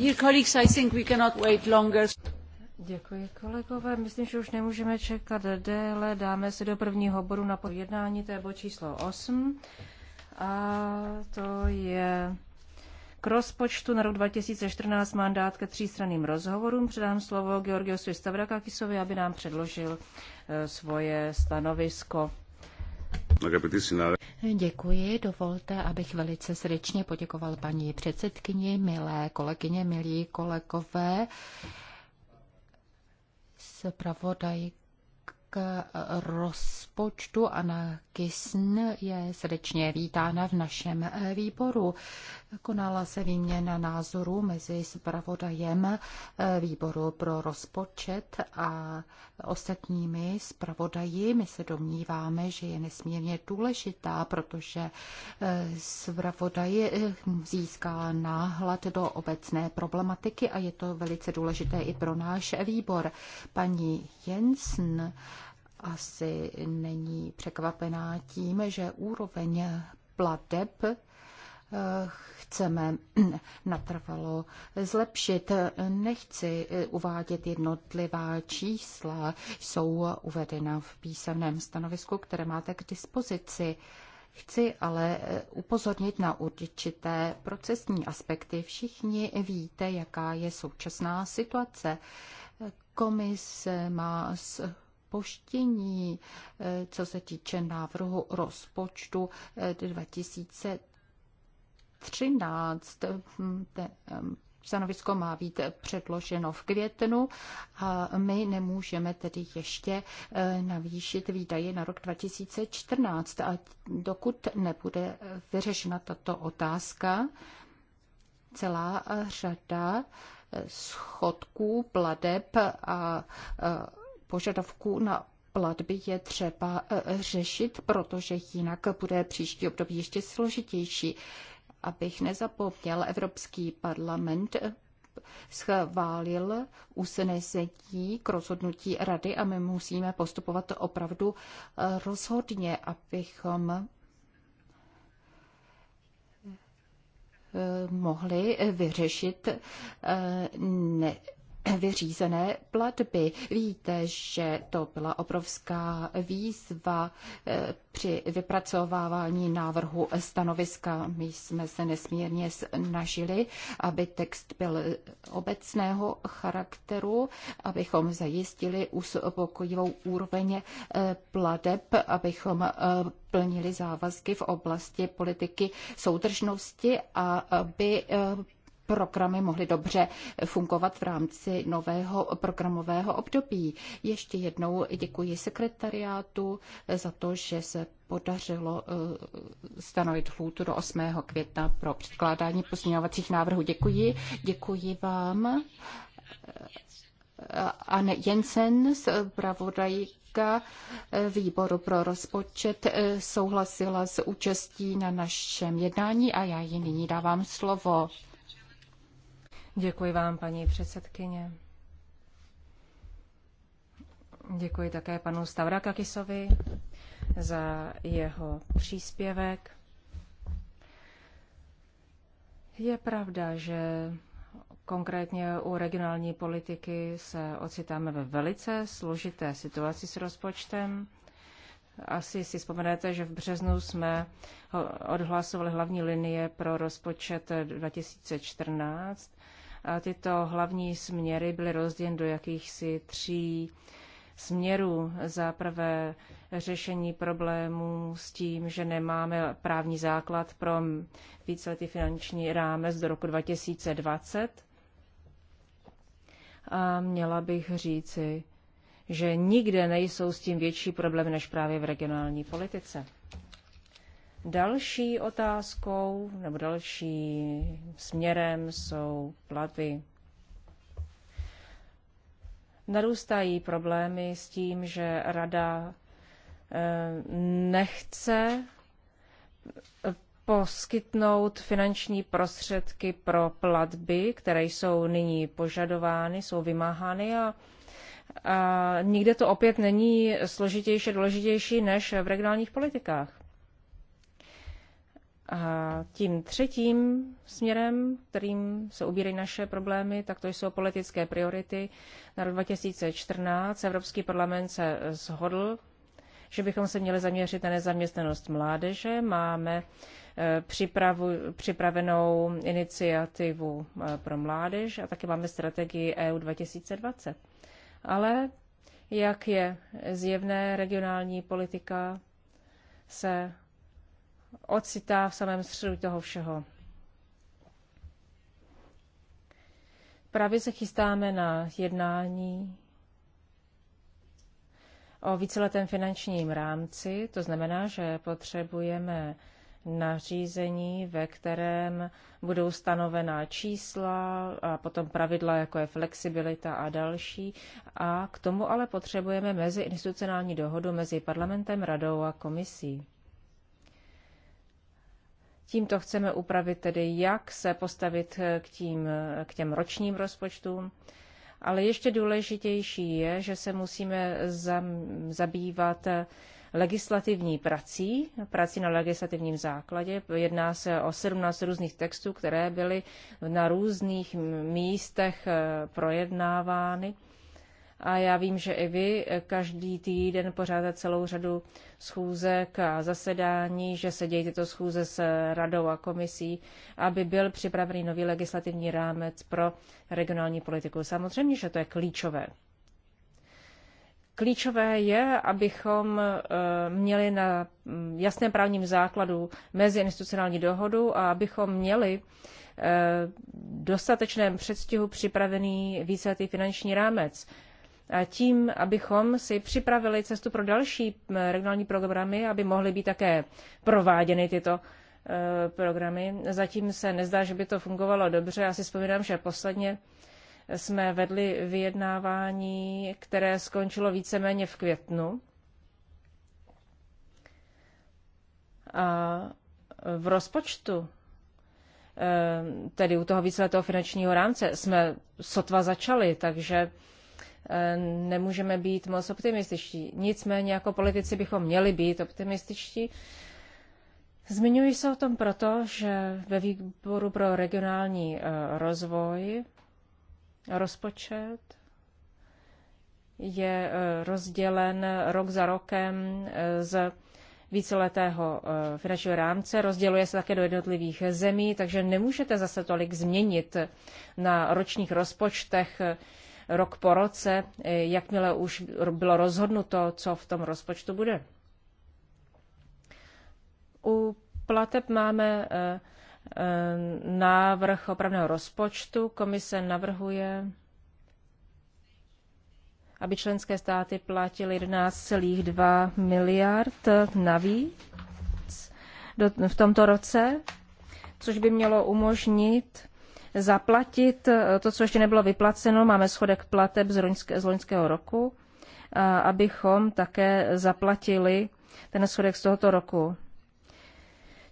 Děkuji kolegové. Myslím, že už nemůžeme čekat déle. Dáme se do prvního bodu na podjednání, to je bod číslo 8. A to je k rozpočtu na rok 2014 mandát ke třístranným rozhovorům. Předám slovo Georgiosu Stavrakakisovi, aby nám předložil eh, svoje stanovisko. Děkuji, dovolte, abych velice srdečně poděkoval paní předsedkyni, milé kolegyně, milí kolegové. Zpravodajka k rozpočtu Anna Kisn je srdečně vítána v našem výboru. Konala se výměna názorů mezi zpravodajem výboru pro rozpočet a ostatními zpravodaji. My se domníváme, že je nesmírně důležitá, protože eh, zpravodaj eh, získá náhled do obecné problematiky a je to velice důležité i pro náš výbor. Paní Jensen asi není překvapená tím, že úroveň plateb chceme natrvalo zlepšit. Nechci uvádět jednotlivá čísla, jsou uvedena v písemném stanovisku, které máte k dispozici. Chci ale upozornit na určité procesní aspekty. Všichni víte, jaká je současná situace. Komise má poštění, co se týče návrhu rozpočtu eh, 2000 13. Hm, hm, stanovisko má být předloženo v květnu a my nemůžeme tedy ještě eh, navýšit výdaje na rok 2014. A dokud nebude vyřešena tato otázka, celá řada eh, schodků, pladeb a eh, požadavků na platby je třeba řešit, protože jinak bude příští období ještě složitější abych nezapomněl, Evropský parlament schválil usnesení k rozhodnutí rady a my musíme postupovat opravdu rozhodně, abychom eh, mohli vyřešit eh, ne vyřízené platby. Víte, že to byla obrovská výzva eh, při vypracovávání návrhu stanoviska. My jsme se nesmírně snažili, aby text byl obecného charakteru, abychom zajistili uspokojivou úroveň eh, pladeb, abychom eh, plnili závazky v oblasti politiky soudržnosti a aby programy mohly dobře fungovat v rámci nového programového období. Ještě jednou děkuji sekretariátu za to, že se podařilo eh, stanovit lhůtu do 8. května pro předkládání pozměňovacích návrhů. Děkuji, děkuji vám. Eh, Anne Jensen, zpravodajka eh, výboru pro rozpočet, souhlasila s účastí na našem jednání a já ji nyní dávám slovo. Děkuji vám, paní předsedkyně. Děkuji také panu Stavrakakisovi za jeho příspěvek. Je pravda, že konkrétně u regionální politiky se ocitáme ve velice složité situaci s rozpočtem. Asi si vzpomenete, že v březnu jsme odhlasovali hlavní linie pro rozpočet 2014 tyto hlavní směry byly rozděleny do jakýchsi tří směrů. Za prvé řešení problémů s tím, že nemáme právní základ pro víceletý finanční rámec do roku 2020. A měla bych říci, že nikde nejsou s tím větší problémy než právě v regionální politice. Další otázkou nebo další směrem jsou platy. Narůstají problémy s tím, že rada eh, nechce eh, poskytnout finanční prostředky pro platby, které jsou nyní požadovány, jsou vymáhány a, a nikde to opět není složitější, důležitější než v regionálních politikách. A tím třetím směrem, kterým se ubírají naše problémy, tak to jsou politické priority. Na rok 2014 Evropský parlament se shodl, že bychom se měli zaměřit na nezaměstnanost mládeže. Máme e, připravu, připravenou iniciativu e, pro mládež a také máme strategii EU 2020. Ale jak je zjevné, regionální politika se ocitá v samém středu toho všeho. Právě se chystáme na jednání o víceletém finančním rámci. To znamená, že potřebujeme nařízení, ve kterém budou stanovená čísla a potom pravidla, jako je flexibilita a další. A k tomu ale potřebujeme meziinstitucionální dohodu mezi parlamentem, radou a komisí. Tímto chceme upravit tedy, jak se postavit k, tím, k těm ročním rozpočtům. Ale ještě důležitější je, že se musíme zabývat legislativní prací, prací na legislativním základě. Jedná se o 17 různých textů, které byly na různých místech eh, projednávány. A já vím, že i vy každý týden pořádáte celou řadu schůzek a zasedání, že se dějí tyto schůze s radou a komisí, aby byl připravený nový legislativní rámec pro regionální politiku. Samozřejmě, že to je klíčové. Klíčové je, abychom eh, měli na mm, jasném právním základu meziinstitucionální dohodu a abychom měli eh, dostatečném předstihu připravený víceletý finanční rámec tím, abychom si připravili cestu pro další regionální programy, aby mohly být také prováděny tyto e, programy. Zatím se nezdá, že by to fungovalo dobře. Já si vzpomínám, že posledně jsme vedli vyjednávání, které skončilo víceméně v květnu. A v rozpočtu, e, tedy u toho víceletého finančního rámce, jsme sotva začali, takže Eh, nemůžeme být moc optimističtí. Nicméně jako politici bychom měli být optimističtí. Zmiňuji se o tom proto, že ve výboru pro regionální eh, rozvoj rozpočet je eh, rozdělen rok za rokem z víceletého finančního rámce, rozděluje se také do jednotlivých zemí, takže nemůžete zase tolik změnit na ročních rozpočtech rok po roce, eh, jakmile už bylo rozhodnuto, co v tom rozpočtu bude. U plateb máme eh, eh, návrh opravného rozpočtu. Komise navrhuje, aby členské státy platily 11,2 miliard navíc v tomto roce, což by mělo umožnit zaplatit eh, to, co ještě nebylo vyplaceno. Máme schodek plateb z, loňské, z loňského roku, a eh, abychom také zaplatili ten schodek z tohoto roku.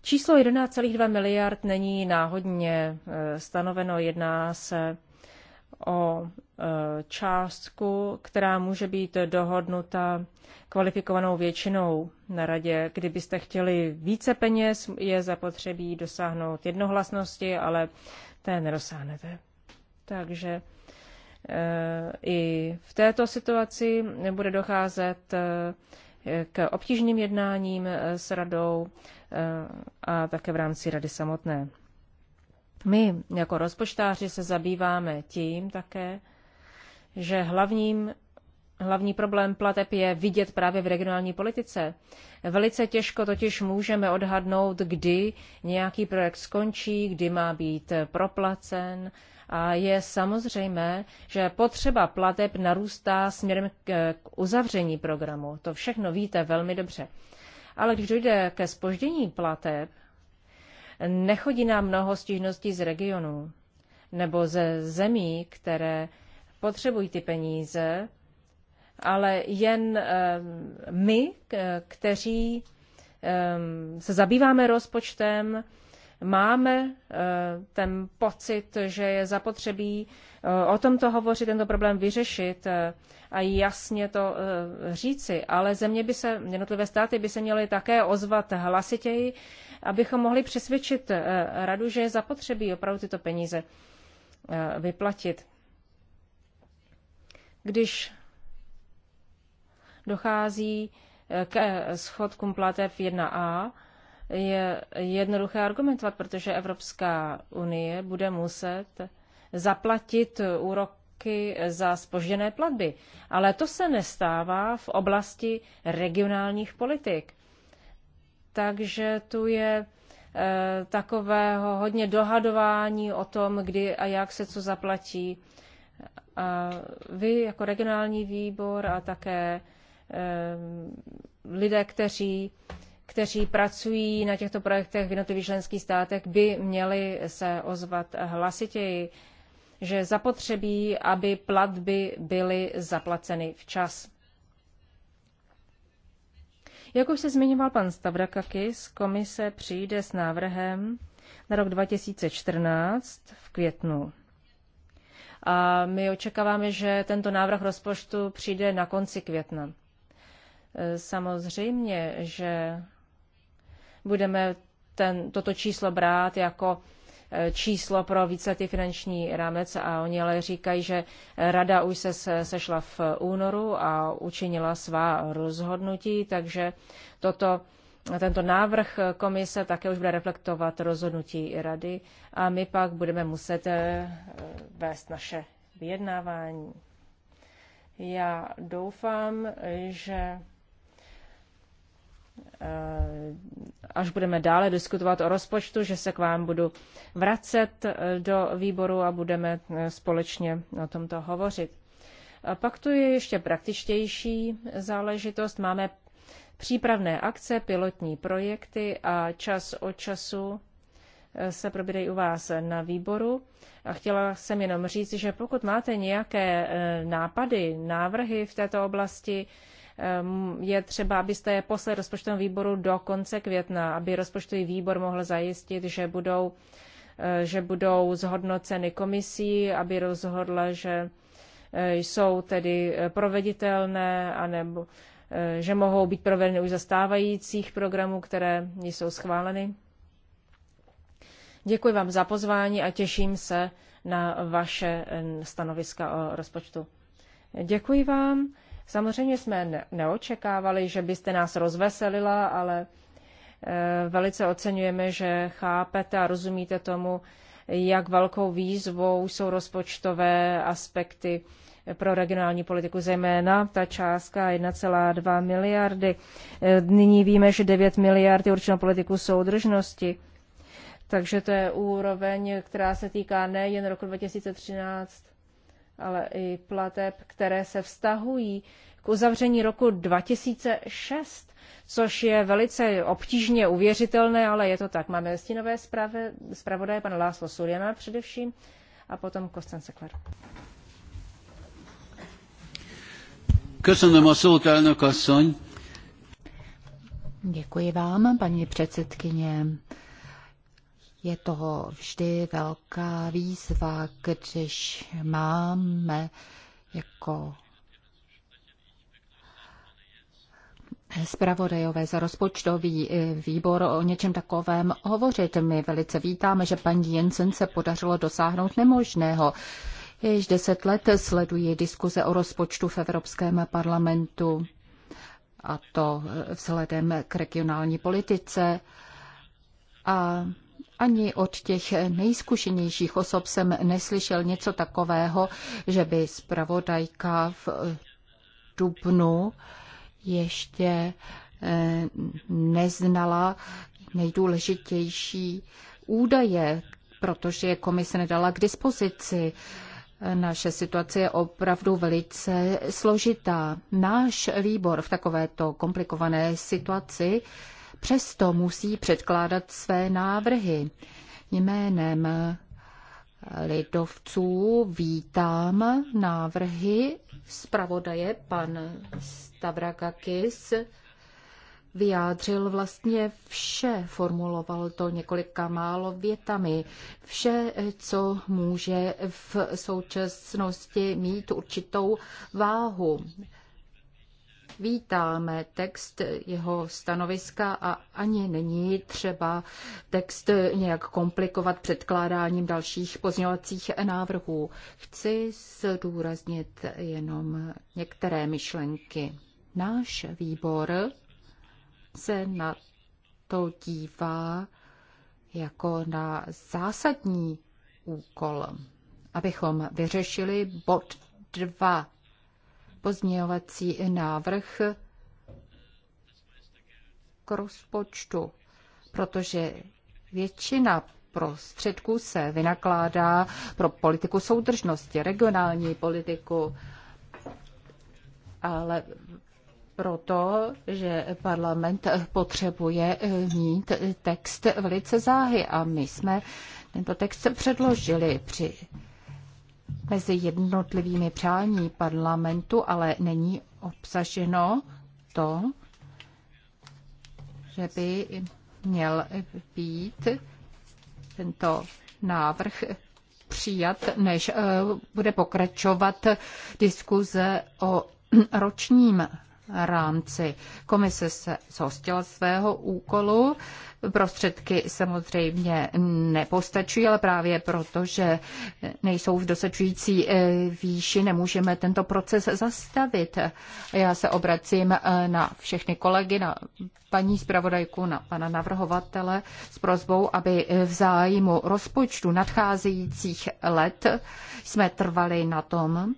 Číslo 11,2 miliard není náhodně eh, stanoveno, jedná se o částku, která může být dohodnuta kvalifikovanou většinou na radě. Kdybyste chtěli více peněz, je zapotřebí dosáhnout jednohlasnosti, ale té nedosáhnete. Takže e, i v této situaci bude docházet e, k obtížným jednáním e, s radou a také v rámci rady samotné. My jako rozpočtáři se zabýváme tím také, že hlavním Hlavní problém plateb je vidět právě v regionální politice. Velice těžko totiž můžeme odhadnout, kdy nějaký projekt skončí, kdy má být proplacen. A je samozřejmé, že potřeba plateb narůstá směrem k uzavření programu. To všechno víte velmi dobře. Ale když dojde ke spoždění plateb, nechodí nám mnoho stížností z regionů nebo ze zemí, které potřebují ty peníze, ale jen eh, my, kteří eh, se zabýváme rozpočtem, máme eh, ten pocit, že je zapotřebí o tomto hovořit, tento problém vyřešit a jasně to říci. Ale země by se, jednotlivé státy by se měly také ozvat hlasitěji, abychom mohli přesvědčit radu, že je zapotřebí opravdu tyto peníze vyplatit. Když dochází eh, k eh, schodkům plateb 1a, je jednoduché argumentovat, protože Evropská unie bude muset zaplatit úroky za spožděné platby. Ale to se nestává v oblasti regionálních politik. Takže tu je eh, takového hodně dohadování o tom, kdy a jak se co zaplatí. A vy jako regionální výbor a také Eh, lidé, kteří, kteří pracují na těchto projektech v jednotlivých členských státech, by měli se ozvat hlasitěji, že zapotřebí, aby platby byly zaplaceny včas. Jak už se zmiňoval pan Stavrakakis, komise přijde s návrhem na rok 2014 v květnu. A my očekáváme, že tento návrh rozpočtu přijde na konci května. Samozřejmě, že budeme ten, toto číslo brát jako eh, číslo pro víceletý finanční rámec a oni ale říkají, že rada už se sešla v únoru a učinila svá rozhodnutí, takže toto, tento návrh komise také už bude reflektovat rozhodnutí rady a my pak budeme muset eh, vést naše vyjednávání. Já doufám, že Eh, až budeme dále diskutovat o rozpočtu, že se k vám budu vracet eh, do výboru a budeme eh, společně o tomto hovořit. A pak tu je ještě praktičtější záležitost. Máme přípravné akce, pilotní projekty a čas od času se probírají u vás na výboru. A chtěla jsem jenom říct, že pokud máte nějaké nápady, návrhy v této oblasti, Ehm, je třeba, abyste je poslali rozpočtovému výboru do konce května, aby rozpočtový výbor mohl zajistit, že budou, eh, že budou zhodnoceny komisí, aby rozhodla, že eh, jsou tedy eh, proveditelné, anebo že mohou být provedeny už zastávajících programů, které jsou schváleny. Děkuji vám za pozvání a těším se na vaše stanoviska o rozpočtu. Děkuji vám. Samozřejmě jsme neočekávali, že byste nás rozveselila, ale e, velice oceňujeme, že chápete a rozumíte tomu, jak velkou výzvou jsou rozpočtové aspekty pro regionální politiku, zejména ta částka 1,2 miliardy. E, nyní víme, že 9 miliard je určeno politiku soudržnosti. Takže to je úroveň, která se týká nejen roku 2013, ale i plateb, které se vztahují k uzavření roku 2006, což je velice obtížně uvěřitelné, ale je to tak. Máme stínové zprávy, zpravodaje, pan Láslo Suljana především, a potom Kostan Sekler. Köszönöm a szót, elnök asszony. Děkuji vám, paní předsedkyně. Je toho vždy velká výzva, když máme jako zpravodajové za rozpočtový eh, výbor o něčem takovém hovořit. My velice vítáme, že paní Jensen se podařilo dosáhnout nemožného. Již deset let sleduji diskuze o rozpočtu v Evropském parlamentu, a to eh, vzhledem k regionální politice. A ani od těch nejzkušenějších osob jsem neslyšel něco takového, že by zpravodajka v eh, dubnu ještě eh, neznala nejdůležitější údaje, protože komise nedala k dispozici. Naše situace je opravdu velice složitá. Náš výbor v takovéto komplikované situaci Přesto musí předkládat své návrhy. Jménem lidovců vítám návrhy zpravodaje pan Stavrakakis vyjádřil vlastně vše, formuloval to několika málo větami, vše, co může v současnosti mít určitou váhu vítáme text jeho stanoviska a ani není třeba text nějak komplikovat předkládáním dalších pozměňovacích návrhů. Chci zdůraznit jenom některé myšlenky. Náš výbor se na to dívá jako na zásadní úkol, abychom vyřešili bod 2 pozměňovací návrh k rozpočtu, protože většina prostředků se vynakládá pro politiku soudržnosti, regionální politiku, ale proto, že parlament potřebuje mít text velice záhy a my jsme tento text předložili při mezi jednotlivými přání parlamentu, ale není obsaženo to, že by měl být tento návrh přijat, než eh, bude pokračovat diskuze o ročním rámci. Komise se zhostila svého úkolu. Prostředky samozřejmě nepostačují, ale právě proto, že nejsou v dosačující eh, výši, nemůžeme tento proces zastavit. Já se obracím eh, na všechny kolegy, na paní zpravodajku, na pana navrhovatele s prozbou, aby eh, v zájmu rozpočtu nadcházejících let jsme trvali na tom,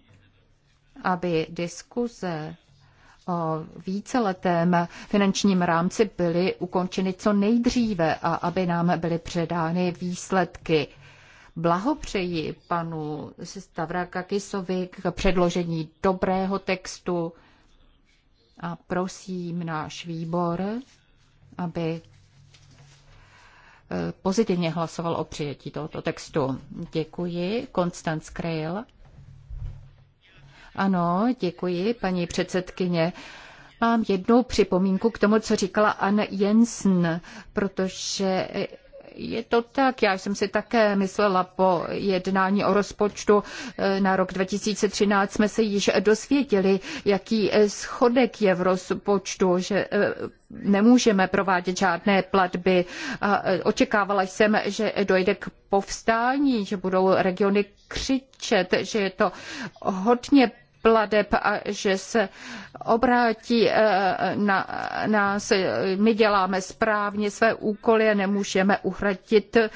aby diskuze víceletém finančním rámci byly ukončeny co nejdříve a aby nám byly předány výsledky. Blahopřeji panu Stavrakakisovi k předložení dobrého textu a prosím náš výbor, aby e, pozitivně hlasoval o přijetí tohoto textu. Děkuji. Konstanc Krejl. Ano, děkuji, paní předsedkyně. Mám jednu připomínku k tomu, co říkala Anne Jensen, protože je to tak, já jsem si také myslela po jednání o rozpočtu eh, na rok 2013 jsme se již dosvěděli, jaký eh, schodek je v rozpočtu, že eh, nemůžeme provádět žádné platby. A očekávala jsem, že dojde k povstání, že budou regiony křičet, že je to hodně plateb a že se obrátí eh, na nás. My děláme správně své úkoly a nemůžeme uhradit eh,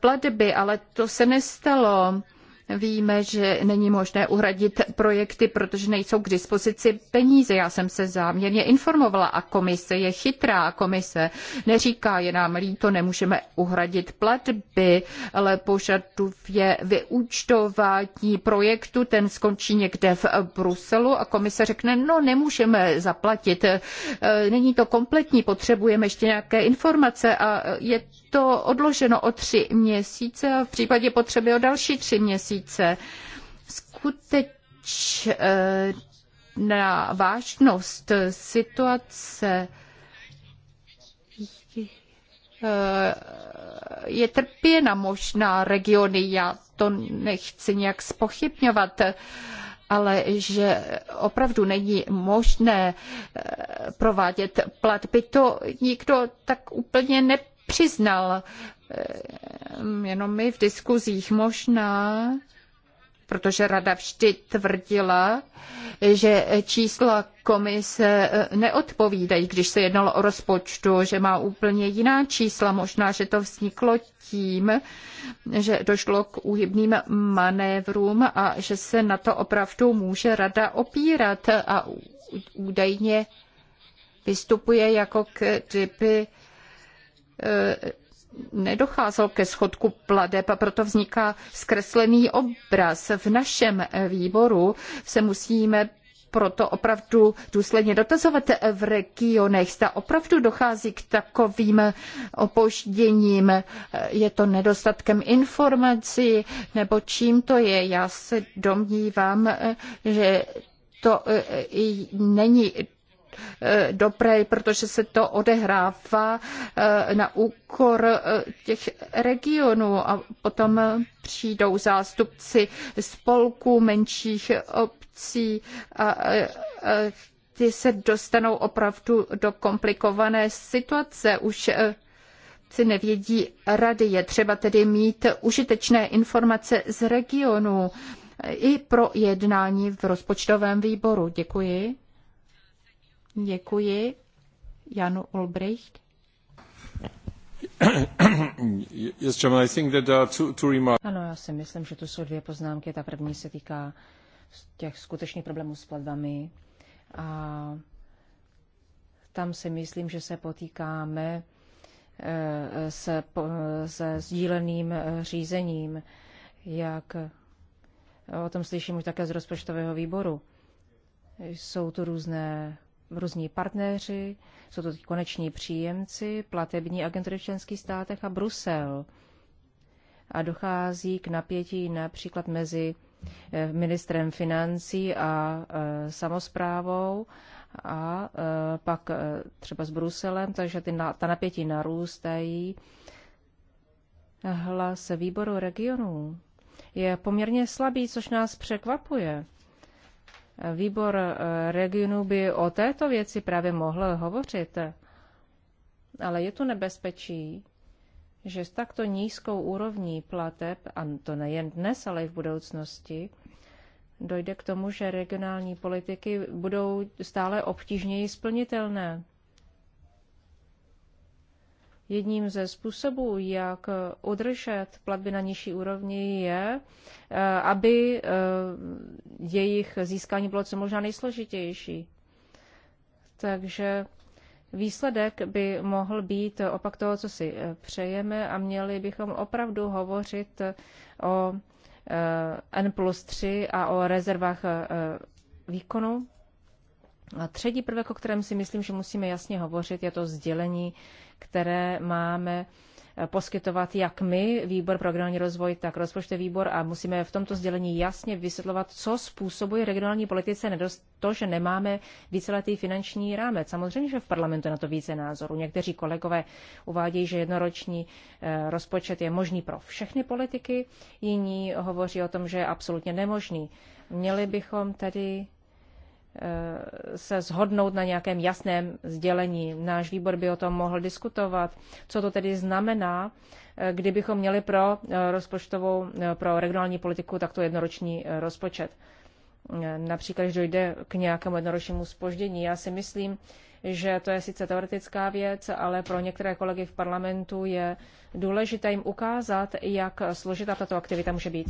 platby, ale to se nestalo. Víme, že není možné uhradit projekty, protože nejsou k dispozici peníze. Já jsem se záměrně informovala a komise je chytrá. Komise neříká, je nám líto, nemůžeme uhradit platby, ale požaduje vyúčtování projektu, ten skončí někde v Bruselu a komise řekne, no nemůžeme zaplatit, není to kompletní, potřebujeme ještě nějaké informace a je to odloženo o tři měsíce a v případě potřeby o další tři měsíce. Skutečná vážnost situace eh, je trpěna možná regiony, já to nechci nějak spochybňovat, ale že opravdu není možné eh, provádět platby, to nikdo tak úplně neplatí přiznal eh, jenom my v diskuzích možná, protože rada vždy tvrdila, že čísla komise eh, neodpovídají, když se jednalo o rozpočtu, že má úplně jiná čísla. Možná, že to vzniklo tím, že došlo k úhybným manévrům a že se na to opravdu může rada opírat a údajně vystupuje jako kdyby Eh, nedocházelo ke schodku pladeb a proto vzniká zkreslený obraz. V našem výboru se musíme proto opravdu důsledně dotazovat v regionech, zda opravdu dochází k takovým opožděním, je to nedostatkem informací nebo čím to je. Já se domnívám, že to eh, není E, dobré, protože se to odehrává e, na úkor e, těch regionů a potom přijdou zástupci spolků menších obcí a ty se dostanou opravdu do komplikované situace. Už si nevědí rady. Je třeba tedy mít užitečné informace z regionu i pro jednání v rozpočtovém výboru. Děkuji. Děkuji. Janu Olbrecht. yes, I think that are two, two remarks. Ano, já si myslím, že tu jsou dvě poznámky. Ta první se týká těch skutečných problémů s platbami. A tam si myslím, že se potýkáme eh, se, se sdíleným eh, řízením, jak eh, o tom slyším už také z rozpočtového výboru. Jsou tu různé různí partnéři, jsou to koneční příjemci, platební agentury v členských státech a Brusel. A dochází k napětí například mezi eh, ministrem financí a e, eh, samozprávou a e, pak e, třeba s Bruselem, takže ty na, ta napětí narůstají. Hlas výboru regionů je poměrně slabý, což nás překvapuje. Výbor eh, regionu by o této věci právě mohl hovořit, ale je tu nebezpečí, že s takto nízkou úrovní plateb, a to nejen dnes, ale i v budoucnosti, dojde k tomu, že regionální politiky budou stále obtížněji splnitelné. Jedním ze způsobů, jak udržet platby na nižší úrovni, je, eh, aby eh, jejich získání bylo co možná nejsložitější. Takže výsledek by mohl být opak toho, co si eh, přejeme a měli bychom opravdu hovořit o N plus 3 a o rezervách výkonu. A třetí prvek, o kterém si myslím, že musíme jasně hovořit, je to sdělení které máme eh, poskytovat jak my, výbor pro regionální rozvoj, tak rozpočtový výbor a musíme v tomto sdělení jasně vysvětlovat, co způsobuje regionální politice nedost, to, že nemáme víceletý finanční rámec. Samozřejmě, že v parlamentu na to více názorů. Někteří kolegové uvádějí, že jednoroční eh, rozpočet je možný pro všechny politiky, jiní hovoří o tom, že je absolutně nemožný. Měli bychom tedy Eh, se shodnout na nějakém jasném sdělení. Náš výbor by o tom mohl diskutovat. Co to tedy znamená, eh, kdybychom měli pro eh, rozpočtovou, pro regionální politiku takto jednoroční rozpočet? Například, když dojde k nějakému jednoročnímu spoždění. Já si myslím, že to je sice teoretická věc, ale pro některé kolegy v parlamentu je důležité jim ukázat, jak složitá tato aktivita může být.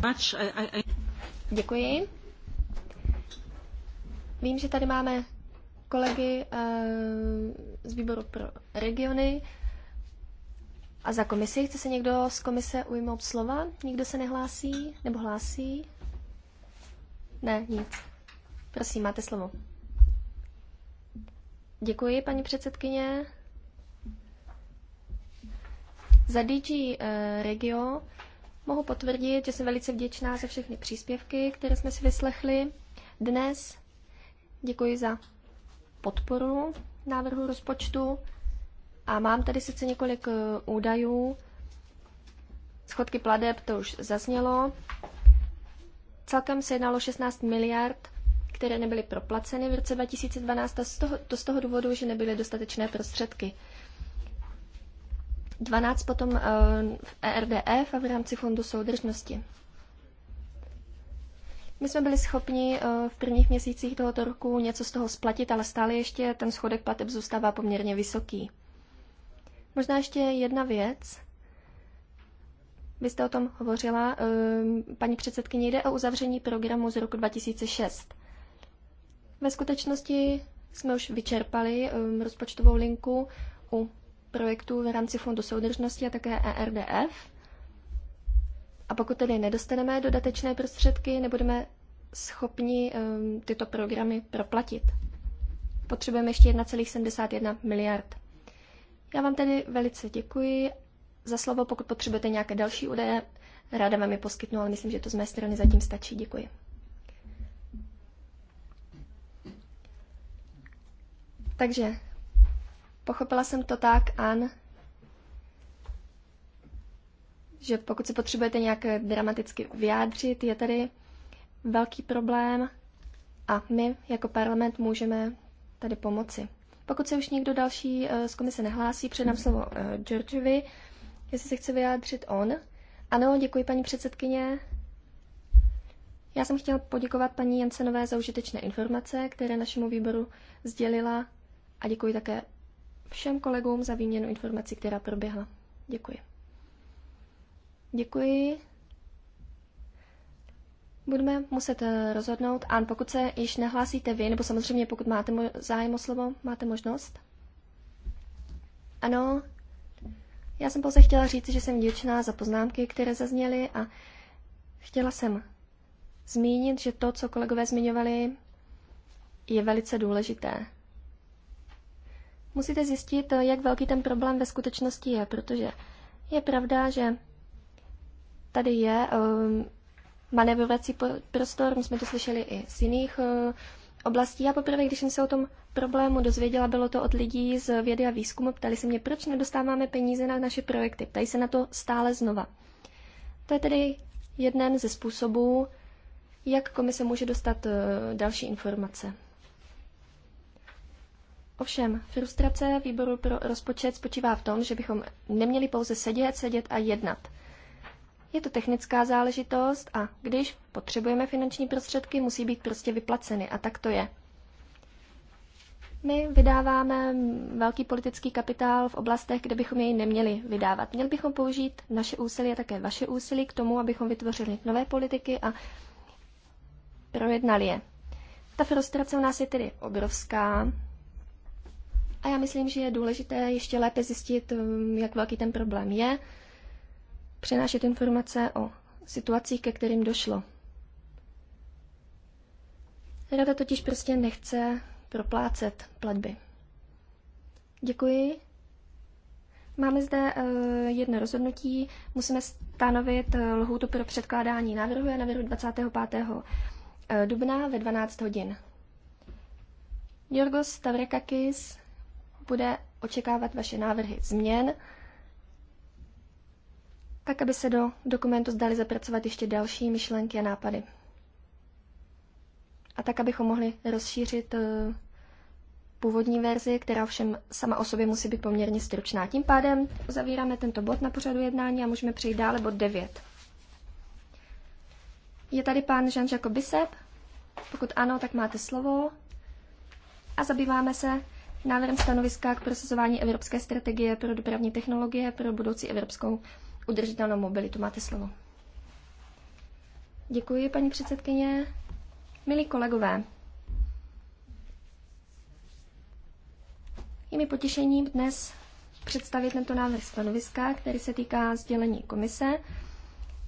Děkuji. Vím, že tady máme kolegy eh, z výboru pro regiony a za komisi. Chce se někdo z komise ujmout slova? Nikdo se nehlásí? Nebo hlásí? Ne, nic. Prosím, máte slovo. Děkuji, paní předsedkyně. Za DG eh, Regio mohu potvrdit, že jsem velice vděčná za všechny příspěvky, které jsme si vyslechli dnes. Děkuji za podporu návrhu rozpočtu. A mám tady sice několik eh, údajů. Schodky pladeb, to už zaznělo. Celkem se jednalo 16 miliard, které nebyly proplaceny v roce 2012, a z toho, to z toho důvodu, že nebyly dostatečné prostředky. 12 potom eh, v ERDF a v rámci Fondu soudržnosti. My jsme byli schopni eh, v prvních měsících tohoto roku něco z toho splatit, ale stále ještě ten schodek plateb zůstává poměrně vysoký. Možná ještě jedna věc. Vy jste o tom hovořila, ehm, paní předsedkyně, jde o uzavření programu z roku 2006. Ve skutečnosti jsme už vyčerpali ehm, rozpočtovou linku u projektu v rámci Fondu soudržnosti a také ERDF. A pokud tedy nedostaneme dodatečné prostředky, nebudeme schopni ehm, tyto programy proplatit. Potřebujeme ještě 1,71 miliard. Já vám tedy velice děkuji za slovo. Pokud potřebujete nějaké další údaje, ráda vám je poskytnu, ale myslím, že to z mé strany zatím stačí. Děkuji. Takže pochopila jsem to tak, An, že pokud se potřebujete nějak dramaticky vyjádřit, je tady velký problém a my jako parlament můžeme tady pomoci. Pokud se už někdo další eh, z komise nehlásí, předám slovo eh, Georgevi. jestli se chce vyjádřit on. Ano, děkuji paní předsedkyně. Já jsem chtěla poděkovat paní Jensenové za užitečné informace, které našemu výboru sdělila a děkuji také všem kolegům za výměnu informací, která proběhla. Děkuji. Děkuji budeme muset eh, rozhodnout. A pokud se již nehlásíte vy, nebo samozřejmě pokud máte zájem o slovo, máte možnost. Ano, já jsem pouze chtěla říct, že jsem vděčná za poznámky, které zazněly a chtěla jsem zmínit, že to, co kolegové zmiňovali, je velice důležité. Musíte zjistit, eh, jak velký ten problém ve skutečnosti je, protože je pravda, že tady je um, manevrovací prostor. My jsme to slyšeli i z jiných eh, oblastí. A poprvé, když jsem se o tom problému dozvěděla, bylo to od lidí z vědy a výzkumu. Ptali se mě, proč nedostáváme peníze na naše projekty. Ptají se na to stále znova. To je tedy jeden ze způsobů, jak komise může dostat eh, další informace. Ovšem, frustrace výboru pro rozpočet spočívá v tom, že bychom neměli pouze sedět, sedět a jednat. Je to technická záležitost a když potřebujeme finanční prostředky, musí být prostě vyplaceny a tak to je. My vydáváme velký politický kapitál v oblastech, kde bychom jej neměli vydávat. Měli bychom použít naše úsilí a také vaše úsilí k tomu, abychom vytvořili nové politiky a projednali je. Ta frustrace u nás je tedy obrovská a já myslím, že je důležité ještě lépe zjistit, jak velký ten problém je přenášet informace o situacích, ke kterým došlo. Rada totiž prostě nechce proplácet platby. Děkuji. Máme zde uh, jedno rozhodnutí. Musíme stanovit uh, lhůtu pro předkládání návrhu. Já navrhu 25. dubna ve 12 hodin. Jorgos Tavrekakis bude očekávat vaše návrhy změn tak aby se do dokumentu zdali zapracovat ještě další myšlenky a nápady. A tak, abychom mohli rozšířit eh, původní verzi, která všem sama o sobě musí být poměrně stručná. Tím pádem zavíráme tento bod na pořadu jednání a můžeme přejít dále bod 9. Je tady pán Jean-Jacques Bisep? Pokud ano, tak máte slovo. A zabýváme se návrhem stanoviska k prosazování Evropské strategie pro dopravní technologie pro budoucí Evropskou udržitelnou mobilitu. Máte slovo. Děkuji, paní předsedkyně. Milí kolegové, je mi potěšením dnes představit tento návrh stanoviska, který se týká sdělení komise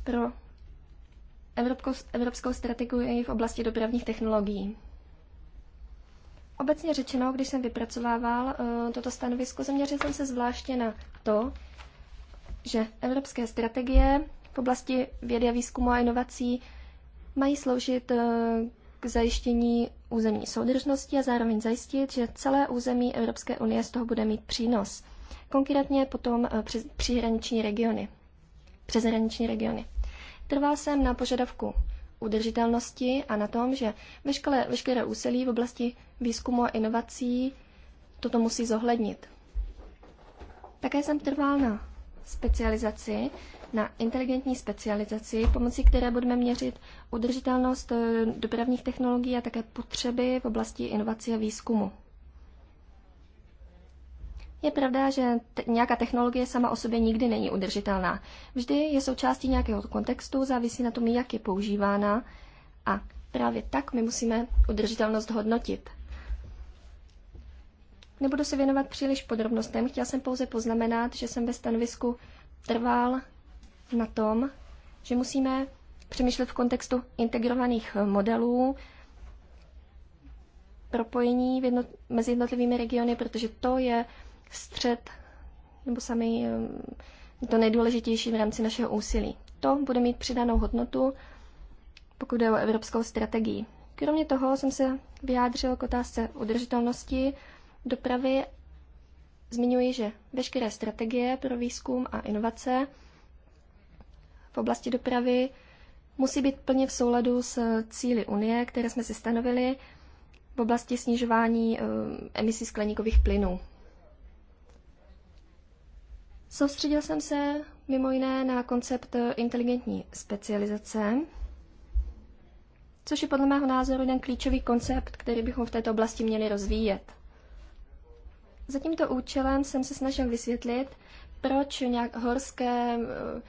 pro evropskou, evropskou strategii v oblasti dopravních technologií. Obecně řečeno, když jsem vypracovával uh, toto stanovisko, zaměřil jsem se zvláště na to, že evropské strategie v oblasti vědy a výzkumu a inovací mají sloužit eh, k zajištění územní soudržnosti a zároveň zajistit, že celé území Evropské unie z toho bude mít přínos. Konkrétně potom eh, přes, příhraniční regiony. Přeshraniční regiony. Trval jsem na požadavku udržitelnosti a na tom, že veškeré, veškeré úsilí v oblasti výzkumu a inovací toto musí zohlednit. Také jsem trval na specializaci, na inteligentní specializaci, pomocí které budeme měřit udržitelnost eh, dopravních technologií a také potřeby v oblasti inovací a výzkumu. Je pravda, že te- nějaká technologie sama o sobě nikdy není udržitelná. Vždy je součástí nějakého kontextu, závisí na tom, jak je používána a právě tak my musíme udržitelnost hodnotit. Nebudu se věnovat příliš podrobnostem, chtěl jsem pouze poznamenat, že jsem ve stanovisku trval na tom, že musíme přemýšlet v kontextu integrovaných modelů, propojení v jednot, mezi jednotlivými regiony, protože to je střed nebo samý um, to nejdůležitější v rámci našeho úsilí. To bude mít přidanou hodnotu, pokud jde o evropskou strategii. Kromě toho jsem se vyjádřil k otázce udržitelnosti dopravy zmiňuji, že veškeré strategie pro výzkum a inovace v oblasti dopravy musí být plně v souladu s cíly Unie, které jsme si stanovili v oblasti snižování eh, emisí skleníkových plynů. Soustředil jsem se mimo jiné na koncept inteligentní specializace, což je podle mého názoru jeden klíčový koncept, který bychom v této oblasti měli rozvíjet. Za tímto účelem jsem se snažil vysvětlit, proč nějak horské, eh,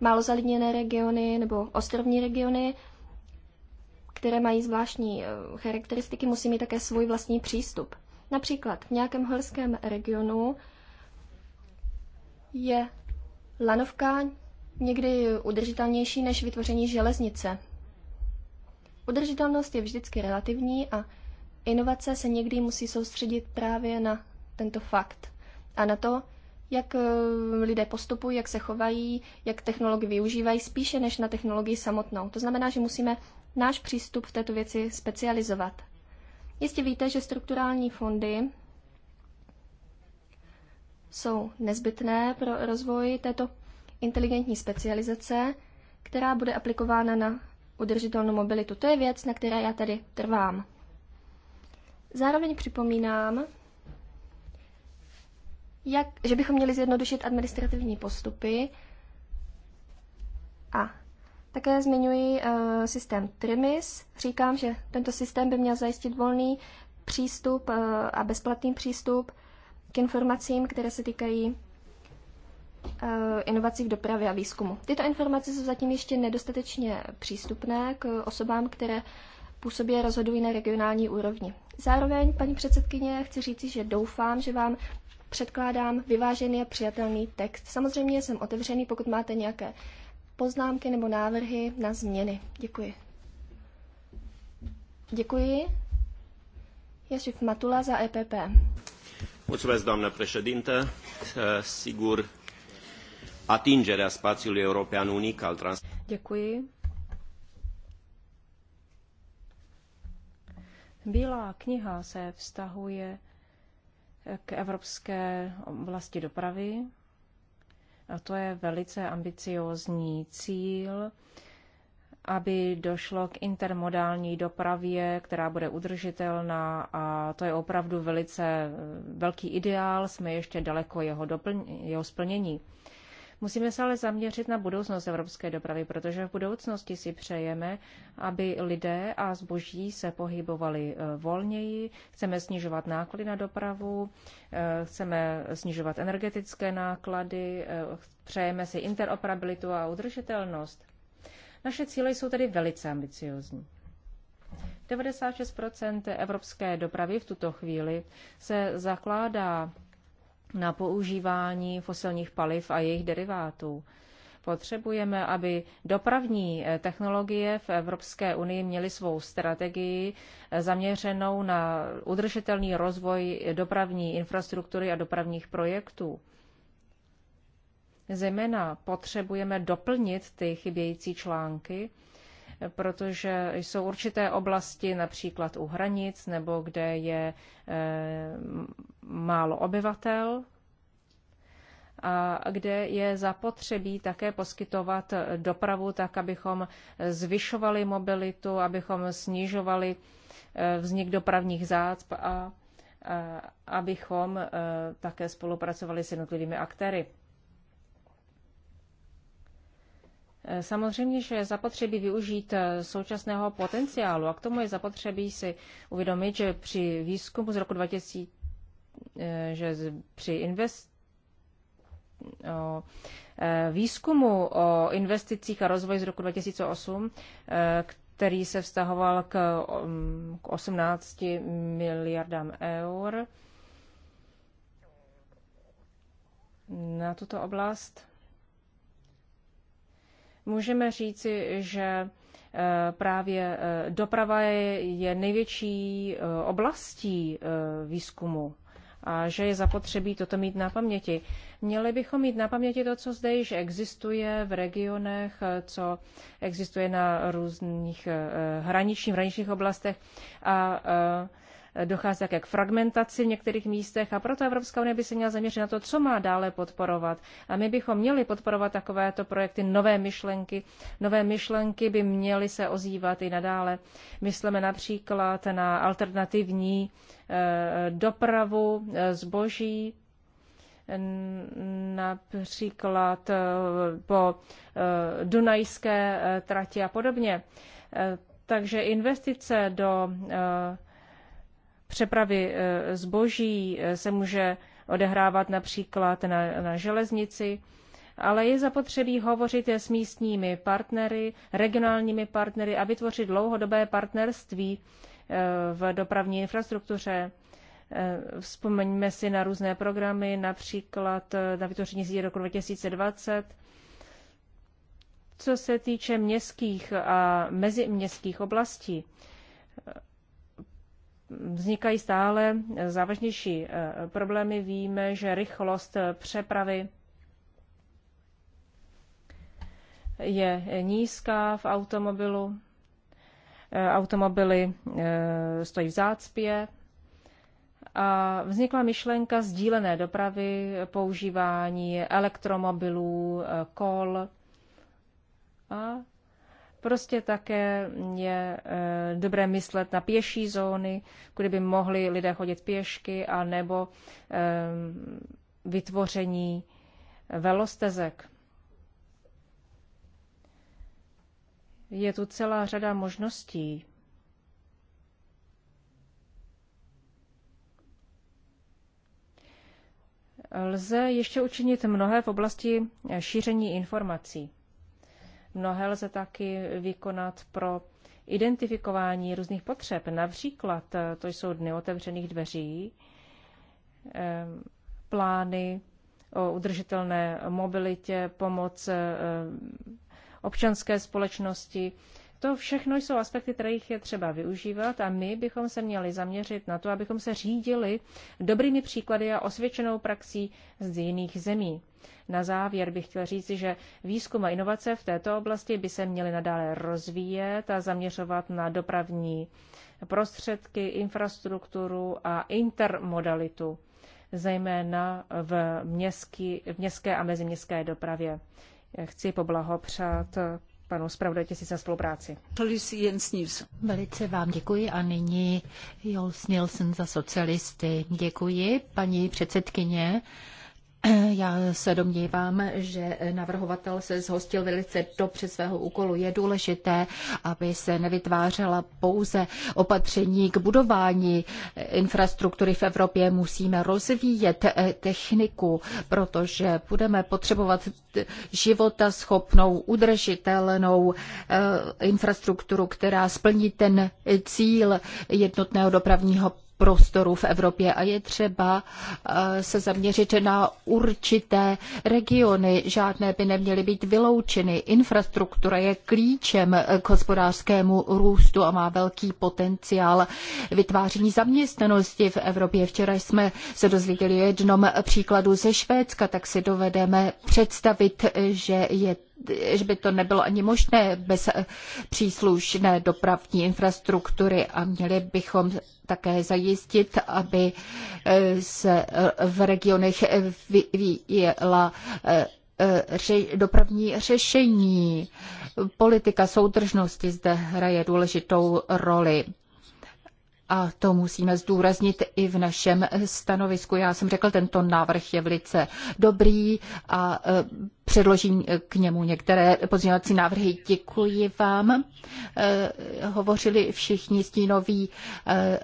málo zalidněné regiony nebo ostrovní regiony, které mají zvláštní eh, charakteristiky, musí mít také svůj vlastní přístup. Například v nějakém horském regionu je lanovka někdy udržitelnější než vytvoření železnice. Udržitelnost je vždycky relativní a inovace se někdy musí soustředit právě na tento fakt a na to, jak eh, lidé postupují, jak se chovají, jak technologii využívají, spíše než na technologii samotnou. To znamená, že musíme náš přístup v této věci specializovat. Jistě víte, že strukturální fondy jsou nezbytné pro rozvoj této inteligentní specializace, která bude aplikována na udržitelnou mobilitu. To je věc, na které já tady trvám. Zároveň připomínám, jak, že bychom měli zjednodušit administrativní postupy a také zmiňuji uh, systém Trimis. Říkám, že tento systém by měl zajistit volný přístup uh, a bezplatný přístup k informacím, které se týkají eh, inovací v dopravě a výzkumu. Tyto informace jsou zatím ještě nedostatečně přístupné k osobám, které působí a rozhodují na regionální úrovni. Zároveň, paní předsedkyně, chci říci, že doufám, že vám předkládám vyvážený a přijatelný text. Samozřejmě jsem otevřený, pokud máte nějaké poznámky nebo návrhy na změny. Děkuji. Děkuji. Jašif Matula za EPP. Mulțumesc, doamnă președintă. Eh, sigur, atingerea spațiului european unic al trans... Děkuji. Bílá kniha se vztahuje k evropské oblasti dopravy. A to je velice ambiciózní cíl, aby došlo k intermodální dopravě, která bude udržitelná a to je opravdu velice eh, velký ideál, jsme ještě daleko jeho, doplň, jeho splnění. Musíme se ale zaměřit na budoucnost evropské dopravy, protože v budoucnosti si přejeme, aby lidé a zboží se pohybovali eh, volněji, chceme snižovat náklady na dopravu, eh, chceme snižovat energetické náklady, eh, přejeme si interoperabilitu a udržitelnost. Naše cíle jsou tedy velice ambiciozní. 96 evropské dopravy v tuto chvíli se zakládá na používání fosilních paliv a jejich derivátů. Potřebujeme, aby dopravní eh, technologie v Evropské unii měly svou strategii eh, zaměřenou na udržitelný rozvoj dopravní infrastruktury a dopravních projektů. Zejména potřebujeme doplnit ty chybějící články, protože jsou určité oblasti, například u hranic nebo kde je eh, málo obyvatel, a kde je zapotřebí také poskytovat dopravu tak, abychom zvyšovali mobilitu, abychom snižovali eh, vznik dopravních zácp a eh, abychom také spolupracovali s jednotlivými aktéry. Eh, samozřejmě, že je zapotřebí využít eh, současného potenciálu a k tomu je zapotřebí si uvědomit, že při výzkumu z roku 2000, eh, že při invest, o výzkumu o investicích a rozvoji z roku 2008, který se vztahoval k, mm, k 18 miliardám eur na tuto oblast. Můžeme říci, že e, právě e, doprava je největší e, oblastí výzkumu a že je zapotřebí toto mít na paměti. Měli bychom mít na paměti to, co zde již existuje v regionech, co existuje na různých hraničních, hraničních oblastech a dochází také k fragmentaci v některých místech a proto Evropská unie by se měla zaměřit na to, co má dále podporovat. A my bychom měli podporovat takovéto projekty, nové myšlenky. Nové myšlenky by měly se ozývat i nadále. Myslíme například na alternativní eh, dopravu eh, zboží, například eh, po Dunajské trati a podobně. Takže investice do přepravy eh, zboží eh, se může odehrávat například na, na železnici, ale je zapotřebí hovořit s místními partnery, regionálními partnery a vytvořit dlouhodobé partnerství eh, v dopravní infrastruktuře. Vzpomeňme si na různé programy, například na vytvoření sítě roku 2020. Co se týče městských a meziměstských oblastí, vznikají stále závažnější eh, problémy. Víme, že rychlost eh, přepravy je nízká v automobilu. Eh, automobily stojí v zácpě. A vznikla myšlenka sdílené dopravy, používání elektromobilů, kol a Prostě také je eh, dobré myslet na pěší zóny, kde by mohli lidé chodit pěšky, a nebo eh, vytvoření velostezek. Je tu celá řada možností. Lze ještě učinit mnohé v oblasti eh, šíření informací. Mnohé lze taky vykonat pro identifikování různých potřeb. Například eh, to jsou dny otevřených dveří, eh, plány o udržitelné mobilitě, pomoc eh, občanské společnosti, to všechno jsou aspekty, kterých je třeba využívat a my bychom se měli zaměřit na to, abychom se řídili dobrými příklady a osvědčenou praxí z jiných zemí. Na závěr bych chtěl říci, že výzkum a inovace v této oblasti by se měly nadále rozvíjet a zaměřovat na dopravní prostředky, infrastrukturu a intermodalitu, zejména v, městský, v městské a meziměstské dopravě. Chci poblahopřát panu si za spolupráci. Velice vám děkuji a nyní Jols Nielsen za socialisty. Děkuji, paní předsedkyně. Já se domnívám, že navrhovatel se zhostil velice dobře svého úkolu. Je důležité, aby se nevytvářela pouze opatření k budování infrastruktury v Evropě. Musíme rozvíjet eh, techniku, protože budeme potřebovat života schopnou, udržitelnou eh, infrastrukturu, která splní ten cíl jednotného dopravního prostorů v Evropě a je třeba eh, se zaměřit na určité regiony. Žádné by neměly být vyloučeny. Infrastruktura je klíčem eh, k hospodářskému růstu a má velký potenciál vytváření zaměstnanosti v Evropě. Včera jsme se dozvěděli jednom příkladu ze Švédska, tak si dovedeme představit, eh, že je že by to nebylo ani možné bez příslušné dopravní infrastruktury a měli bychom také zajistit, aby eh, se eh, v regionech eh, vyvíjela dopravní řešení. Politika soudržnosti zde hraje důležitou roli. A to musíme zdůraznit i v našem stanovisku. Já jsem řekl, tento návrh je velice dobrý a e, předložím k němu některé pozměňovací návrhy. Děkuji vám. E, hovořili všichni stínoví e,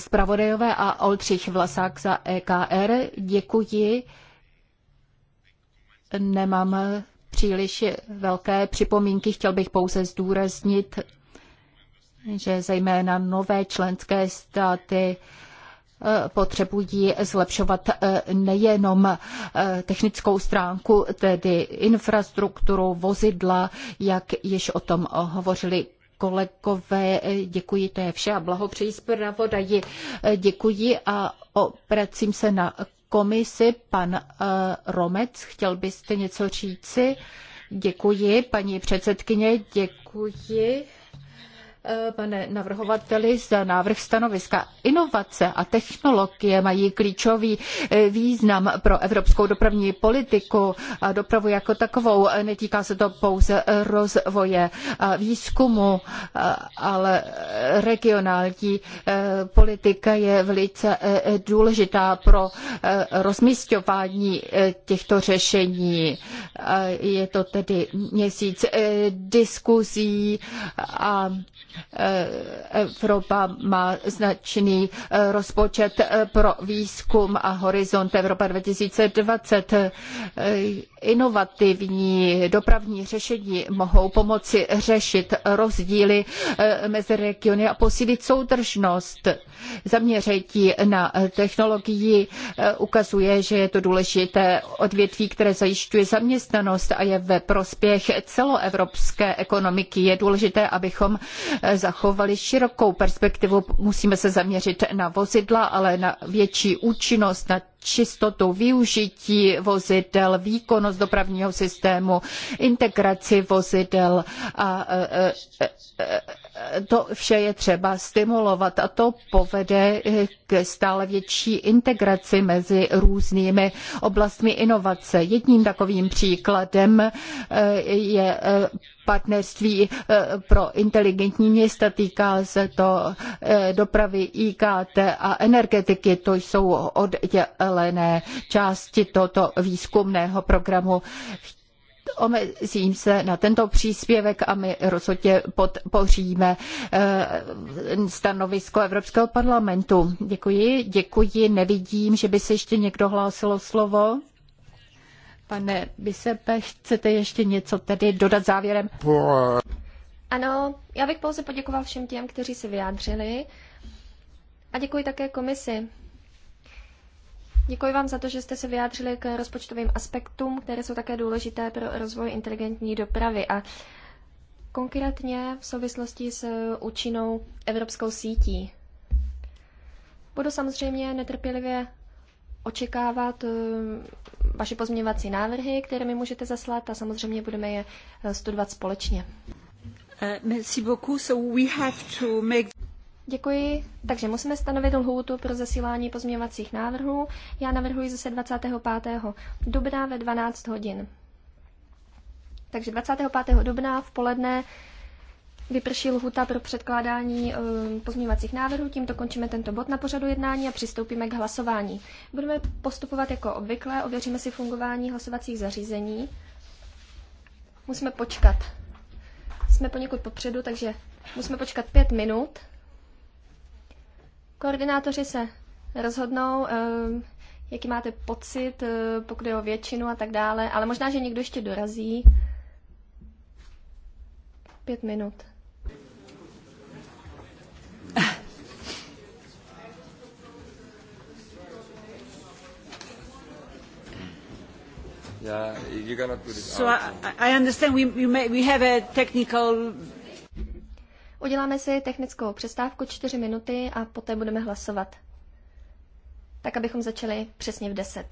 zpravodajové a Oldřich Vlasák za EKR. Děkuji. Nemám příliš velké připomínky, chtěl bych pouze zdůraznit že zejména nové členské státy eh, potřebují zlepšovat eh, nejenom eh, technickou stránku, tedy infrastrukturu, vozidla, jak již o tom hovořili kolegové. Děkuji, to je vše a blahopřeji zpravodaji. Děkuji a obracím se na komisi. Pan Romec, chtěl byste něco říci? Děkuji, paní předsedkyně, děkuji Eh, pane navrhovateli, za návrh stanoviska. Inovace a technologie mají klíčový eh, význam pro evropskou dopravní politiku a dopravu jako takovou. Netýká se to pouze rozvoje a výzkumu, eh, ale regionální politika je velice důležitá pro rozmístování těchto řešení. Je to tedy měsíc diskuzí a Eh, Evropa má značný eh, rozpočet eh, pro výzkum a horizont Evropa 2020. Inovativní dopravní řešení mohou pomoci řešit rozdíly mezi regiony a posílit soudržnost. Zaměření na technologii ukazuje, že je to důležité odvětví, které zajišťuje zaměstnanost a je ve prospěch celoevropské ekonomiky. Je důležité, abychom zachovali širokou perspektivu. Musíme se zaměřit na vozidla, ale na větší účinnost, na čistotu využití vozidel, výkonnost dopravního systému, integraci vozidel a e, e, e, to vše je třeba stimulovat a to povede k stále větší integraci mezi různými oblastmi inovace. Jedním takovým příkladem eh, je eh, partnerství eh, pro inteligentní města, týká se to dopravy IKT a energetiky, to jsou oddělené části tohoto výzkumného programu omezím se na tento příspěvek a my rozhodně podpoříme eh, stanovisko Evropského parlamentu. Děkuji, děkuji, nevidím, že by se ještě někdo hlásil slovo. Pane Bisepe, chcete ještě něco tedy dodat závěrem? Ano, já bych pouze poděkoval všem těm, kteří se vyjádřili a děkuji také komisi. Děkuji vám za to, že jste se vyjádřili k rozpočtovým aspektům, které jsou také důležité pro rozvoj inteligentní dopravy a konkrétně v souvislosti s účinnou evropskou sítí. Budu samozřejmě netrpělivě očekávat eh, vaše pozměňovací návrhy, které mi můžete zaslat a samozřejmě budeme je eh, studovat společně. Eh, merci beaucoup. So we have to make... Děkuji. Takže musíme stanovit lhůtu pro zasílání pozměňovacích návrhů. Já navrhuji zase 25. dubna ve 12 hodin. Takže 25. dubna v poledne vyprší lhuta pro předkládání eh, pozměňovacích návrhů. Tímto končíme tento bod na pořadu jednání a přistoupíme k hlasování. Budeme postupovat jako obvykle, ověříme si fungování hlasovacích zařízení. Musíme počkat. Jsme poněkud popředu, takže musíme počkat pět minut. Koordinátoři se rozhodnou, eh, jaký máte pocit, eh, pokud je o většinu a tak dále, ale možná, že někdo ještě dorazí. Pět minut. Yeah, so I, I understand we, we, may, we have a technical Uděláme si technickou přestávku 4 minuty a poté budeme hlasovat. Tak, abychom začali přesně v 10.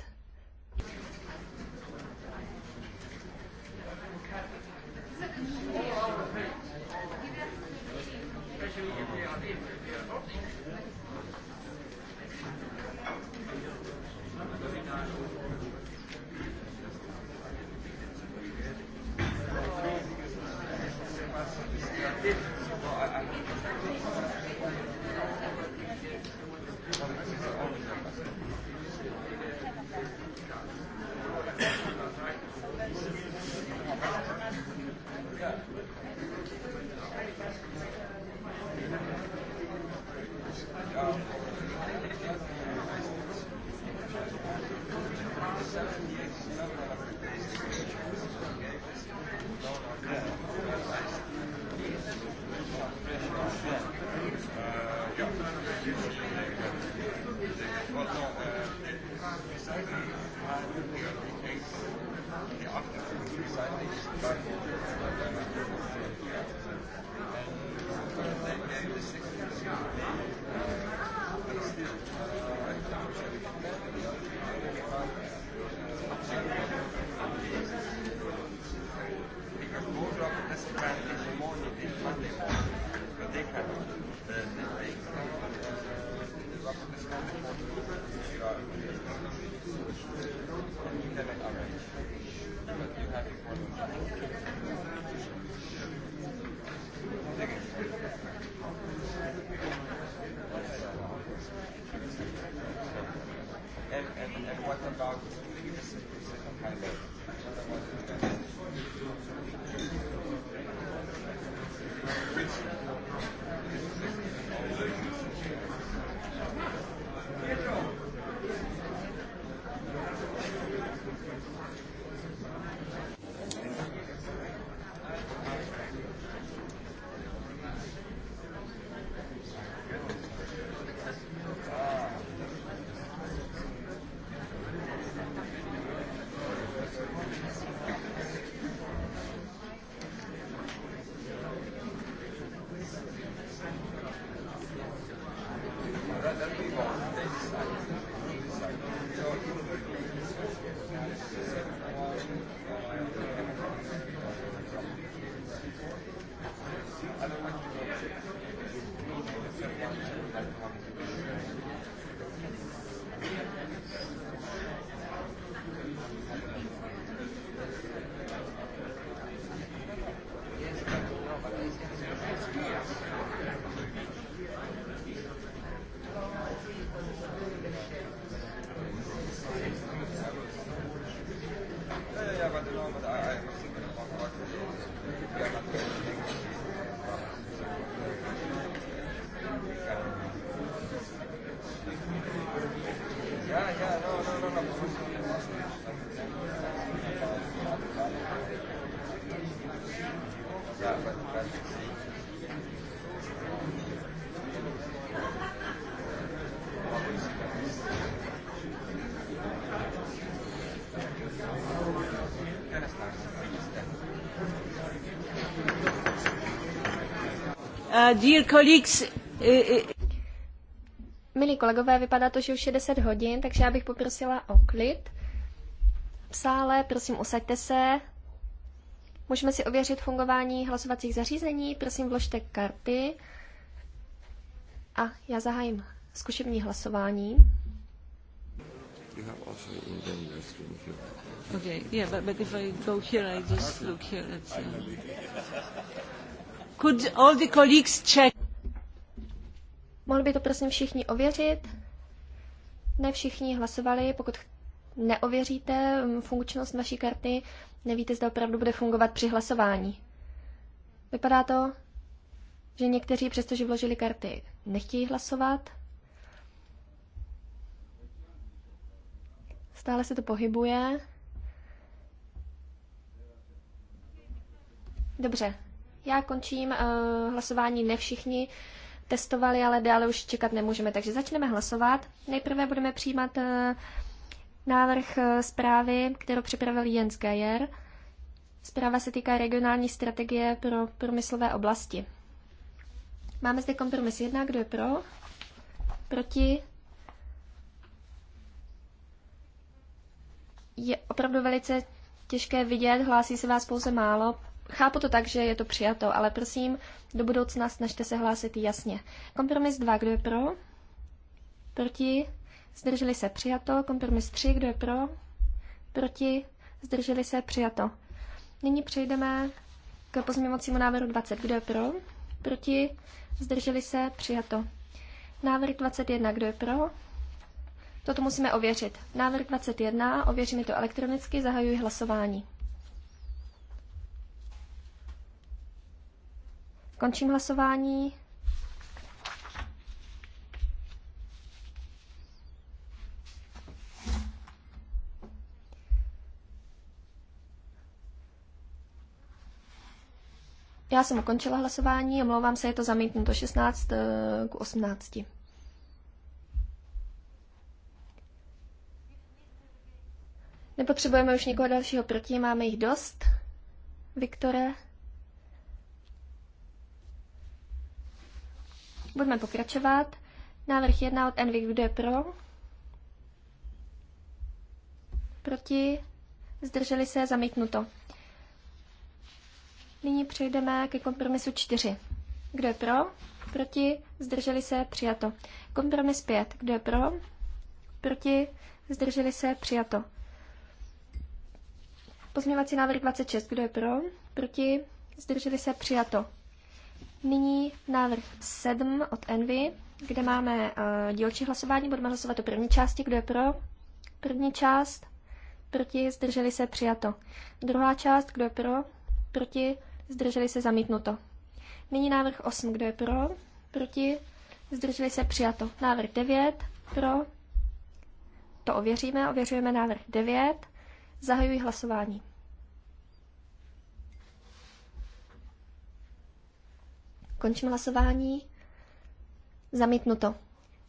and, and what about Eh, eh, Milí kolegové, vypadá to, že už je 10 hodin, takže já bych poprosila o klid. V sále, prosím, usaďte se. Můžeme si ověřit fungování hlasovacích zařízení. Prosím, vložte karty. A já zahájím zkušební hlasování. Okay, yeah, but, but if I go here, I just look here Could all the colleagues check? Mohli by to prosím všichni ověřit? Ne všichni hlasovali, pokud neověříte mm, funkčnost vaší karty, nevíte, zda opravdu bude fungovat při hlasování. Vypadá to, že někteří, přestože vložili karty, nechtějí hlasovat. Stále se to pohybuje. Dobře, já končím uh, hlasování ne všichni testovali, ale dále už čekat nemůžeme, takže začneme hlasovat. Nejprve budeme přijímat uh, návrh uh, zprávy, kterou připravil Jens Geier. Zpráva se týká regionální strategie pro průmyslové oblasti. Máme zde kompromis jedna kdo je pro, proti. Je opravdu velice těžké vidět, hlásí se vás pouze málo, chápu to tak, že je to přijato, ale prosím, do budoucna snažte se hlásit jasně. Kompromis 2, kdo je pro? Proti? Zdrželi se přijato. Kompromis 3, kdo je pro? Proti? Zdrželi se přijato. Nyní přejdeme k pozměňovacímu návrhu 20. Kdo je pro? Proti? Zdrželi se? Přijato. Návrh 21. Kdo je pro? Toto musíme ověřit. Návrh 21. Ověříme to elektronicky. Zahajuji hlasování. Končím hlasování. Já jsem ukončila hlasování, omlouvám se, je to zamítnuto 16 k 18. Nepotřebujeme už nikoho dalšího proti, máme jich dost. Viktore? Budeme pokračovat. Návrh 1 od Envy, kdo je pro? Proti? Zdrželi se? Zamítnuto. Nyní přejdeme ke kompromisu 4. Kdo je pro? Proti? Zdrželi se? Přijato. Kompromis 5. Kdo je pro? Proti? Zdrželi se? Přijato. Pozměňovací návrh 26. Kdo je pro? Proti? Zdrželi se? Přijato. Nyní návrh 7 od Envy, kde máme uh, dílčí hlasování. Budeme hlasovat o první části. Kdo je pro? První část. Proti. Zdrželi se. Přijato. Druhá část. Kdo je pro? Proti. Zdrželi se. Zamítnuto. Nyní návrh 8. Kdo je pro? Proti. Zdrželi se. Přijato. Návrh 9. Pro. To ověříme. Ověřujeme návrh 9. Zahajuji hlasování. Končím hlasování. Zamítnuto.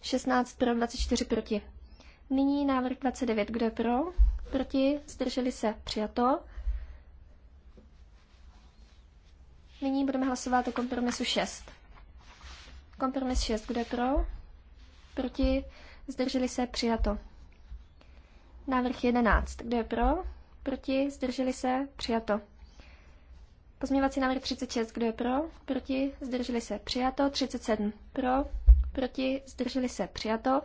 16 pro, 24 proti. Nyní návrh 29. Kdo je pro? Proti? Zdrželi se? Přijato. Nyní budeme hlasovat o kompromisu 6. Kompromis 6. Kdo je pro? Proti? Zdrželi se? Přijato. Návrh 11. Kdo je pro? Proti? Zdrželi se? Přijato. Pozměňovací návrh 36, kdo je pro? Proti? Zdrželi se? Přijato. 37 pro? Proti? Zdrželi se? Přijato.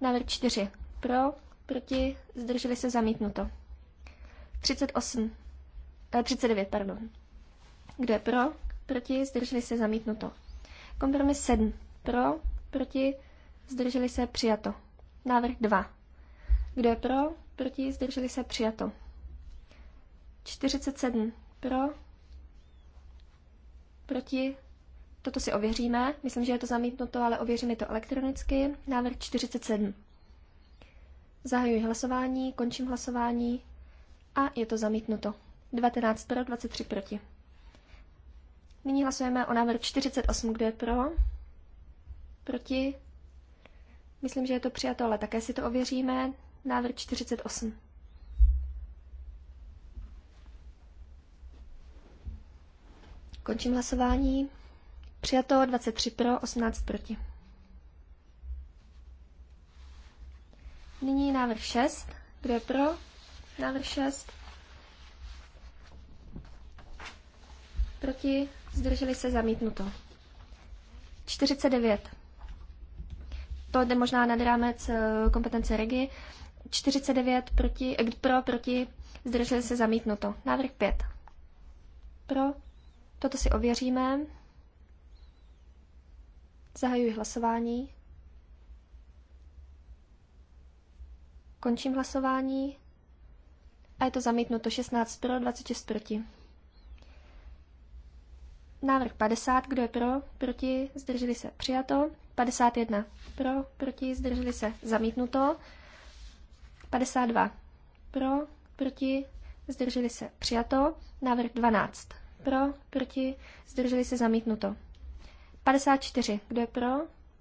Návrh 4 pro? Proti? Zdrželi se? Zamítnuto. 38, eh, 39, pardon. Kdo je pro? Proti? Zdrželi se? Zamítnuto. Kompromis 7 pro? Proti? Zdrželi se? Přijato. Návrh 2. Kdo je pro? Proti? Zdrželi se? Přijato. 47 pro? Proti? Toto si ověříme. Myslím, že je to zamítnuto, ale ověříme to elektronicky. Návrh 47. Zahajuji hlasování, končím hlasování a je to zamítnuto. 19 pro, 23 proti. Nyní hlasujeme o návrh 48, kdo je pro, proti. Myslím, že je to přijato, ale také si to ověříme. Návrh 48. Končím hlasování. Přijato 23 pro, 18 proti. Nyní návrh 6. Kdo je pro? Návrh 6. Proti? Zdrželi se zamítnuto. 49. To jde možná nad rámec eh, kompetence regi. 49 proti, eh, pro, proti, zdrželi se zamítnuto. Návrh 5. Pro, Toto si ověříme. Zahajuji hlasování. Končím hlasování. A je to zamítnuto 16 pro, 26 proti. Návrh 50, kdo je pro, proti, zdrželi se, přijato. 51 pro, proti, zdrželi se, zamítnuto. 52 pro, proti, zdrželi se, přijato. Návrh 12 pro, proti, zdrželi se zamítnuto. 54. Kdo je pro,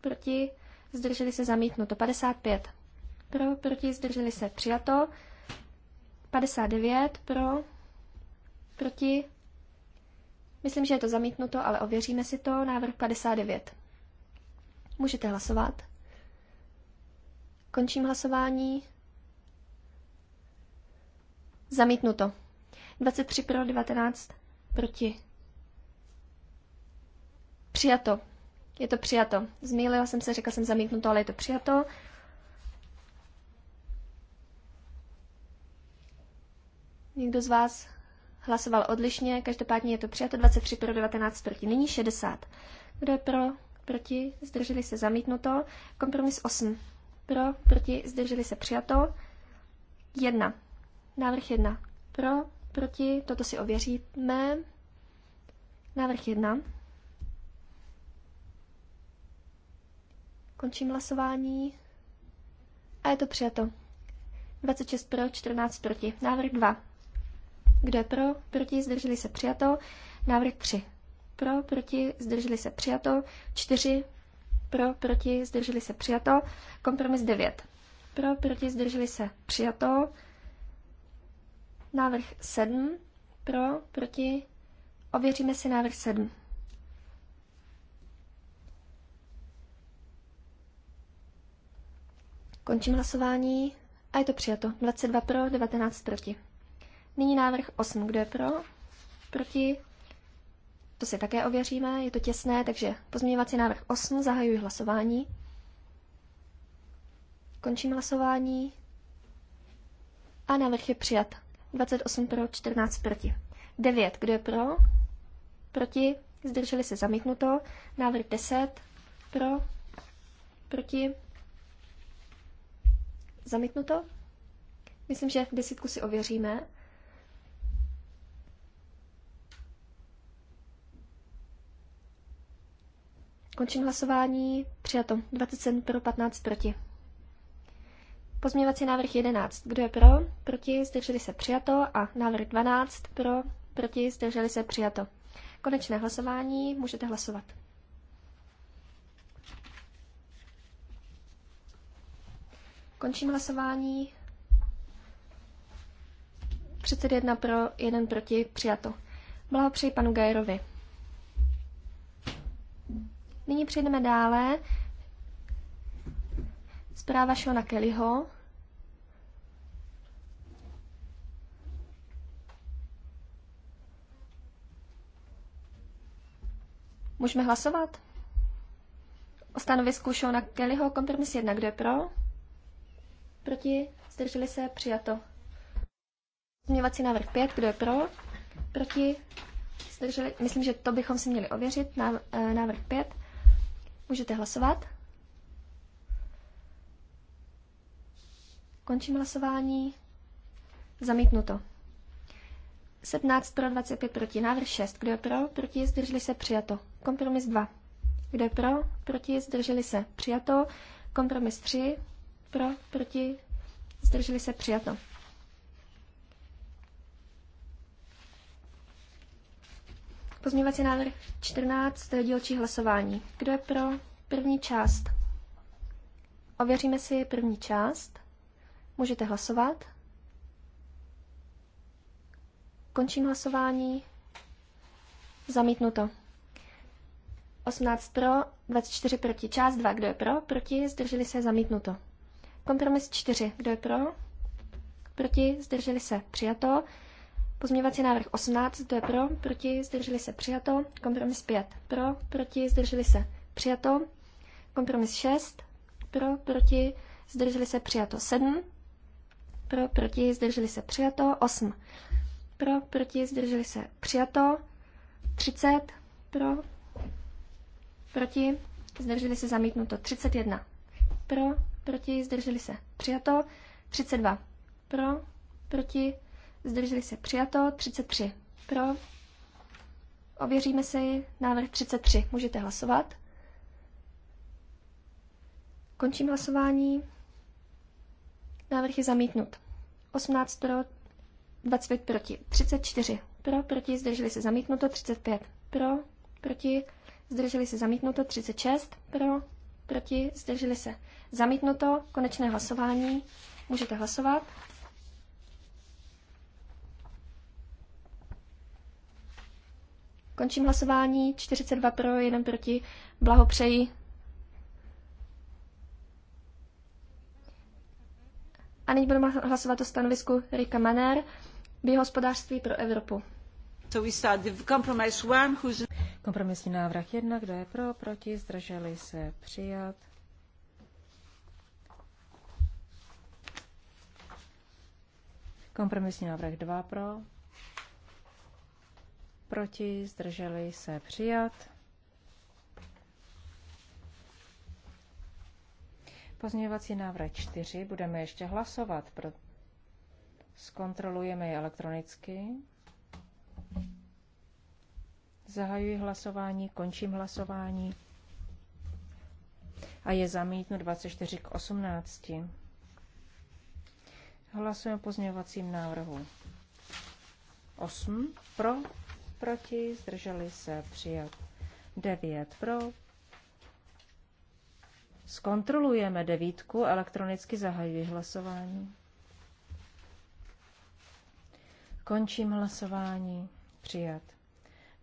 proti, zdrželi se zamítnuto. 55. Pro, proti, zdrželi se přijato. 59. Pro, proti. Myslím, že je to zamítnuto, ale ověříme si to. Návrh 59. Můžete hlasovat. Končím hlasování. Zamítnuto. 23 pro 19 Proti. Přijato. Je to přijato. Zmýlila jsem se, řekla jsem zamítnuto, ale je to přijato. Někdo z vás hlasoval odlišně, každopádně je to přijato 23 pro 19 proti, nyní 60. Kdo je pro, proti, zdrželi se zamítnuto, kompromis 8. Pro, proti, zdrželi se přijato, 1. Návrh 1. Pro, proti, toto si ověříme. Návrh jedna. Končím hlasování. A je to přijato. 26 pro, 14 proti. Návrh 2. Kdo je pro, proti, zdrželi se přijato. Návrh 3. Pro, proti, zdrželi se přijato. 4. Pro, proti, zdrželi se přijato. Kompromis 9. Pro, proti, zdrželi se přijato. Návrh 7 pro, proti, ověříme si návrh 7. Končím hlasování a je to přijato. 22 pro, 19 proti. Nyní návrh 8, kdo je pro, proti, to si také ověříme, je to těsné, takže pozměňovací návrh 8, zahajuji hlasování. Končím hlasování a návrh je přijat. 28 pro, 14 proti. 9, kdo je pro? Proti, zdrželi se zamítnuto. Návrh 10, pro, proti, zamítnuto. Myslím, že desítku si ověříme. Končím hlasování. Přijato. 27 pro, 15 proti. Pozměvací návrh 11. Kdo je pro? Proti? Zdrželi se přijato. A návrh 12. Pro? Proti? Zdrželi se přijato. Konečné hlasování. Můžete hlasovat. Končím hlasování. 31 pro, 1 proti, přijato. Blahopřeji panu Gajerovi. Nyní přejdeme dále. Zpráva Šona Kellyho. Můžeme hlasovat? O stanovisku Šona Kellyho kompromis 1. Kdo je pro? Proti? Zdrželi se? Přijato. Změvací návrh 5. Kdo je pro? Proti? Zdrželi? Myslím, že to bychom si měli ověřit. Eh, návrh 5. Můžete hlasovat. Končím hlasování. Zamítnuto. 17 pro, 25 proti. Návrh 6. Kdo je pro? Proti. Zdrželi se. Přijato. Kompromis 2. Kdo je pro? Proti. Zdrželi se. Přijato. Kompromis 3. Pro. Proti. Zdrželi se. Přijato. Pozměňovací návrh 14. Dílčí hlasování. Kdo je pro? První část. Ověříme si první část. Můžete hlasovat. Končím hlasování. Zamítnuto. 18 pro, 24 proti. Část 2. Kdo je pro? Proti. Zdrželi se. Zamítnuto. Kompromis 4. Kdo je pro? Proti. Zdrželi se. Přijato. Pozměňovací návrh 18. Kdo je pro? Proti. Zdrželi se. Přijato. Kompromis 5. Pro. Proti. Zdrželi se. Přijato. Kompromis 6. Pro. Proti. Zdrželi se. Přijato. 7. Pro. Proti. Zdrželi se. Přijato. 8 pro, proti, zdrželi se, přijato. 30 pro, proti, zdrželi se, zamítnuto. 31 pro, proti, zdrželi se, přijato. 32 pro, proti, zdrželi se, přijato. 33 pro, ověříme si návrh 33. Můžete hlasovat. Končím hlasování. Návrh je zamítnut. 18 pro, 25 proti, 34 pro, proti, zdrželi se zamítnuto, 35 pro, proti, zdrželi se zamítnuto, 36 pro, proti, zdrželi se zamítnuto, konečné hlasování, můžete hlasovat. Končím hlasování, 42 pro, 1 proti, blahopřeji. A nyní budeme hlasovat o stanovisku Rika Maner biohospodářství pro Evropu. So we start the compromise one, who's... Kompromisní návrh jedna, kdo je pro, proti, zdrželi se přijat. Kompromisní návrh 2 pro, proti, zdrželi se přijat. Pozměňovací návrh 4 budeme ještě hlasovat, proto Zkontrolujeme je elektronicky. Zahajuji hlasování, končím hlasování a je zamítnu 24 k 18. Hlasujeme o pozměňovacím návrhu. 8 pro, proti, zdrželi se, přijat. 9 pro. Zkontrolujeme devítku, elektronicky zahajuji hlasování. Končím hlasování. Přijat.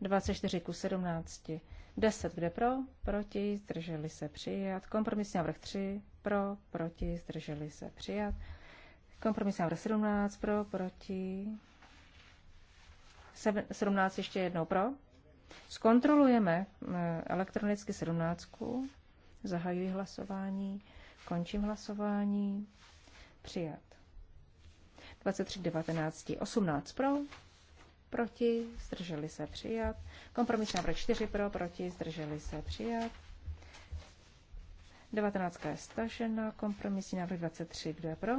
24 ku 17. 10 kde pro, proti, zdrželi se přijat. Kompromisní návrh 3 pro, proti, zdrželi se přijat. Kompromisní návrh 17 pro, proti. 17 ještě jednou pro. Zkontrolujeme eh, elektronicky 17. Zahajuji hlasování, končím hlasování. Přijat. 23 19, 18 pro, proti, zdrželi se přijat. Kompromis návrh 4 pro, proti, zdrželi se přijat. 19 je stažena, kompromisní návrh 23, kdo je pro?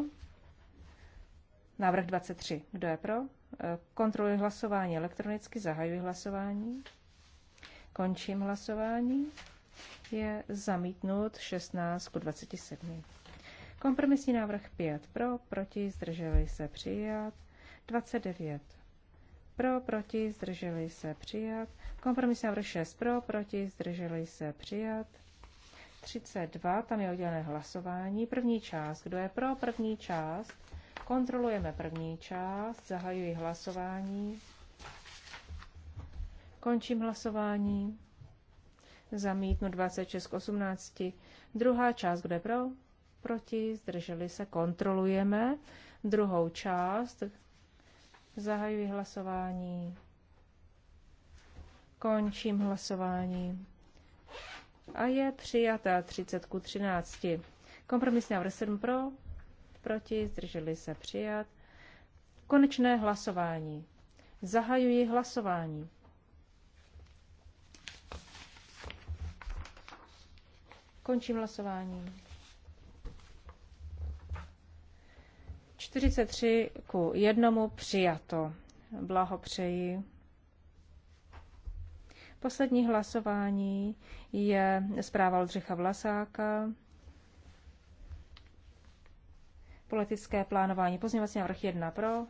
Návrh 23, kdo je pro? E, kontroluji hlasování elektronicky, zahajuji hlasování, končím hlasování. Je zamítnut 16 ku 27. Kompromisní návrh 5 pro, proti, zdrželi se přijat. 29 pro, proti, zdrželi se přijat. Kompromisní návrh 6 pro, proti, zdrželi se přijat. 32, tam je oddělené hlasování. První část, kdo je pro první část? Kontrolujeme první část, zahajuji hlasování. Končím hlasování. Zamítnu 26 k 18. Druhá část, kdo je pro? proti, zdrželi se, kontrolujeme. Druhou část, zahajuji hlasování, končím hlasování a je přijata 30 ku 13. Kompromisní návrh 7 pro, proti, zdrželi se, přijat. Konečné hlasování. Zahajuji hlasování. Končím hlasování. 43 ku 1 přijato. Blahopřeji. Poslední hlasování je zpráva Oldřicha Vlasáka. Politické plánování. Pozměňovací návrh 1 pro,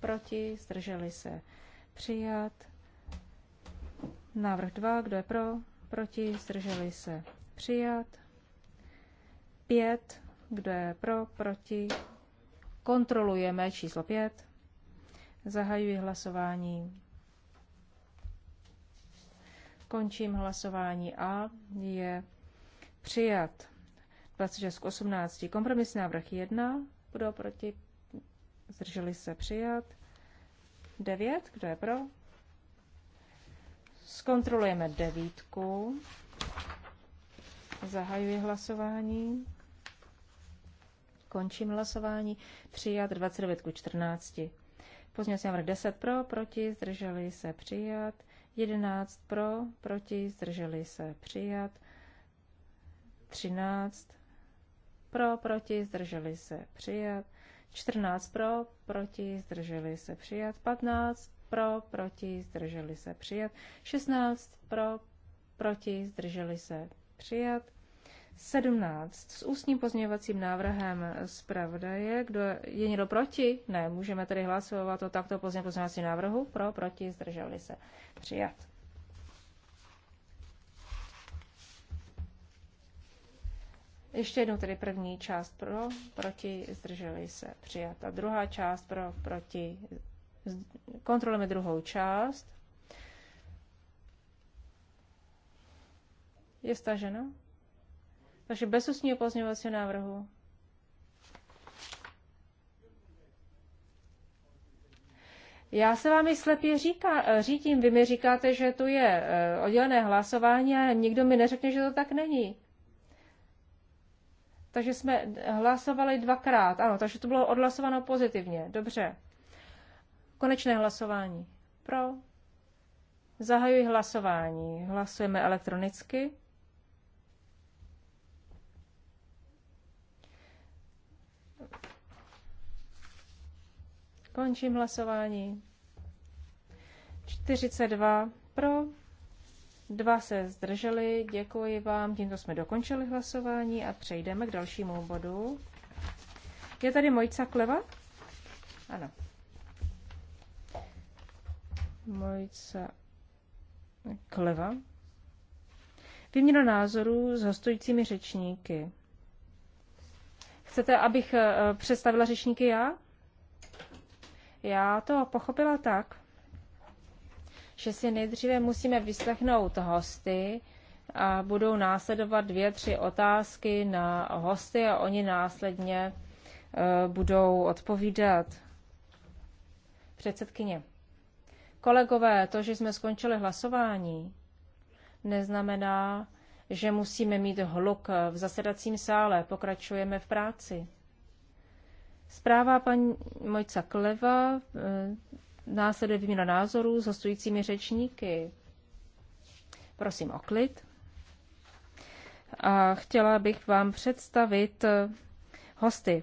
proti, zdrželi se přijat. Návrh 2, kdo je pro, proti, zdrželi se přijat. 5, kdo je pro, proti, Kontrolujeme číslo 5. Zahajuji hlasování. Končím hlasování a je přijat 26 k 18. Kompromisní návrh 1. Kdo proti? Zdrželi se přijat. 9. Kdo je pro? Zkontrolujeme devítku. Zahajuji hlasování. Končím hlasování. Přijat 29 k 14. Pozměňovací návrh 10 pro, proti, zdrželi se přijat. 11 pro, proti, zdrželi se přijat. 13 pro, proti, zdrželi se přijat. 14 pro, proti, zdrželi se přijat. 15 pro, proti, zdrželi se přijat. 16 pro, proti, zdrželi se přijat. 17 s ústním pozměňovacím návrhem zpravodaje. Kdo je někdo proti? Ne, můžeme tedy hlasovat o takto pozdním pozměňovacím návrhu. Pro, proti, zdrželi se. Přijat. Ještě jednou tedy první část pro, proti, zdrželi se, přijat. A druhá část pro, proti, kontrolujeme druhou část. Je staženo? Takže bez ústního pozměňovacího návrhu. Já se i slepě říká, řídím. Vy mi říkáte, že tu je eh, oddělené hlasování a nikdo mi neřekne, že to tak není. Takže jsme hlasovali dvakrát. Ano, takže to bylo odhlasováno pozitivně. Dobře. Konečné hlasování. Pro. Zahajuji hlasování. Hlasujeme elektronicky. Končím hlasování. 42 pro, dva se zdrželi. Děkuji vám. Tímto jsme dokončili hlasování a přejdeme k dalšímu bodu. Je tady Mojca Kleva? Ano. Mojca Kleva. Výměna názorů s hostujícími řečníky. Chcete, abych eh, představila řečníky já? Já to pochopila tak, že si nejdříve musíme vyslechnout hosty a budou následovat dvě, tři otázky na hosty a oni následně uh, budou odpovídat. Předsedkyně. Kolegové, to, že jsme skončili hlasování, neznamená, že musíme mít hluk v zasedacím sále. Pokračujeme v práci. Zpráva paní Mojca Kleva eh, následuje výměna názorů s hostujícími řečníky. Prosím o klid. A chtěla bych vám představit eh, hosty.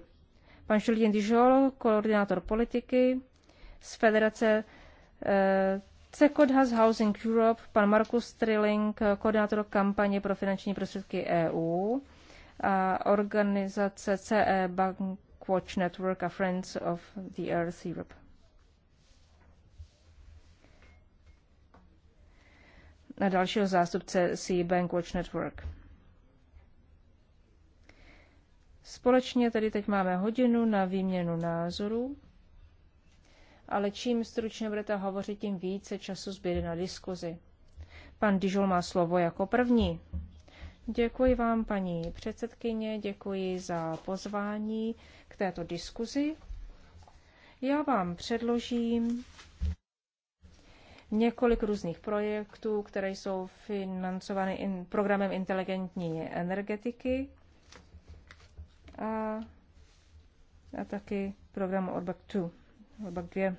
Pan Julien Dijol, koordinátor politiky z Federace eh, Cekodhas Housing Europe, pan Markus Trilling, koordinátor kampaně pro finanční prostředky EU a organizace CE Bank Quatch Network a Friends of the Earth Europe. Na dalšího zástupce si Bank Watch Network. Společně tedy teď máme hodinu na výměnu názorů, ale čím stručně budete hovořit, tím více času zbyde na diskuzi. Pan Dižol má slovo jako první. Děkuji vám, paní předsedkyně, děkuji za pozvání k této diskuzi. Já vám předložím několik různých projektů, které jsou financovány in, programem inteligentní energetiky a, a taky programu Orbak 2. Orbak 2.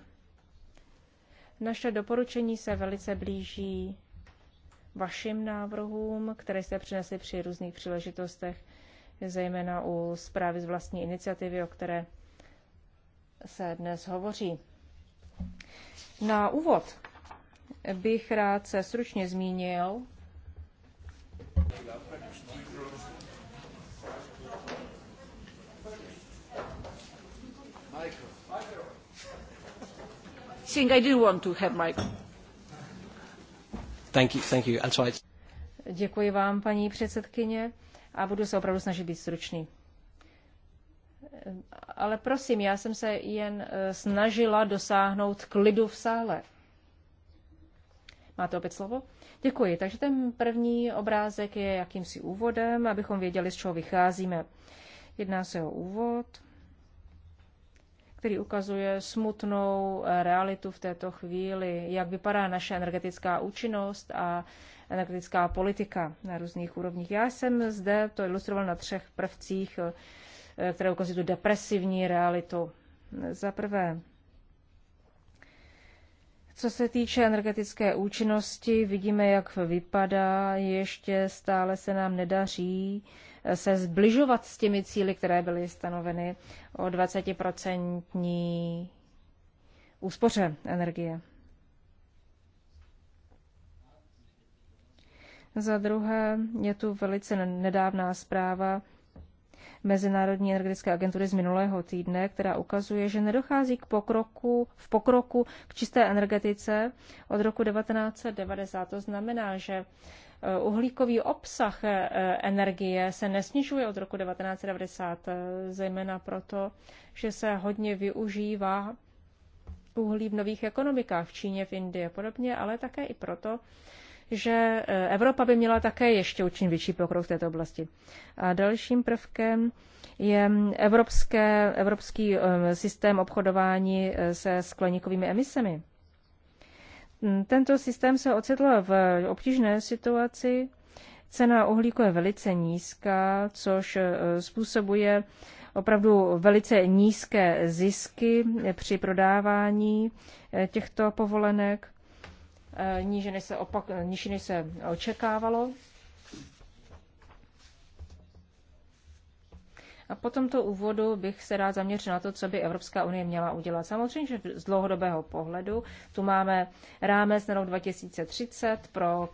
Naše doporučení se velice blíží vašim návrhům, které jste přinesli při různých příležitostech, zejména u zprávy z vlastní iniciativy, o které se dnes hovoří. Na úvod bych rád se stručně zmínil think I do want to have Michael. Thank you, thank you. I'll try it. Děkuji vám, paní předsedkyně, a budu se opravdu snažit být stručný. Ale prosím, já jsem se jen eh, snažila dosáhnout klidu v sále. Máte opět slovo? Děkuji. Takže ten první obrázek je jakýmsi úvodem, abychom věděli, z čeho vycházíme. Jedná se o úvod který ukazuje smutnou eh, realitu v této chvíli, jak vypadá naše energetická účinnost a energetická politika na různých úrovních. Já jsem zde to ilustroval na třech prvcích, eh, které ukazují tu depresivní realitu. Za prvé, co se týče energetické účinnosti, vidíme, jak vypadá. Ještě stále se nám nedaří se zbližovat s těmi cíly, které byly stanoveny o 20% úspoře energie. Za druhé je tu velice nedávná zpráva Mezinárodní energetické agentury z minulého týdne, která ukazuje, že nedochází k pokroku, v pokroku k čisté energetice od roku 1990. To znamená, že Eh, uhlíkový obsah eh, energie se nesnižuje od roku 1990, eh, zejména proto, že se hodně využívá uhlí v nových ekonomikách v Číně, v Indii a podobně, ale také i proto, že Evropa by měla také ještě učinit větší pokrok v této oblasti. A dalším prvkem je evropské, evropský systém obchodování se skleníkovými emisemi. Mm, tento systém se ocitl v obtížné situaci. Cena uhlíku je velice nízká, což e, způsobuje opravdu velice nízké zisky při prodávání e, těchto povolenek, e, níže než se, opak, níže než se očekávalo. A po tomto úvodu bych se rád zaměřil na to, co by Evropská unie měla udělat. Samozřejmě, že z dlouhodobého pohledu tu máme rámec na rok 2030 pro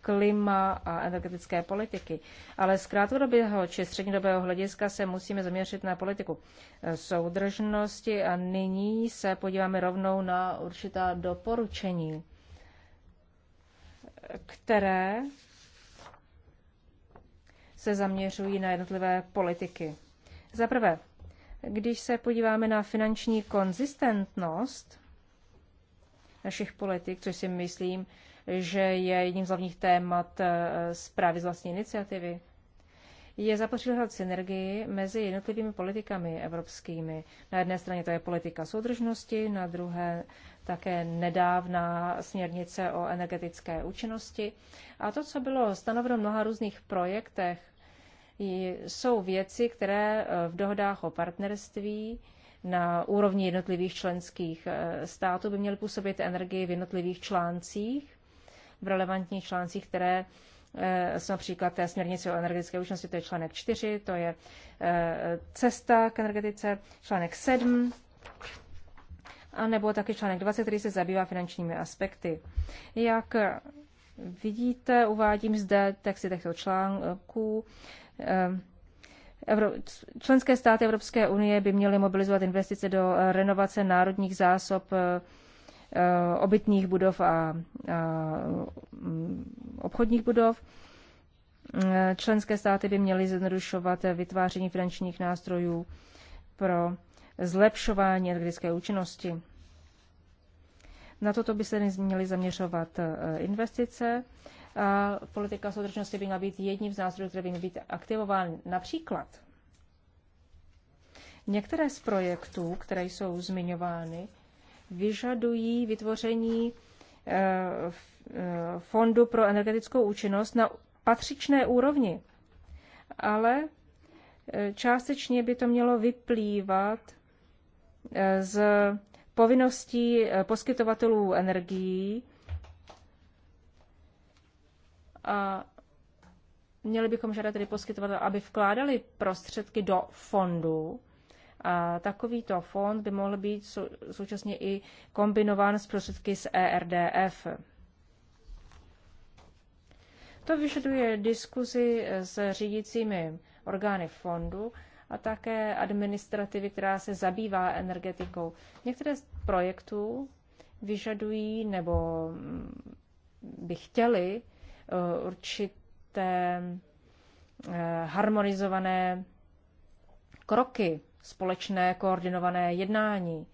klima a energetické politiky. Ale z krátkodobého či střednědobého hlediska se musíme zaměřit na politiku soudržnosti a nyní se podíváme rovnou na určitá doporučení, které se zaměřují na jednotlivé politiky. Za prvé, když se podíváme na finanční konzistentnost našich politik, což si myslím, že je jedním z hlavních témat eh, zprávy z vlastní iniciativy, je zapotřebí hledat synergii mezi jednotlivými politikami evropskými. Na jedné straně to je politika soudržnosti, na druhé také nedávná směrnice o energetické účinnosti. A to, co bylo stanoveno v mnoha různých projektech, jsou věci, které eh, v dohodách o partnerství na úrovni jednotlivých členských eh, států by měly působit energii v jednotlivých článcích, v relevantních článcích, které eh, jsou například té směrnice o energetické účinnosti, to je článek 4, to je cesta k energetice, článek 7, a nebo taky článek 20, který se zabývá finančními aspekty. Jak Vidíte, uvádím zde texty těchto článků. Ehm, členské státy Evropské unie by měly mobilizovat investice do renovace národních zásob eh, eh, obytných budov a, mm, obchodních budov. Eh, členské státy by měly zjednodušovat vytváření finančních nástrojů pro zlepšování energetické účinnosti. Na toto by se měly zaměřovat e, investice. A politika soudržnosti by měla být jedním z nástrojů, který by měl být aktivován. Například některé z projektů, které jsou zmiňovány, vyžadují vytvoření e, e, fondu pro energetickou účinnost na patřičné úrovni. Ale částečně by to mělo vyplývat z povinností eh, poskytovatelů energií a měli bychom žádat tedy poskytovatel, aby vkládali prostředky do fondu. A takovýto fond by mohl být současně i kombinován s prostředky z ERDF. To vyžaduje diskuzi s řídícími orgány fondu a také administrativy, která se zabývá energetikou. Některé z projektů vyžadují nebo mm, by chtěli eh, určité eh, harmonizované kroky, společné koordinované jednání,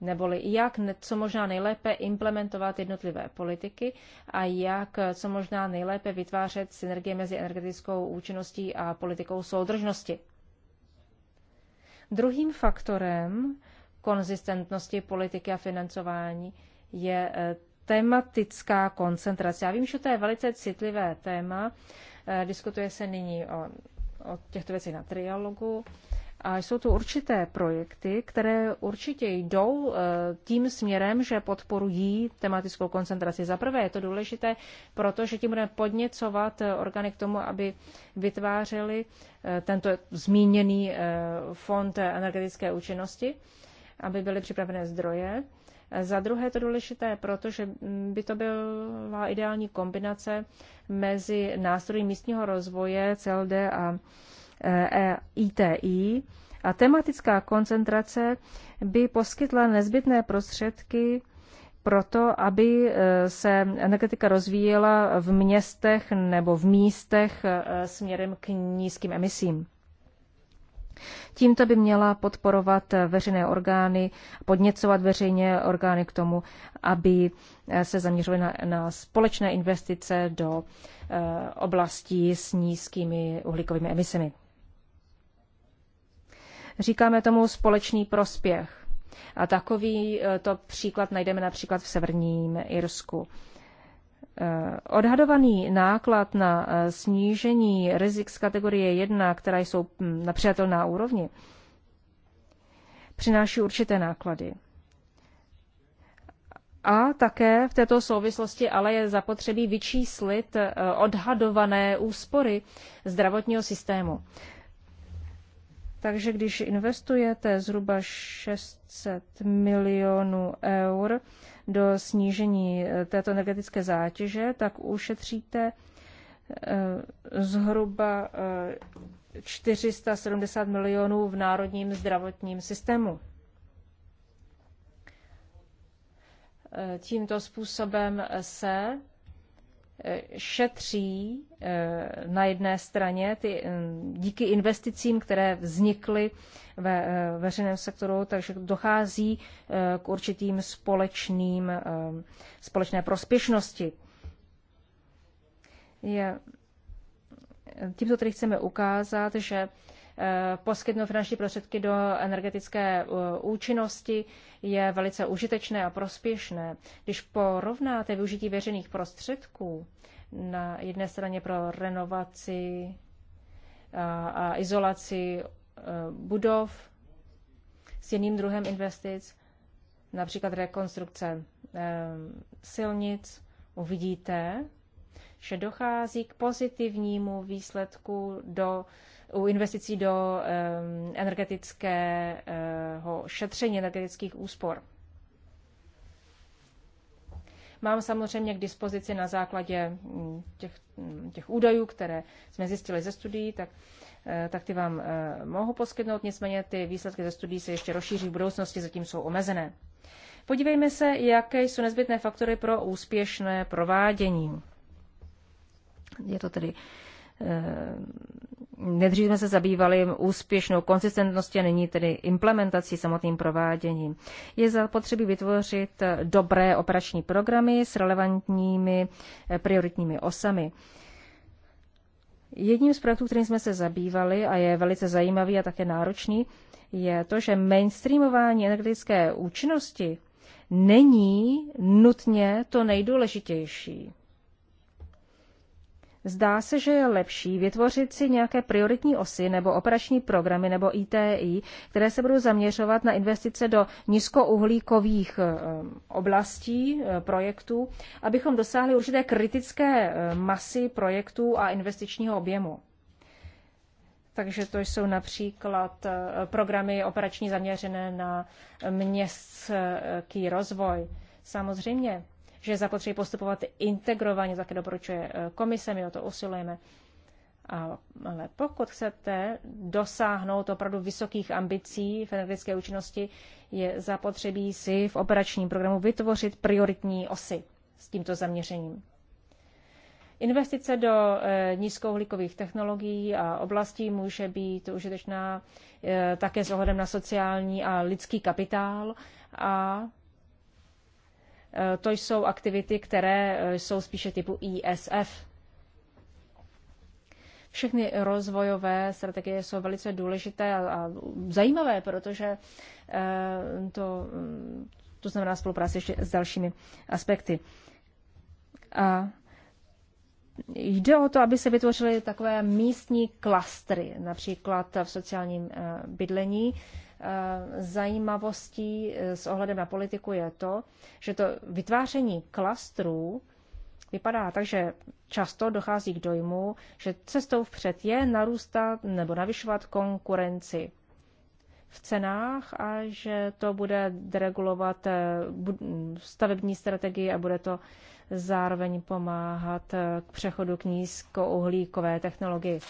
neboli jak co možná nejlépe implementovat jednotlivé politiky a jak eh, co možná nejlépe vytvářet synergie mezi energetickou účinností a politikou soudržnosti. Druhým faktorem konzistentnosti politiky a financování je eh, tematická koncentrace. Já vím, že to je velice citlivé téma. Eh, diskutuje se nyní o, o těchto věcech na trialogu. A jsou tu určité projekty, které určitě jdou eh, tím směrem, že podporují tematickou koncentraci. Za prvé je to důležité, protože tím budeme podněcovat eh, orgány k tomu, aby vytvářely eh, tento zmíněný fond energetické účinnosti, aby byly připravené zdroje. Za druhé je to důležité, protože mm, by to byla ideální kombinace mezi nástroji místního rozvoje, CLD a ITI e, a tematická koncentrace by poskytla nezbytné prostředky pro to, aby e, se energetika rozvíjela v městech nebo v místech e, směrem k nízkým emisím. Tímto by měla podporovat veřejné orgány, podněcovat veřejně orgány k tomu, aby se zaměřovaly na, na společné investice do oblastí s nízkými uhlíkovými emisemi. Říkáme tomu společný prospěch. A takový e, to příklad najdeme například v severním Irsku. E, odhadovaný náklad na e, snížení rizik z kategorie 1, která jsou na přijatelná úrovni, přináší určité náklady. A také v této souvislosti ale je zapotřebí vyčíslit odhadované úspory zdravotního systému. Takže když investujete zhruba 600 milionů eur do snížení eh, této energetické zátěže, tak ušetříte eh, zhruba 470 eh, milionů v národním zdravotním systému. Tímto způsobem se šetří eh, na jedné straně ty, eh, díky investicím, které vznikly ve eh, veřejném sektoru, takže dochází k určitým společným, společné prospěšnosti. Je, tímto tedy chceme ukázat, že Eh, poskytnout finanční prostředky do energetické eh, účinnosti je velice užitečné a prospěšné. Když porovnáte využití veřejných prostředků na jedné straně pro renovaci eh, a izolaci budov s jiným druhem investic, například rekonstrukce silnic, uvidíte, že dochází k pozitivnímu výsledku do u investicí do energetického šetření, energetických úspor. Mám samozřejmě k dispozici na základě mm, těch, mm, těch údajů, které jsme zjistili ze studií, tak, eh, tak ty vám eh, mohu poskytnout, nicméně ty výsledky ze studií se ještě rozšíří v budoucnosti, zatím jsou omezené. Podívejme se, jaké jsou nezbytné faktory pro úspěšné provádění. Je to tedy eh, Nedřív jsme se zabývali úspěšnou konsistentností a nyní tedy implementací samotným prováděním. Je zapotřebí vytvořit dobré operační programy s relevantními eh, prioritními osami. Jedním z projektů, kterým jsme se zabývali a je velice zajímavý a také náročný, je to, že mainstreamování energetické účinnosti není nutně to nejdůležitější. Zdá se, že je lepší vytvořit si nějaké prioritní osy nebo operační programy nebo ITI, které se budou zaměřovat na investice do nízkouhlíkových eh, oblastí eh, projektů, abychom dosáhli určité kritické eh, masy projektů a investičního objemu. Takže to jsou například programy operační zaměřené na městský rozvoj. Samozřejmě že zapotřebí postupovat integrovaně, také doporučuje eh, komise, my o to usilujeme. Ale pokud chcete dosáhnout opravdu vysokých ambicí v energetické účinnosti, je zapotřebí si v operačním programu vytvořit prioritní osy s tímto zaměřením. Investice do eh, nízkouhlíkových technologií a oblastí může být užitečná eh, také s ohledem na sociální a lidský kapitál a Eh, to jsou aktivity, které eh, jsou spíše typu ISF. Všechny rozvojové strategie jsou velice důležité a, a zajímavé, protože eh, to, mm, to znamená spolupráce ještě s dalšími aspekty. A jde o to, aby se vytvořily takové místní klastry, například v sociálním bydlení, Eh, zajímavostí eh, s ohledem na politiku je to, že to vytváření klastrů vypadá tak, že často dochází k dojmu, že cestou vpřed je narůstat nebo navyšovat konkurenci v cenách a že to bude deregulovat eh, stavební strategii a bude to zároveň pomáhat k přechodu k nízkouhlíkové technologii.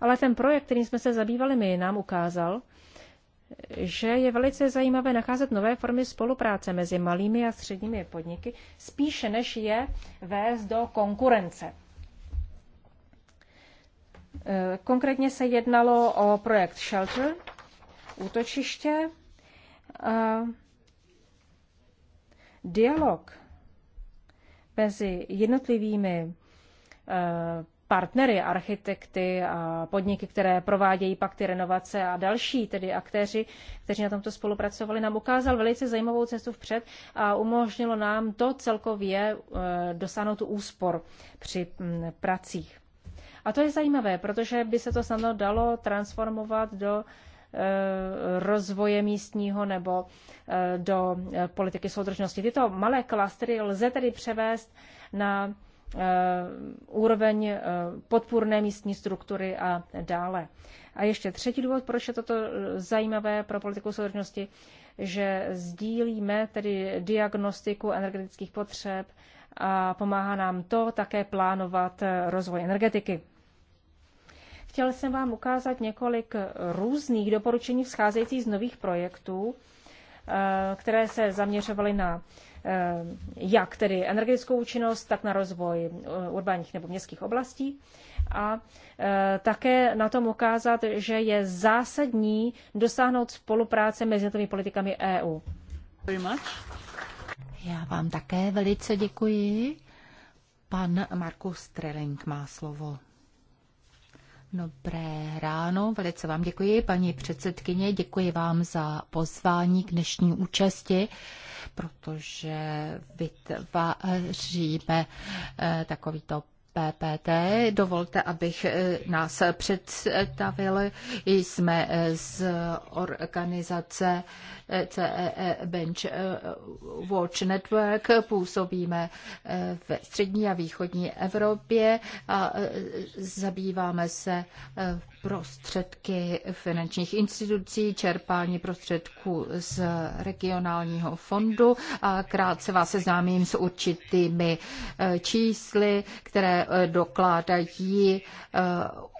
Ale ten projekt, kterým jsme se zabývali my, nám ukázal, že je velice zajímavé nacházet nové formy spolupráce mezi malými a středními podniky, spíše než je vést do konkurence. E, konkrétně se jednalo o projekt Shelter, útočiště. E, dialog mezi jednotlivými e, partnery, architekty a podniky, které provádějí pak ty renovace a další, tedy aktéři, kteří na tomto spolupracovali, nám ukázal velice zajímavou cestu vpřed a umožnilo nám to celkově eh, dosáhnout úspor při hm, pracích. A to je zajímavé, protože by se to snadno dalo transformovat do eh, rozvoje místního nebo eh, do politiky soudržnosti. Tyto malé klastry lze tedy převést na Eh, úroveň eh, podpůrné místní struktury a dále. A ještě třetí důvod, proč je toto eh, zajímavé pro politiku soudržnosti, že sdílíme tedy diagnostiku energetických potřeb a pomáhá nám to také plánovat rozvoj energetiky. Chtěl jsem vám ukázat několik různých doporučení vzcházejících z nových projektů, které se zaměřovaly na Eh, jak tedy energetickou účinnost, tak na rozvoj eh, urbaních nebo městských oblastí. A eh, také na tom ukázat, že je zásadní dosáhnout spolupráce mezi těmi politikami EU. Já vám také velice děkuji. Pan Markus Streling má slovo. Dobré ráno, velice vám děkuji, paní předsedkyně, děkuji vám za pozvání k dnešní účasti protože vytváříme eh, takovýto PPT. Dovolte, abych eh, nás představil. Jsme eh, z organizace CEE e Bench Watch Network. Působíme v střední a východní Evropě a zabýváme se prostředky finančních institucí, čerpání prostředků z regionálního fondu a krátce vás seznámím s určitými e, čísly, které e, dokládají e,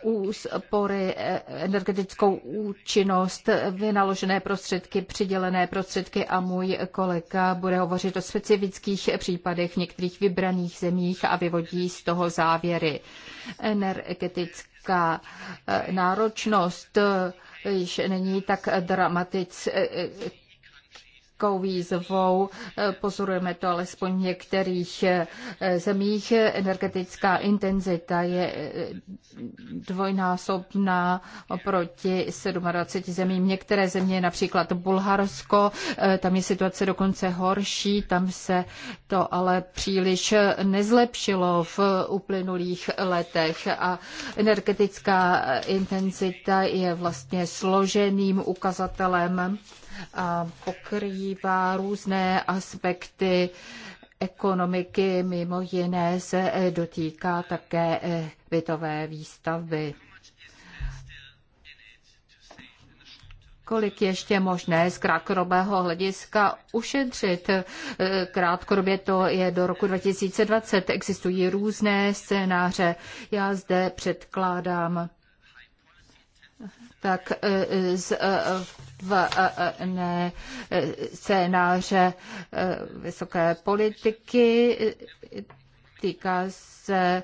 úspory, energetickou účinnost, vynaložené prostředky, přidělené prostředky a můj kolega bude hovořit o specifických případech v některých vybraných zemích a vyvodí z toho závěry energetická eh, náročnost eh, již není tak dramatická obrovskou výzvou. Eh, pozorujeme to alespoň v některých eh, zemích. Energetická intenzita je eh, dvojnásobná oproti 27 zemím. Některé země, například Bulharsko, tam je situace dokonce horší, tam se to ale příliš nezlepšilo v uplynulých letech a energetická intenzita je vlastně složeným ukazatelem a pokrývá různé aspekty ekonomiky, mimo jiné se e, dotýká také e, bytové výstavby. kolik ještě možné z krátkodobého hlediska ušetřit. E, krátkodobě to je do roku 2020. Existují různé scénáře. Já zde předkládám tak e, e, z e, v ne, scénáře vysoké politiky. Týká se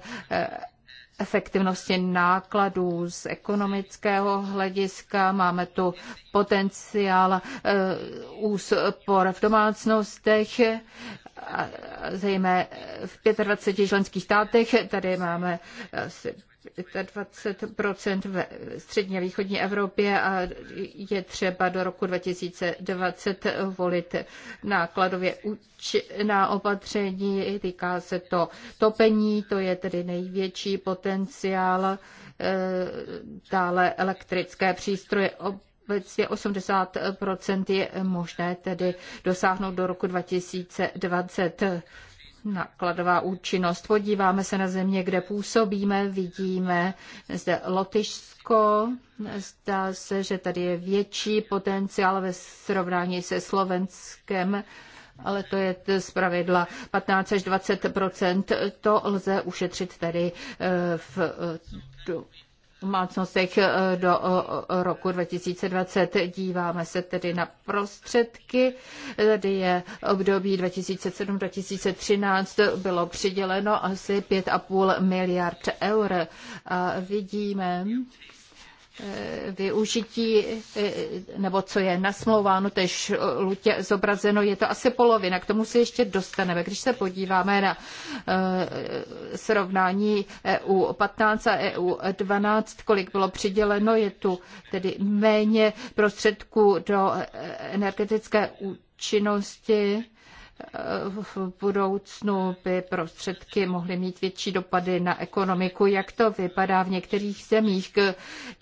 efektivnosti nákladů z ekonomického hlediska. Máme tu potenciál úspor v domácnostech, zejména v 25 členských státech. Tady máme asi 25 ve střední a východní Evropě a je třeba do roku 2020 volit nákladově účinná opatření. Týká se to topení, to je tedy největší potenciál, eh, dále elektrické přístroje obecně 80 je možné tedy dosáhnout do roku 2020 nakladová účinnost. Podíváme se na země, kde působíme, vidíme zde Lotyšsko. Zdá se, že tady je větší potenciál ve srovnání se Slovenskem, ale to je z pravidla 15 až 20 To lze ušetřit tedy eh, v eh, domácnostech eh, do eh, roku 2020. Díváme se tedy na prostředky. Tady je období 2007-2013 bylo přiděleno asi 5,5 miliard eur. A vidíme, Eh, využití, eh, nebo co je nasmlouváno, tež lutě zobrazeno, je to asi polovina. K tomu se ještě dostaneme. Když se podíváme na eh, srovnání EU 15 a EU 12, kolik bylo přiděleno, je tu tedy méně prostředků do energetické účinnosti v budoucnu by prostředky mohly mít větší dopady na ekonomiku. Jak to vypadá v některých zemích?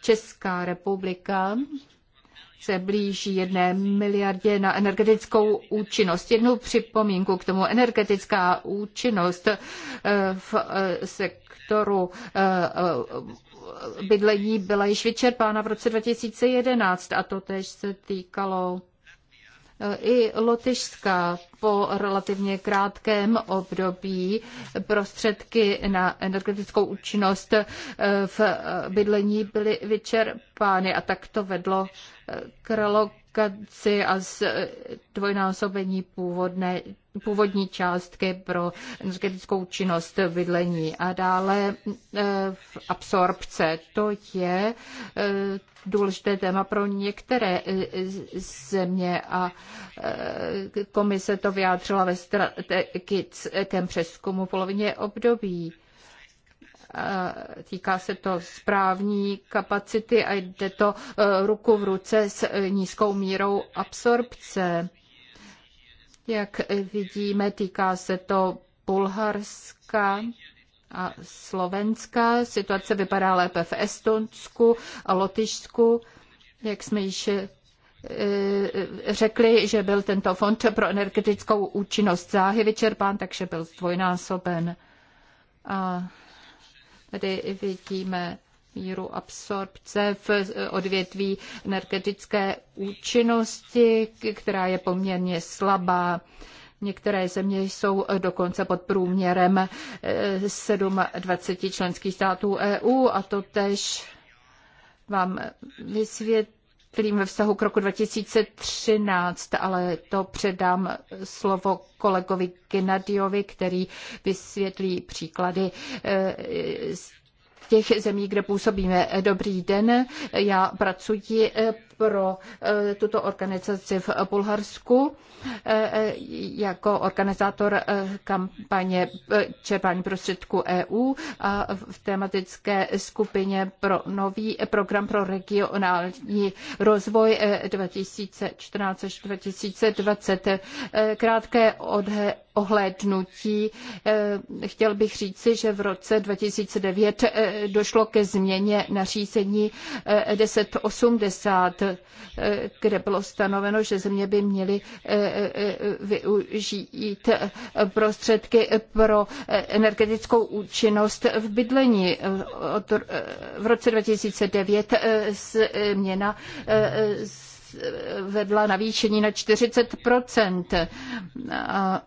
Česká republika se blíží jedné miliardě na energetickou účinnost. Jednu připomínku k tomu. Energetická účinnost eh, v eh, sektoru eh, bydlení byla již vyčerpána v roce 2011 a to tež se týkalo i Lotyšska po relativně krátkém období prostředky na energetickou účinnost eh, v eh, bydlení byly vyčerpány a tak to vedlo eh, k kvalifikaci a eh, dvojnásobení původné, původní částky pro energetickou činnost bydlení a dále eh, v absorpce. To je eh, důležité téma pro některé země a komise to vyjádřila ve strategickém přeskumu polovině období. Týká se to správní kapacity a jde to e, ruku v ruce s e, nízkou mírou absorpce. Jak vidíme, týká se to Bulharska a Slovenska. Situace vypadá lépe v Estonsku a Lotyšsku. Jak jsme již e, řekli, že byl tento fond pro energetickou účinnost záhy vyčerpán, takže byl zdvojnásoben. A Tady vidíme míru absorpce v odvětví energetické účinnosti, která je poměrně slabá. Některé země jsou dokonce pod průměrem 27 eh, členských států EU a to tež vám vysvětlí kterým ve vztahu k roku 2013, ale to předám slovo kolegovi Gennadiovi, který vysvětlí příklady eh, z těch zemí, kde působíme. Dobrý den, já pracuji eh, pro eh, tuto organizaci v Bulharsku eh, jako organizátor eh, kampaně čerpání prostředků EU a v tematické skupině pro nový program pro regionální rozvoj 2014 2020. Krátké odhe ohlédnutí. Chtěl bych říci, že v roce 2009 došlo ke změně nařízení 1080 kde bylo stanoveno, že země by měly eh, eh, využít prostředky pro eh, energetickou účinnost v bydlení. V roce 2009 změna vedla navýšení na 40 a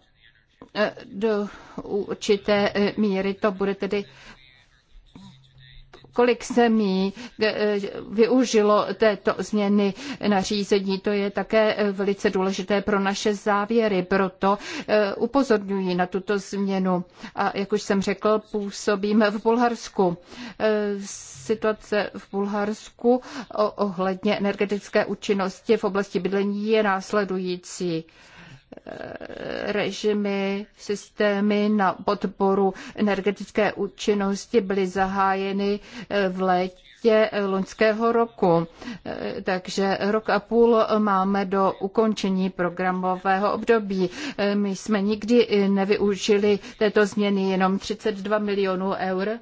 do určité míry to bude tedy kolik zemí eh, využilo této změny nařízení. To je také eh, velice důležité pro naše závěry, proto eh, upozorňuji na tuto změnu. A jak už jsem řekl, působím v Bulharsku. Situace v Bulharsku ohledně energetické účinnosti v oblasti bydlení je následující. Eh, režimy, systémy na podporu energetické účinnosti byly zahájeny eh, v létě eh, loňského roku. Takže rok a půl máme do ukončení programového období. My jsme nikdy nevyužili této změny jenom 32 milionů eur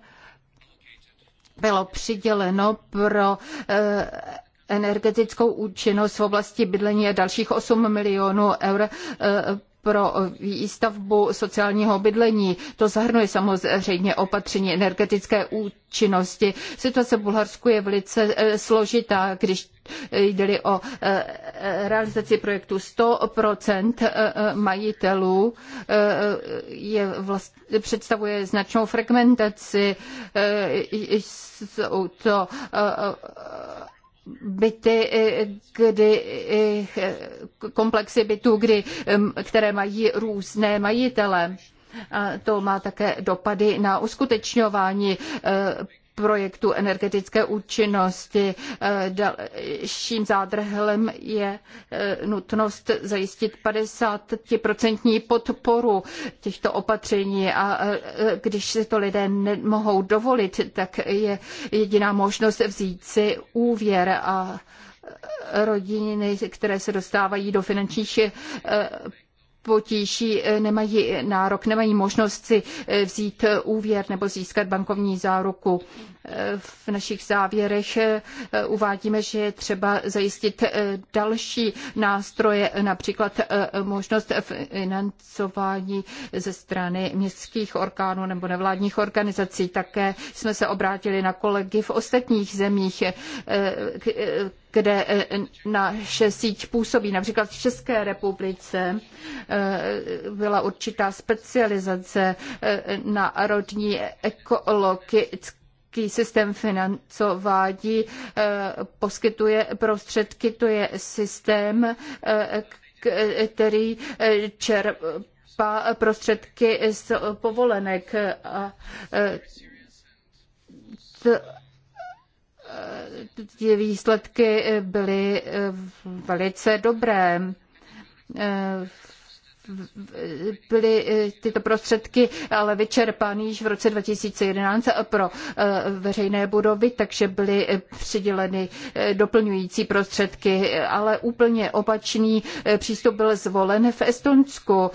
bylo přiděleno pro energetickou účinnost v oblasti bydlení a dalších 8 milionů eur eh, pro výstavbu sociálního bydlení. To zahrnuje samozřejmě opatření energetické účinnosti. Situace v Bulharsku je velice eh, složitá, když eh, jde o realizaci projektu 100% majitelů je vlast, představuje značnou fragmentaci. Jsou to byty, eh, kdy, eh, komplexy bytů, kdy, které mají různé majitele. A to má také dopady na uskutečňování eh, projektu energetické účinnosti. Eh, dalším zádrhelem je eh, nutnost zajistit 50% podporu těchto opatření a eh, když si to lidé nemohou dovolit, tak je jediná možnost vzít si úvěr a rodiny, které se dostávají do finančních potíží eh, nemají nárok, nemají možnost si eh, vzít eh, úvěr nebo získat bankovní záruku. V našich závěrech uvádíme, že je třeba zajistit další nástroje, například možnost financování ze strany městských orgánů nebo nevládních organizací. Také jsme se obrátili na kolegy v ostatních zemích, kde e, naše síť působí. Například v České republice e, byla určitá specializace e, na národní ekologické systém financování poskytuje prostředky. To je systém, který čerpá prostředky z povolenek a ty výsledky byly eh, velice dobré. Eh, byly eh, tyto prostředky ale vyčerpány již v roce 2011 pro veřejné budovy, takže byly přiděleny doplňující prostředky, ale úplně opačný přístup byl zvolen v Estonsku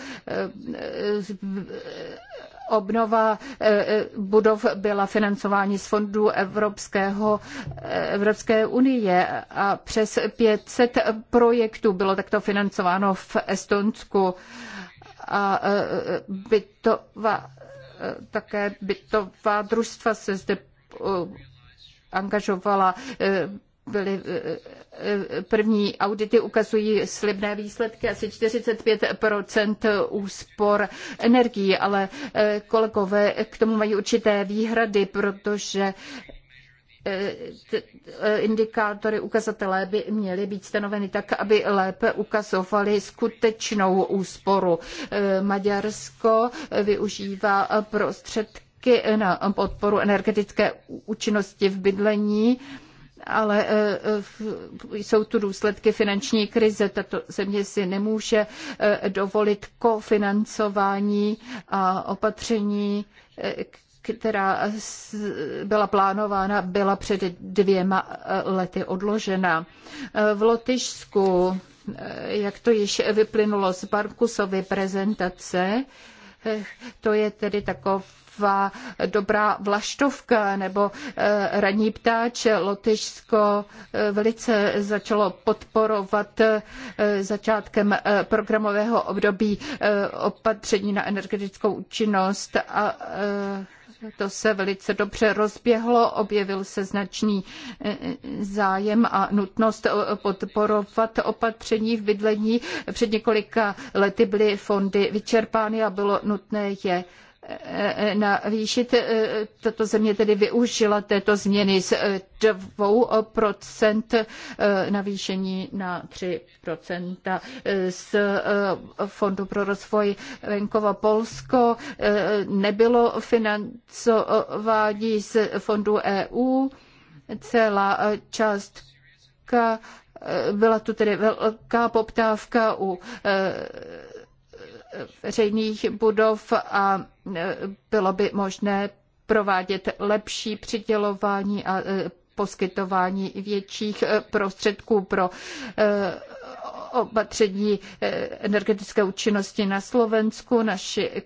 obnova eh, eh, budov byla financování z fondů Evropského, eh, Evropské unie a přes 500 projektů bylo takto financováno v Estonsku a bytová, také bytová družstva se zde angažovala byly eh, eh, první audity ukazují slibné výsledky, asi 45 úspor energií, ale eh, kolegové k tomu mají určité výhrady, protože indikátory, ukazatelé by měly být stanoveny tak, aby lépe ukazovaly skutečnou úsporu. Maďarsko využívá prostředky na podporu energetické účinnosti v bydlení ale eh, eh, jsou tu důsledky finanční krize. Tato země si nemůže eh, dovolit kofinancování a opatření, která byla plánována, byla před dvěma lety odložena. V Lotyšsku, jak to již vyplynulo z Barkusovy prezentace, to je tedy takov taková dobrá vlaštovka nebo eh, ranní ptáč. Lotyšsko eh, velice začalo podporovat eh, začátkem programového období opatření na energetickou účinnost a to se velice dobře rozběhlo, objevil se značný zájem a nutnost podporovat opatření v bydlení. Před několika lety byly fondy vyčerpány a bylo nutné je navýšit. Eh, tato země tedy využila této změny z 2% eh, eh, navýšení na 3% z Fondu pro rozvoj venkova Polsko. Nebylo financování z fondu EU. Celá částka byla tu tedy velká poptávka u veřejných budov a bylo by možné provádět lepší přidělování a e, poskytování větších e, prostředků pro e, opatření energetické účinnosti na Slovensku. Naši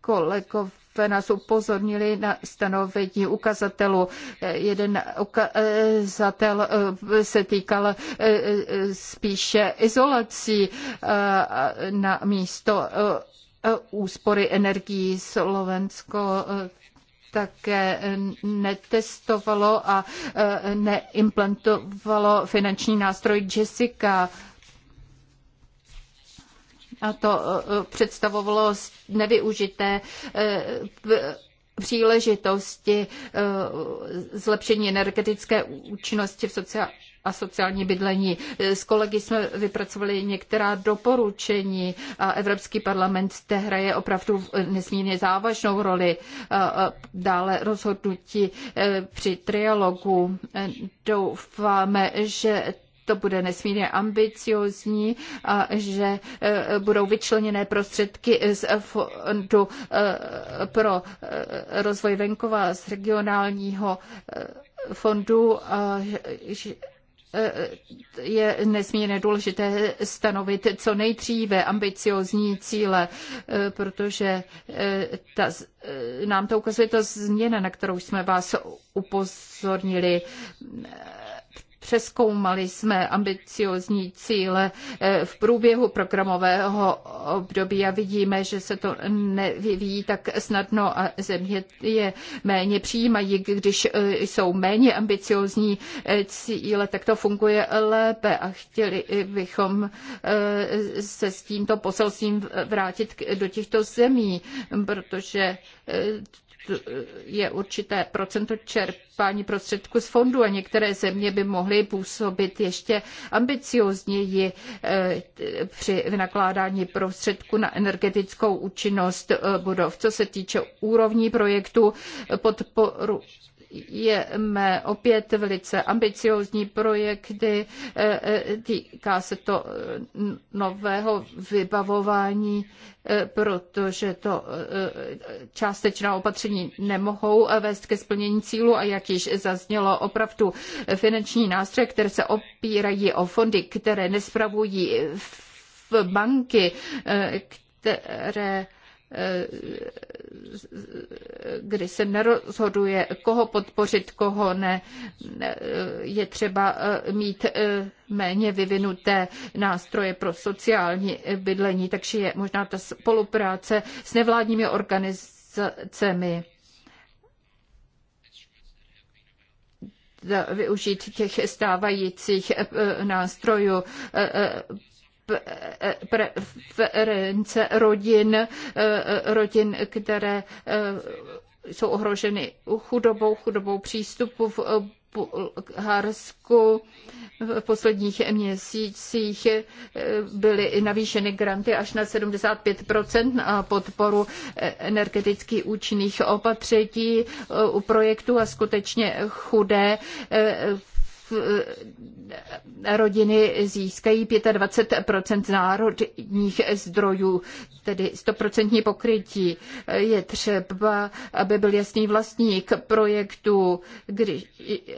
kolegové nás upozornili na stanovení ukazatelů. Jeden ukazatel se týkal spíše izolací na místo Eh, úspory energií. Slovensko eh, také netestovalo a eh, neimplantovalo finanční nástroj Jessica. A to představovalo nevyužité příležitosti zlepšení energetické účinnosti v sociální a sociální bydlení. S kolegy jsme vypracovali některá doporučení a Evropský parlament zde hraje opravdu nesmírně závažnou roli. Dále rozhodnutí e, při trialogu. E, doufáme, že to bude nesmírně ambiciozní a že e, budou vyčleněné prostředky z Fondu pro rozvoj venkova z regionálního fondu, je nesmírně důležité stanovit co nejdříve ambiciozní cíle, protože eh, ta, eh, nám to ukazuje ta změna, na kterou jsme vás upozornili. Přeskoumali jsme ambiciozní cíle eh, v průběhu programového období a vidíme, že se to nevyvíjí tak snadno a země je méně přijímají, když eh, jsou méně ambiciozní eh, cíle, tak to funguje lépe a chtěli bychom se s tímto poselstvím vrátit do těchto zemí, protože je určité procento čerpání prostředků z fondu a některé země by mohly působit ještě ambiciozněji eh, při vynakládání prostředků na energetickou účinnost eh, budov. Co se týče úrovní projektu, podporu realizujeme opět velice ambiciozní projekty. E, e, týká se to e, nového vybavování, protože to částečná opatření nemohou vést ke splnění cílu a jak již zaznělo opravdu finanční nástroje, které se opírají o fondy, které nespravují banky, které Eh, kdy se nerozhoduje, koho podpořit, koho ne. Eh, je třeba eh, mít méně vyvinuté nástroje pro sociální bydlení, takže je možná ta spolupráce s nevládními organizacemi. využít těch stávajících nástrojů preference rodin, eh, rodin, které eh, jsou ohroženy chudobou, chudobou přístupu v Bulharsku v posledních měsících eh, byly navýšeny granty až na 75 na podporu energeticky účinných opatření u projektu a skutečně chudé Eh, rodiny získají 25 národních zdrojů, tedy 100% pokrytí. Je třeba, aby byl jasný vlastník projektu, kdy,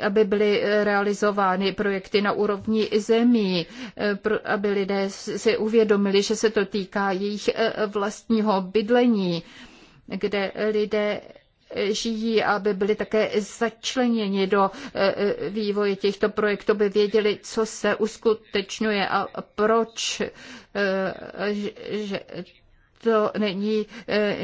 aby byly realizovány projekty na úrovni zemí, eh, aby lidé si uvědomili, že se to týká jejich eh, vlastního bydlení, kde lidé žijí, aby byli také začleněni do e, e, vývoje těchto projektů, aby věděli, co se uskutečňuje a proč e, že to není eh,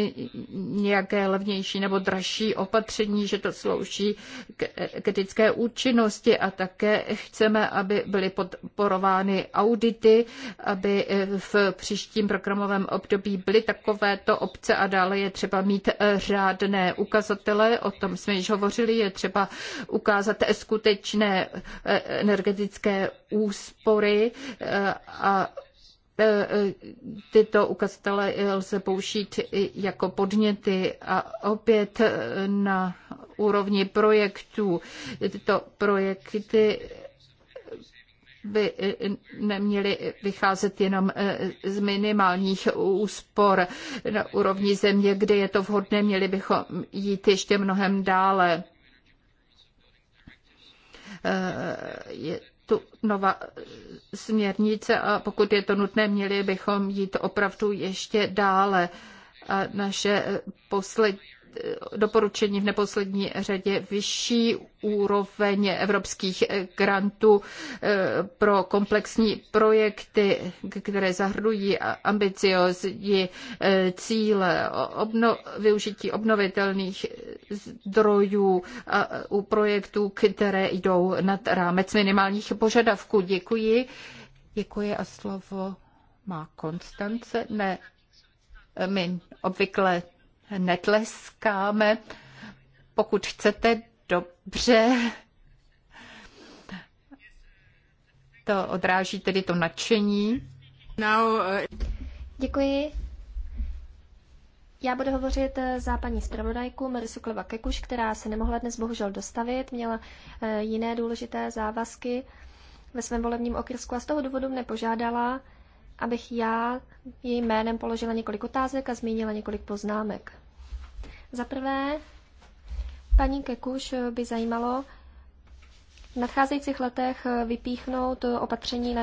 nějaké levnější nebo dražší opatření, že to slouží k eh, kritické účinnosti a také chceme, aby byly podporovány audity, aby eh, v příštím programovém období byly takovéto obce a dále je třeba mít řádné ukazatele, o tom jsme již hovořili, je třeba ukázat skutečné energetické úspory a E, e, tyto ukazatele e, lze použít jako podněty a opět na úrovni projektů. Tyto projekty by neměly vycházet jenom z minimálních úspor na úrovni země, kde je to vhodné, měli bychom jít ještě mnohem dále. Je nová eh, směrnice a pokud je to nutné, měli bychom jít opravdu ještě dále. A naše eh, poslední doporučení v neposlední řadě vyšší úroveň evropských grantů eh, pro komplexní projekty, které zahrnují ambiciozní eh, cíle obno, využití obnovitelných zdrojů a eh, u projektů, které jdou nad rámec minimálních požadavků. Děkuji. Děkuji a slovo má Konstance. Ne, my obvykle netleskáme. Pokud chcete dobře, to odráží tedy to nadšení. Uh, Děkuji. Já budu hovořit eh, za paní zpravodajku Marisu Kleva Kekuš, která se nemohla dnes bohužel dostavit, měla eh, jiné důležité závazky ve svém volebním okrsku a z toho důvodu mě požádala, abych já jejím jménem položila několik otázek a zmínila několik poznámek. Za prvé, paní Kekuš by zajímalo, v nadcházejících letech vypíchnout opatření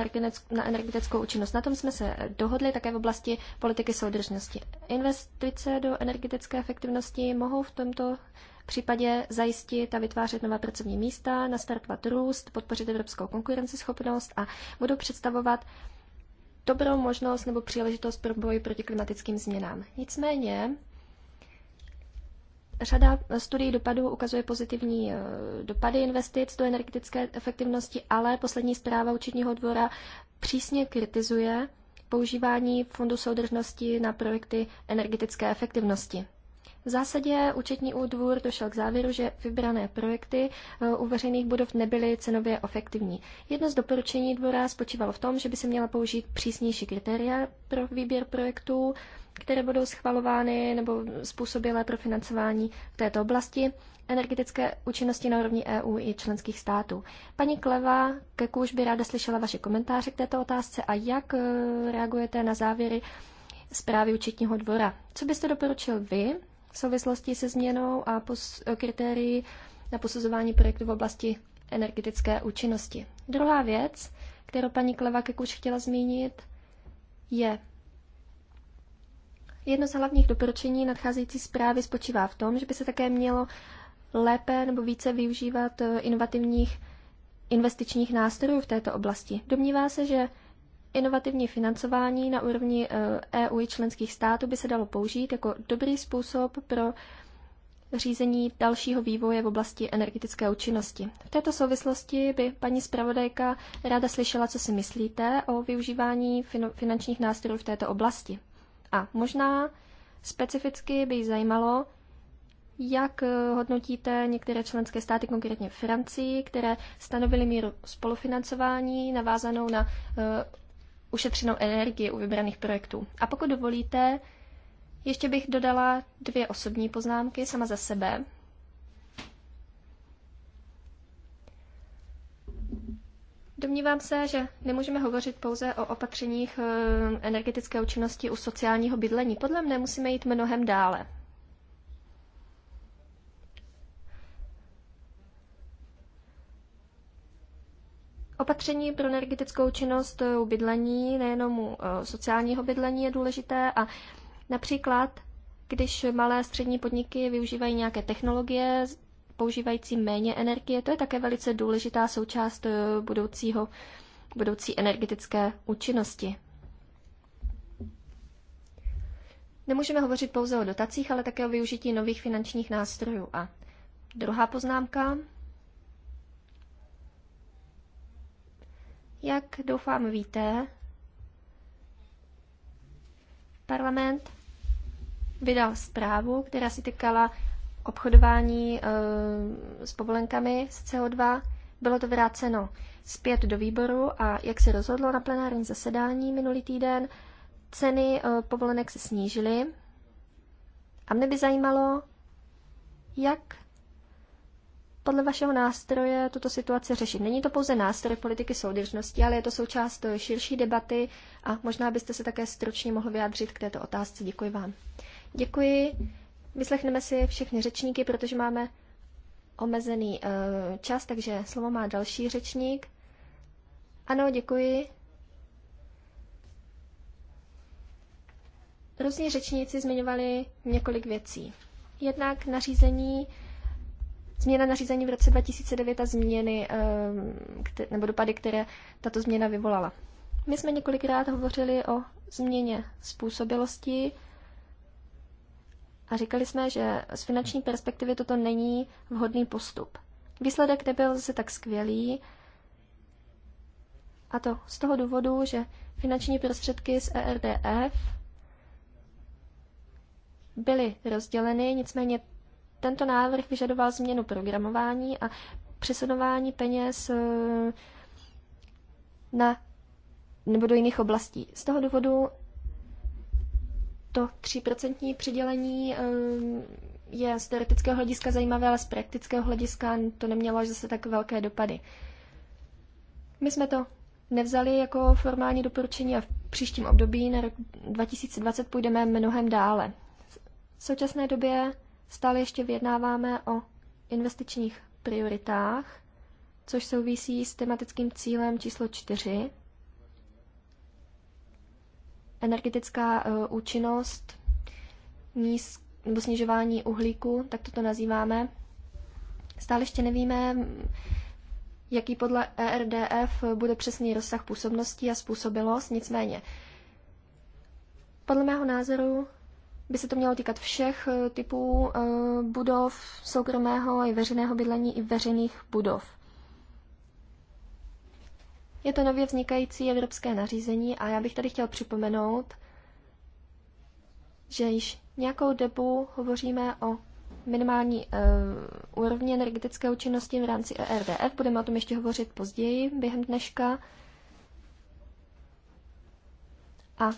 na energetickou účinnost. Na tom jsme se dohodli také v oblasti politiky soudržnosti. Investice do energetické efektivnosti mohou v tomto případě zajistit a vytvářet nová pracovní místa, nastartovat růst, podpořit evropskou konkurenceschopnost a budou představovat dobrou možnost nebo příležitost pro boj proti klimatickým změnám. Nicméně řada studií dopadů ukazuje pozitivní eh, dopady investic do energetické efektivnosti, ale poslední zpráva Učitního dvora přísně kritizuje používání fondu soudržnosti na projekty energetické efektivnosti. V zásadě účetní údvůr došel k závěru, že vybrané projekty eh, u veřejných budov nebyly cenově efektivní. Jedno z doporučení dvora spočívalo v tom, že by se měla použít přísnější kritéria pro výběr projektů, které budou schvalovány nebo způsobilé pro financování v této oblasti energetické účinnosti na úrovni EU i členských států. Paní Kleva, Keku už by ráda slyšela vaše komentáře k této otázce a jak eh, reagujete na závěry zprávy účetního dvora. Co byste doporučil vy v souvislosti se změnou a kritérií na posuzování projektu v oblasti energetické účinnosti. Druhá věc, kterou paní Klevakek už chtěla zmínit, je jedno z hlavních doporučení nadcházející zprávy spočívá v tom, že by se také mělo lépe nebo více využívat eh, inovativních investičních nástrojů v této oblasti. Domnívá se, že Inovativní financování na úrovni EU eh, e i členských států by se dalo použít jako dobrý způsob pro řízení dalšího vývoje v oblasti energetické účinnosti. V této souvislosti by paní zpravodajka ráda slyšela, co si myslíte o využívání finančních nástrojů v této oblasti. A možná specificky by jí zajímalo, jak eh, hodnotíte některé členské státy, konkrétně Francii, které stanovily míru spolufinancování navázanou na eh, ušetřenou energii u vybraných projektů. A pokud dovolíte, ještě bych dodala dvě osobní poznámky sama za sebe. Domnívám se, že nemůžeme hovořit pouze o opatřeních eh, energetické účinnosti u sociálního bydlení. Podle mne musíme jít mnohem dále. Opatření pro energetickou činnost u bydlení, nejenom u eh, sociálního bydlení je důležité a například, když malé a střední podniky využívají nějaké technologie používající méně energie, to je také velice důležitá součást eh, budoucího, budoucí energetické účinnosti. Nemůžeme hovořit pouze o dotacích, ale také o využití nových finančních nástrojů. A druhá poznámka, Jak doufám víte, parlament vydal zprávu, která se týkala obchodování e, s povolenkami z CO2. Bylo to vráceno zpět do výboru a jak se rozhodlo na plenárním zasedání minulý týden, ceny e, povolenek se snížily. A mne by zajímalo, jak podle vašeho nástroje tuto situaci řešit? Není to pouze nástroj politiky soudržnosti, ale je to součást širší debaty a možná byste se také stručně mohl vyjádřit k této otázce. Děkuji vám. Děkuji. Vyslechneme si všechny řečníky, protože máme omezený eh, čas, takže slovo má další řečník. Ano, děkuji. Různí řečníci zmiňovali několik věcí. Jednak nařízení změna nařízení v roce 2009 a změny ehm, nebo dopady, které tato změna vyvolala. My jsme několikrát hovořili o změně způsobilosti a říkali jsme, že z finanční perspektivy toto není vhodný postup. Výsledek nebyl zase tak skvělý, a to z toho důvodu, že finanční prostředky z ERDF byly rozděleny, nicméně tento návrh vyžadoval změnu programování a přesunování peněz eh, na nebo do jiných oblastí. Z toho důvodu to 3% přidělení eh, je z teoretického hlediska zajímavé, ale z praktického hlediska to nemělo až zase tak velké dopady. My jsme to nevzali jako formální doporučení a v příštím období na rok 2020 půjdeme mnohem dále. V současné době Stále ještě vyjednáváme o investičních prioritách, což souvisí s tematickým cílem číslo 4. Energetická e, účinnost, níz, nebo snižování uhlíku, tak to nazýváme. Stále ještě nevíme, jaký podle ERDF bude přesný rozsah působnosti a způsobilost, nicméně podle mého názoru by se to mělo týkat všech eh, typů eh, budov, soukromého i veřejného bydlení i veřejných budov. Je to nově vznikající evropské nařízení a já bych tady chtěl připomenout, že již nějakou dobu hovoříme o minimální e, úrovni energetické účinnosti v rámci ERDF. Budeme o tom ještě hovořit později během dneška. A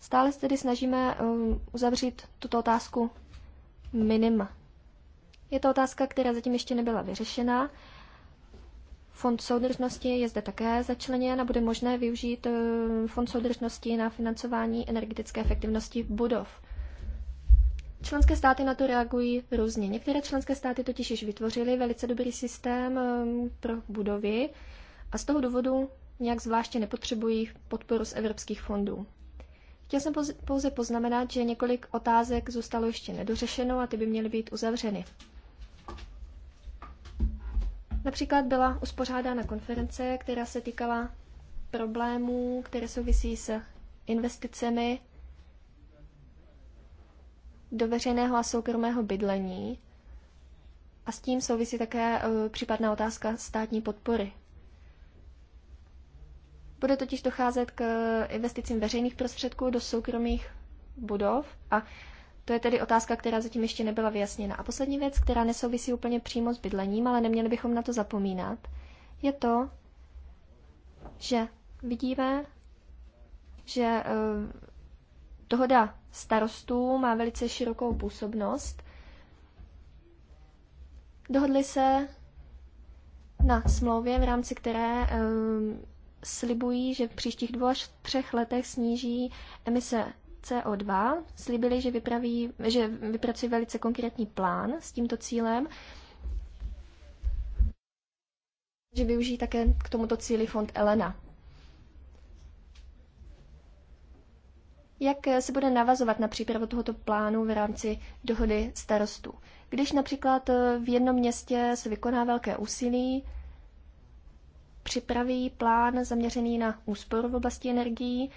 Stále se tedy snažíme um, uzavřít tuto otázku minima. Je to otázka, která zatím ještě nebyla vyřešena. Fond soudržnosti je zde také začleněn a bude možné využít uh, fond soudržnosti na financování energetické efektivnosti budov. Členské státy na to reagují různě. Některé členské státy totiž již vytvořily velice dobrý systém um, pro budovy a z toho důvodu nějak zvláště nepotřebují podporu z evropských fondů. Chtěl jsem pouze poznamenat, že několik otázek zůstalo ještě nedořešeno a ty by měly být uzavřeny. Například byla uspořádána konference, která se týkala problémů, které souvisí s investicemi do veřejného a soukromého bydlení. A s tím souvisí také eh, případná otázka státní podpory. Bude totiž docházet k eh, investicím veřejných prostředků do soukromých budov a to je tedy otázka, která zatím ještě nebyla vyjasněna. A poslední věc, která nesouvisí úplně přímo s bydlením, ale neměli bychom na to zapomínat, je to, že vidíme, že eh, dohoda starostů má velice širokou působnost. Dohodli se na smlouvě, v rámci které eh, slibují, že v příštích dvou až třech letech sníží emise CO2. Slibili, že, vypraví, že vypracují velice konkrétní plán s tímto cílem, že využijí také k tomuto cíli fond Elena. Jak se bude navazovat na přípravu tohoto plánu v rámci dohody starostů? Když například v jednom městě se vykoná velké úsilí, připraví plán zaměřený na úsporu v oblasti energií.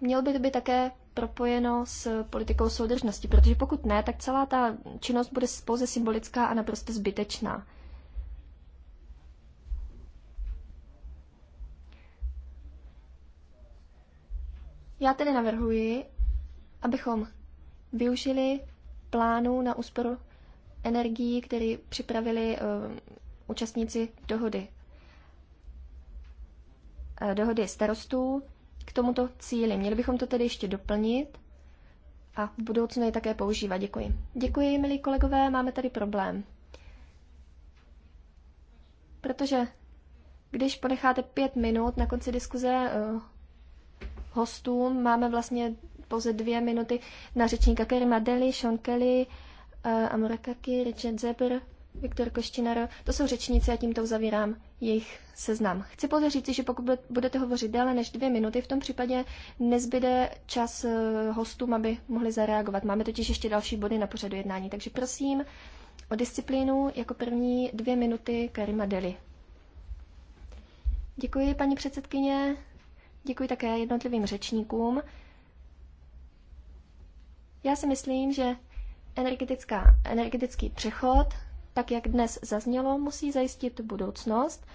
Měl by to být také propojeno s politikou soudržnosti, protože pokud ne, tak celá ta činnost bude pouze symbolická a naprosto zbytečná. Já tedy navrhuji, abychom využili plánu na úsporu energií, který připravili eh, účastníci dohody. Eh, dohody starostů k tomuto cíli. Měli bychom to tedy ještě doplnit a v budoucnu je také používat. Děkuji. Děkuji, milí kolegové, máme tady problém. Protože když ponecháte pět minut na konci diskuze eh, hostům, máme vlastně pouze dvě minuty na řečníka Kerima Deli, Sean Kelly, Amorakaki, Richard Zeber, Viktor Koštinaro. To jsou řečníci a tímto uzavírám jejich seznam. Chci pouze říci, že pokud budete hovořit déle než dvě minuty, v tom případě nezbyde čas eh, hostům, aby mohli zareagovat. Máme totiž ještě další body na pořadu jednání, takže prosím o disciplínu jako první dvě minuty Karima Deli. Děkuji, paní předsedkyně. Děkuji také jednotlivým řečníkům. Já si myslím, že energetická, energetický přechod, tak jak dnes zaznělo, musí zajistit budoucnost.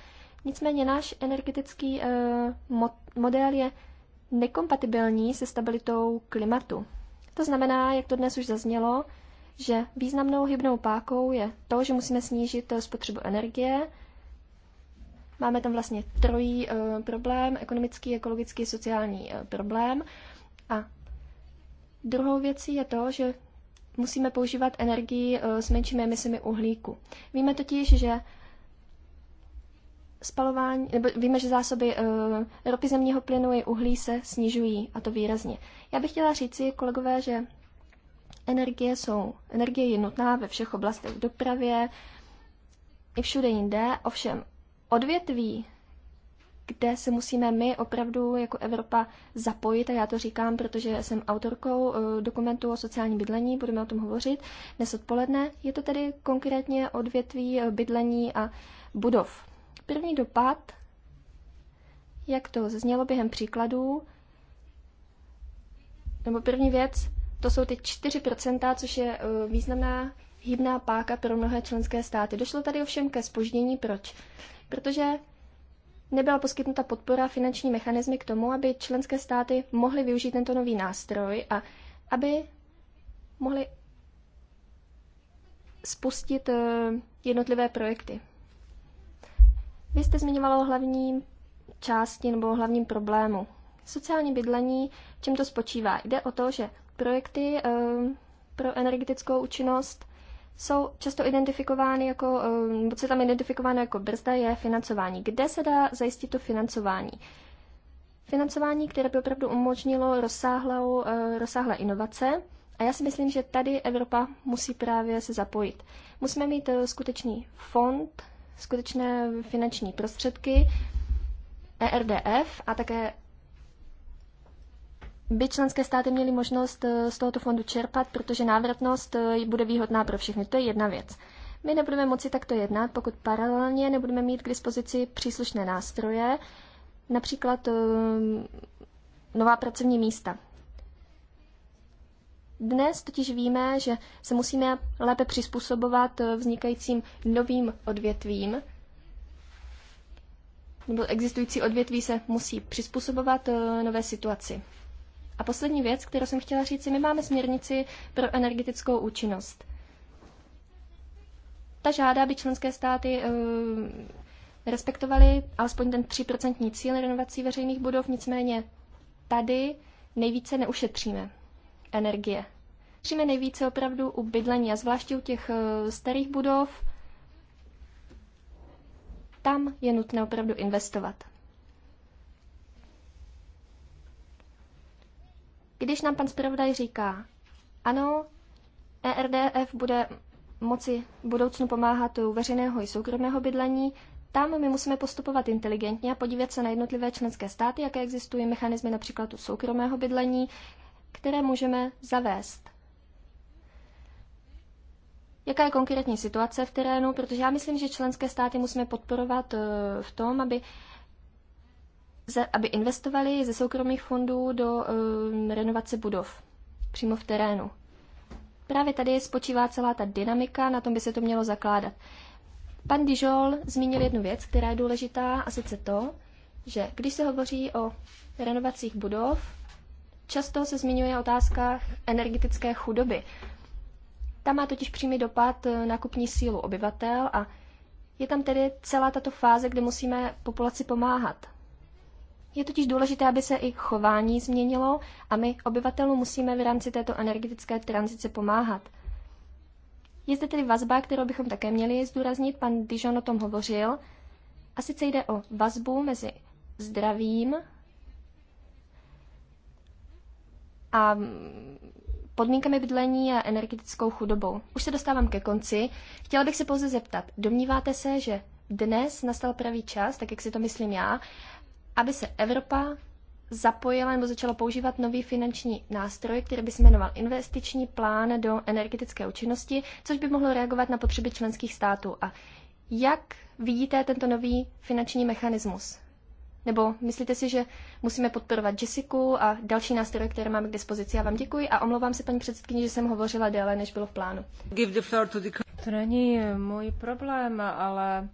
Nicméně náš energetický uh, model je nekompatibilní se stabilitou klimatu. To znamená, jak to dnes už zaznělo, že významnou hybnou pákou je to, že musíme snížit eh, spotřebu energie. Máme tam vlastně trojí e, problém, ekonomický, ekologický, sociální e, problém. A druhou věcí je to, že musíme používat energii eh, s menšími emisemi uhlíku. Víme totiž, že spalování, nebo víme, že zásoby e, ropy zemního plynu i uhlí se snižují, a to výrazně. Já bych chtěla říci, kolegové, že energie jsou, energie je nutná ve všech oblastech, v dopravě, i všude jinde, ovšem odvětví, kde se musíme my opravdu jako Evropa zapojit, a já to říkám, protože jsem autorkou eh, dokumentu o sociálním bydlení, budeme o tom hovořit dnes odpoledne. Je to tedy konkrétně odvětví eh, bydlení a budov. První dopad, jak to zaznělo během příkladů, nebo první věc, to jsou ty 4%, což je eh, významná hybná páka pro mnohé členské státy. Došlo tady ovšem ke spoždění. Proč? Protože nebyla poskytnuta podpora finanční mechanismy k tomu, aby členské státy mohly využít tento nový nástroj a aby mohly spustit eh, jednotlivé projekty. Vy jste zmiňovala o hlavní části nebo o hlavním problému. Sociální bydlení, čím to spočívá? Jde o to, že projekty eh, pro energetickou účinnost jsou často identifikovány jako, eh, nebo se tam identifikováno jako brzda je financování. Kde se dá zajistit to financování? Financování, které by opravdu umožnilo rozsáhlou, eh, rozsáhlé inovace. A já si myslím, že tady Evropa musí právě se zapojit. Musíme mít eh, skutečný fond, skutečné finanční prostředky, ERDF a také by členské státy měly možnost eh, z tohoto fondu čerpat, protože návratnost eh, bude výhodná pro všechny. To je jedna věc. My nebudeme moci takto jednat, pokud paralelně nebudeme mít k dispozici příslušné nástroje, například eh, nová pracovní místa. Dnes totiž víme, že se musíme lépe přizpůsobovat vznikajícím novým odvětvím, nebo existující odvětví se musí přizpůsobovat nové situaci. A poslední věc, kterou jsem chtěla říct, my máme směrnici pro energetickou účinnost. Ta žádá, aby členské státy e, respektovaly alespoň ten 3% cíl renovací veřejných budov, nicméně tady nejvíce neušetříme energie. Šetříme nejvíce opravdu u bydlení a zvláště u těch e, starých budov. Tam je nutné opravdu investovat. Když nám pan zpravodaj říká, ano, ERDF bude moci v budoucnu pomáhat u veřejného i soukromého bydlení, tam my musíme postupovat inteligentně a podívat se na jednotlivé členské státy, jaké existují mechanismy například u soukromého bydlení, které můžeme zavést. Jaká je konkrétní situace v terénu? Protože já myslím, že členské státy musíme podporovat eh, v tom, aby aby investovali ze soukromých fondů do um, renovace budov přímo v terénu. Právě tady spočívá celá ta dynamika, na tom by se to mělo zakládat. Pan Dijol zmínil jednu věc, která je důležitá, a sice to, že když se hovoří o renovacích budov, často se zmiňuje otázka energetické chudoby. Ta má totiž přímý dopad eh, na kupní sílu obyvatel a je tam tedy celá tato fáze, kde musíme populaci pomáhat. Je totiž důležité, aby se i chování změnilo a my obyvatelům musíme v rámci této energetické tranzice pomáhat. Je zde tedy vazba, kterou bychom také měli zdůraznit, pan Dijon o tom hovořil. A sice jde o vazbu mezi zdravím a podmínkami bydlení a energetickou chudobou. Už se dostávám ke konci. Chtěla bych se pouze zeptat, domníváte se, že dnes nastal pravý čas, tak jak si to myslím já, aby se Evropa zapojila nebo začala používat nový finanční nástroj, který by se jmenoval investiční plán do energetické účinnosti, což by mohlo reagovat na potřeby členských států. A jak vidíte tento nový finanční mechanismus? Nebo myslíte si, že musíme podporovat Jessiku a další nástroje, které máme k dispozici? Já vám děkuji a omlouvám se, paní předsedkyně, že jsem hovořila déle, než bylo v plánu. To není můj problém, ale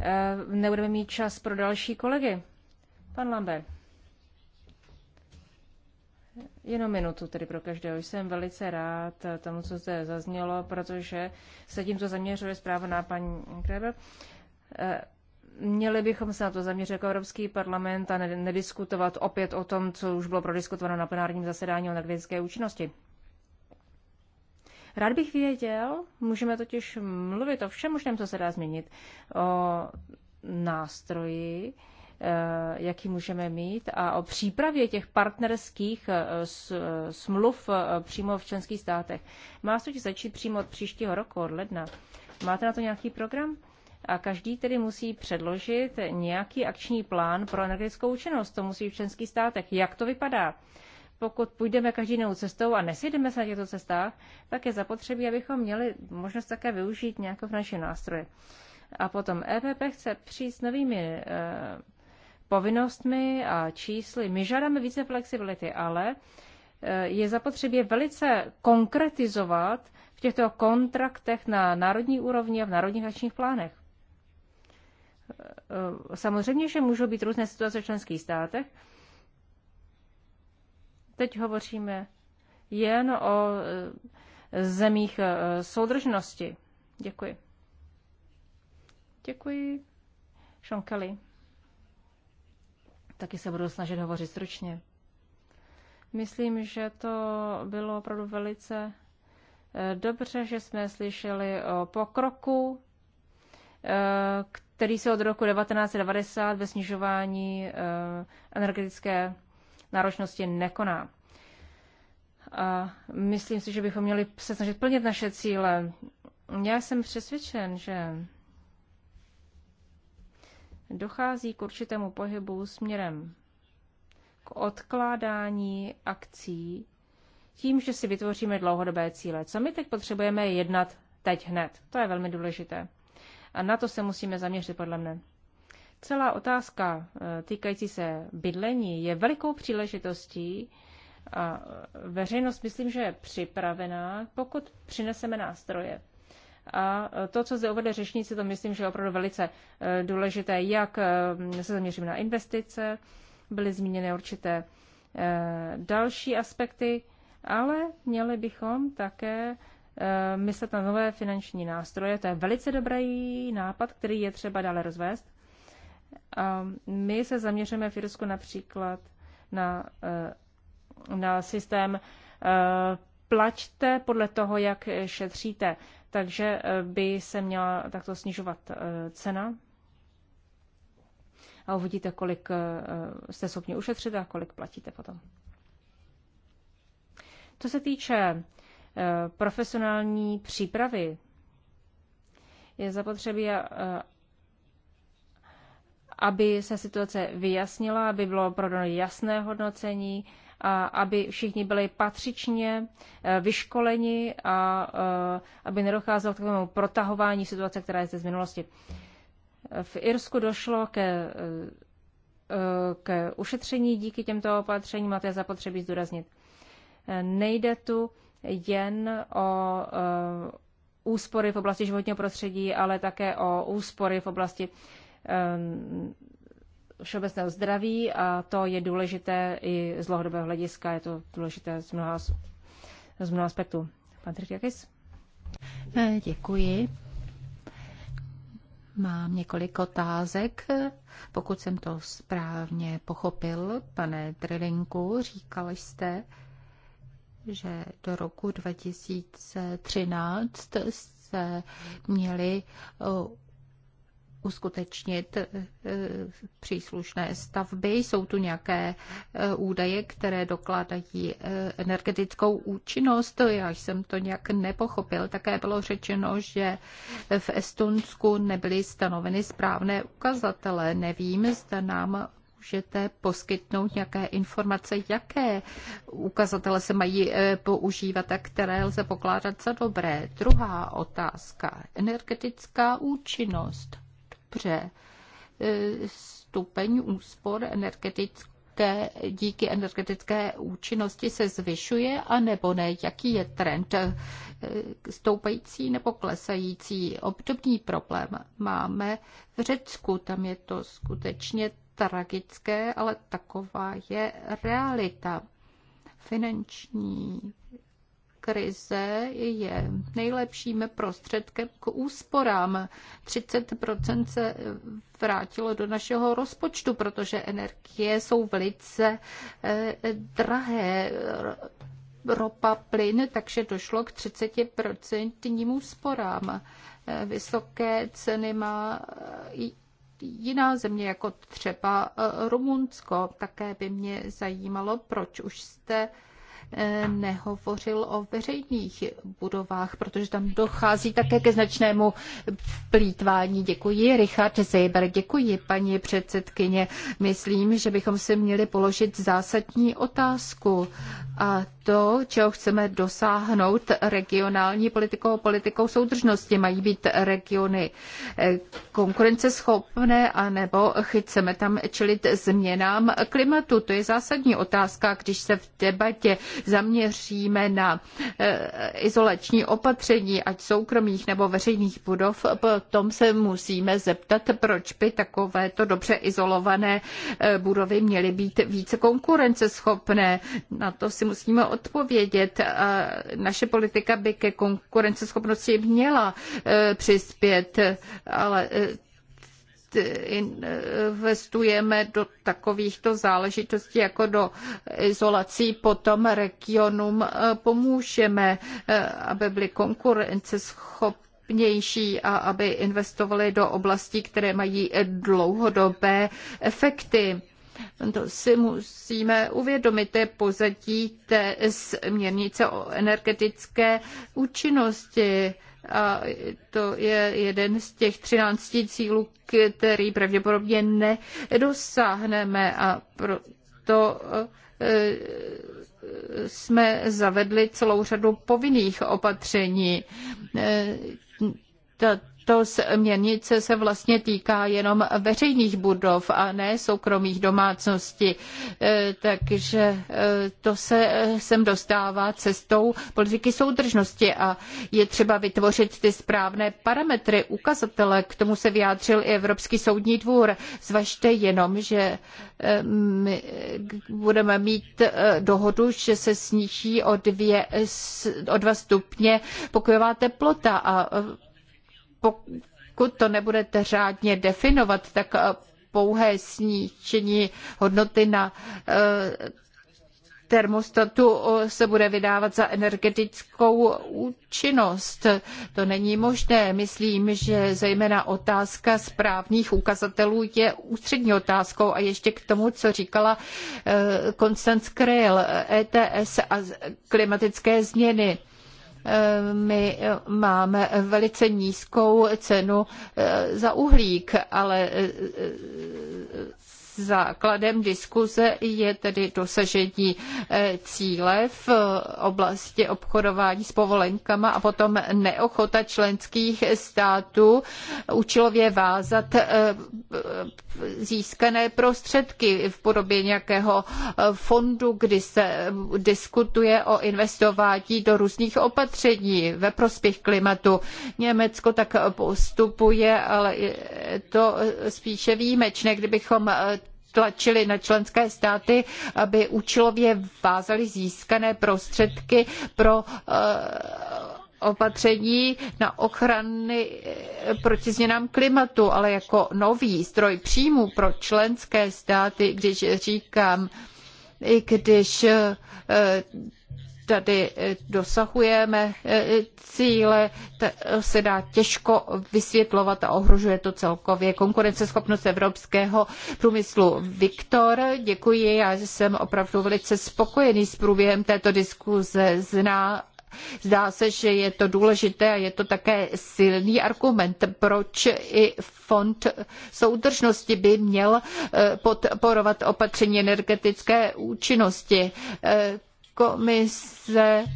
eh, nebudeme mít čas pro další kolegy. Pan Lambert. Jenom minutu tedy pro každého. Jsem velice rád tomu, co zde zaznělo, protože se tímto zaměřuje zpráva na paní Kreber. Eh, měli bychom se na to zaměřit jako Evropský parlament a nediskutovat opět o tom, co už bylo prodiskutováno na plenárním zasedání o energetické účinnosti. Rád bych věděl, můžeme totiž mluvit o všem možném, co se dá změnit, o nástroji, Eh, jaký můžeme mít a o přípravě těch partnerských eh, eh, smluv přímo v členských státech. Má se totiž začít přímo od příštího roku, od ledna. Máte na to nějaký program? A každý tedy musí předložit nějaký akční plán pro energetickou účinnost. To musí v členských státech. Jak to vypadá? Pokud půjdeme každý jinou cestou a nesjedeme se na těchto cestách, tak je zapotřebí, abychom měli možnost také využít nějakého naše nástroje. A potom EPP chce přijít s novými povinnostmi a čísly. My žádáme více flexibility, ale e, je zapotřebí velice konkretizovat v těchto kontraktech na národní úrovni a v národních akčních plánech. E, e, samozřejmě, že můžou být různé situace v členských státech. Teď hovoříme jen o zemích soudržnosti. Děkuji. Děkuji. Sean Kelly. Taky se budu snažit hovořit stručně. Myslím, že to bylo opravdu velice eh, dobře, že jsme slyšeli o pokroku, eh, který se od roku 1990 ve snižování eh, energetické náročnosti nekoná. A myslím si, že bychom měli se snažit plnit naše cíle. Já jsem přesvědčen, že dochází k určitému pohybu směrem k odkládání akcí tím, že si vytvoříme dlouhodobé cíle. Co my teď potřebujeme je jednat teď hned. To je velmi důležité. A na to se musíme zaměřit, podle mne. Celá otázka eh, týkající se bydlení je velikou příležitostí a veřejnost myslím, že je připravená, pokud přineseme nástroje a to, co zde uvede řečníci, to myslím, že je opravdu velice eh, důležité, jak eh, se zaměříme na investice, byly zmíněny určité eh, další aspekty, ale měli bychom také myslet na nové finanční nástroje. To je velice dobrý nápad, který je třeba dále rozvést. A my se zaměříme v Irsku například na, na systém plačte podle toho, jak šetříte takže eh, by se měla takto snižovat eh, cena. A uvidíte, kolik eh, jste schopni ušetřit a kolik platíte potom. Co se týče profesionální přípravy, je zapotřebí, aby se situace vyjasnila, aby bylo pro jasné hodnocení, a aby všichni byli patřičně eh, vyškoleni a eh, aby nedocházelo k takovému protahování situace, která je zde z minulosti. V Irsku došlo ke, eh, k ušetření díky těmto opatřením a to je zapotřebí zdůraznit. Nejde tu jen o úspory v oblasti životního prostředí, ale také o úspory v oblasti všeobecného zdraví a to je důležité i z dlouhodobého hlediska, je to důležité z mnoha, z mnoha aspektů. Pan Trikiakis? Eh, děkuji. Mám několik otázek. Pokud jsem to správně pochopil, pane Trilinku, říkal jste, že do roku 2013 se měli eh, uskutečnit eh, eh, příslušné stavby. Jsou tu nějaké eh, údaje, které dokládají energetickou účinnost. Já jsem to nějak nepochopil. Také bylo řečeno, že v Estonsku nebyly stanoveny správné ukazatele. Nevím, zda nám můžete poskytnout nějaké informace, jaké ukazatele se mají používat a které lze pokládat za dobré. Druhá otázka, energetická účinnost pře e, stupeň úspor energetické díky energetické účinnosti se zvyšuje, anebo ne? Jaký je trend? E, stoupající nebo klesající? Obdobný problém máme v Řecku. Tam je to skutečně tragické, ale taková je realita. Finanční krize je nejlepším prostředkem k úsporám. 30 se vrátilo do našeho rozpočtu, protože energie jsou velice eh, drahé ropa, plyn, takže došlo k 30% úsporám. Eh, vysoké ceny má i jiná země, jako třeba eh, Rumunsko. Také by mě zajímalo, proč už jste Eh, nehovořil o veřejných budovách, protože tam dochází také ke značnému plítvání. Děkuji, Richard Zeber. Děkuji, paní předsedkyně. Myslím, že bychom si měli položit zásadní otázku. A to, čeho chceme dosáhnout regionální politikou, politikou soudržnosti, mají být regiony eh, konkurenceschopné, anebo chceme tam čelit změnám klimatu. To je zásadní otázka, když se v debatě zaměříme na eh, izolační opatření, ať soukromých nebo veřejných budov, potom se musíme zeptat, proč by takovéto dobře izolované eh, budovy měly být více konkurenceschopné. Na to si musíme odpovědět. Naše politika by ke konkurenceschopnosti měla eh, přispět, ale investujeme do takovýchto záležitostí jako do izolací, potom regionům eh, pomůžeme, eh, aby byly konkurenceschopné schopnější a aby investovali do oblastí, které mají dlouhodobé efekty. To si musíme uvědomit, to je pozadí té směrnice o energetické účinnosti. A to je jeden z těch 13 cílů, který pravděpodobně nedosáhneme a proto e, jsme zavedli celou řadu povinných opatření. E, ta tato směrnice se vlastně týká jenom veřejných budov a ne soukromých domácností, e, takže e, to se e, sem dostává cestou politiky soudržnosti a je třeba vytvořit ty správné parametry, ukazatele. K tomu se vyjádřil i Evropský soudní dvůr. Zvažte jenom, že my budeme mít dohodu, že se sníží o, dvě, o dva stupně pokojová teplota a pokud to nebudete řádně definovat, tak eh, pouhé snížení hodnoty na eh, termostatu eh, se bude vydávat za energetickou účinnost. To není možné. Myslím, že zejména otázka správných ukazatelů je ústřední otázkou. A ještě k tomu, co říkala Constance Krell, ETS a klimatické změny. My máme velice nízkou cenu eh, za uhlík, ale eh, Základem diskuze je tedy dosažení eh, cíle v eh, oblasti obchodování s povolenkama a potom neochota členských států eh, účelově vázat získané prostředky v podobě nějakého fondu, kdy se diskutuje o investování do různých opatření ve prospěch klimatu. Německo tak postupuje, ale je to spíše výjimečné, kdybychom tlačili na členské státy, aby účelově vázali získané prostředky pro eh, opatření na ochrany eh, proti změnám klimatu, ale jako nový zdroj příjmů pro členské státy, když říkám, i když eh, tady eh, dosahujeme eh, cíle, se dá těžko vysvětlovat a ohrožuje to celkově konkurenceschopnost evropského průmyslu. Viktor, děkuji, já jsem opravdu velice spokojený s průběhem této diskuze. Zná Zdá se, že je to důležité a je to také silný argument, proč i fond soudržnosti by měl eh, podporovat opatření energetické účinnosti komise eh,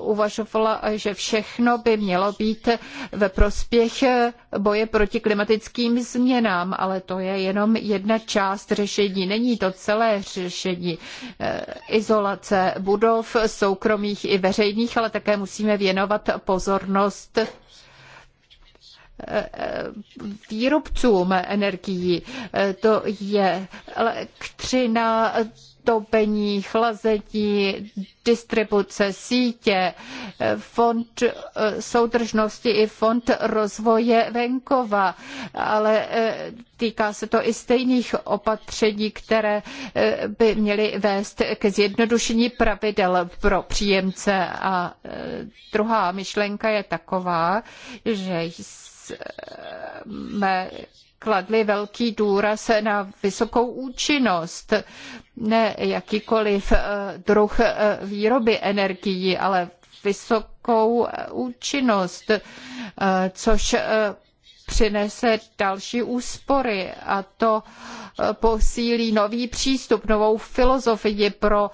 uvažovala, že všechno by mělo být ve prospěch eh, boje proti klimatickým změnám, ale to je jenom jedna část řešení. Není to celé řešení eh, izolace budov, soukromých i veřejných, ale také musíme věnovat pozornost výrobcům energií. To je elektřina, topení, chlazení, distribuce sítě, fond eh, soudržnosti i fond rozvoje venkova, ale eh, týká se to i stejných opatření, které eh, by měly vést ke zjednodušení pravidel pro příjemce. A druhá myšlenka je taková, že jsme kladli velký důraz na vysokou účinnost. Ne jakýkoliv eh, druh eh, výroby energií, ale vysokou eh, účinnost, což přinese další úspory a to posílí nový přístup, novou filozofii pro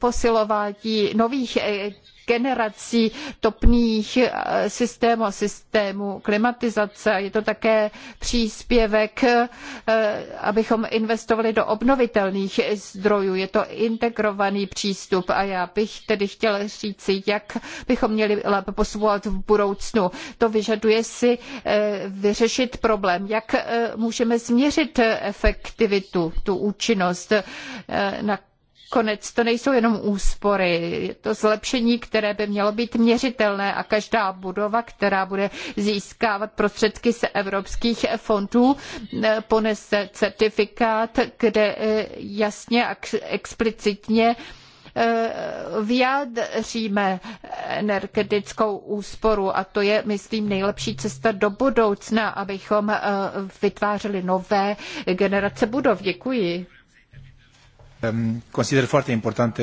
posilování nových generací topných eh, systémů a systémů klimatizace. Je to také příspěvek, eh, abychom investovali do obnovitelných zdrojů. Je to integrovaný přístup a já bych tedy chtěla říci, jak bychom měli lépe posouvat v budoucnu. To vyžaduje si eh, vyřešit problém, jak můžeme změřit efektivitu, tu účinnost, na nakonec to nejsou jenom úspory, je to zlepšení, které by mělo být měřitelné a každá budova, která bude získávat prostředky z evropských fondů, eh, ponese certifikát, kde eh, jasně a explicitně eh, vyjádříme energetickou úsporu a to je, myslím, nejlepší cesta do budoucna, abychom vytvářeli nové generace budov. Děkuji. Consider foarte importantă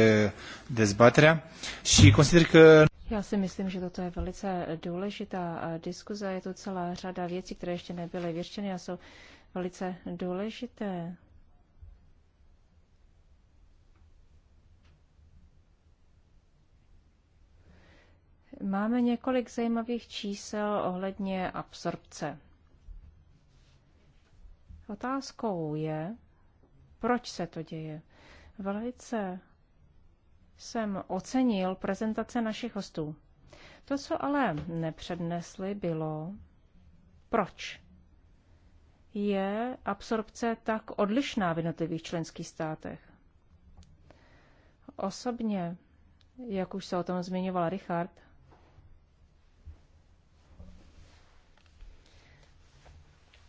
dezbaterea și consider că já si myslím, že toto je velice důležitá diskuze. Je tu celá řada věcí, které ještě nebyly vyřešeny a jsou velice důležité. Máme několik zajímavých čísel ohledně absorpce. Otázkou je, proč se to děje. Velice jsem ocenil prezentace našich hostů. To, co ale nepřednesli, bylo, proč je absorpce tak odlišná v jednotlivých členských státech. Osobně, jak už se o tom zmiňoval Richard,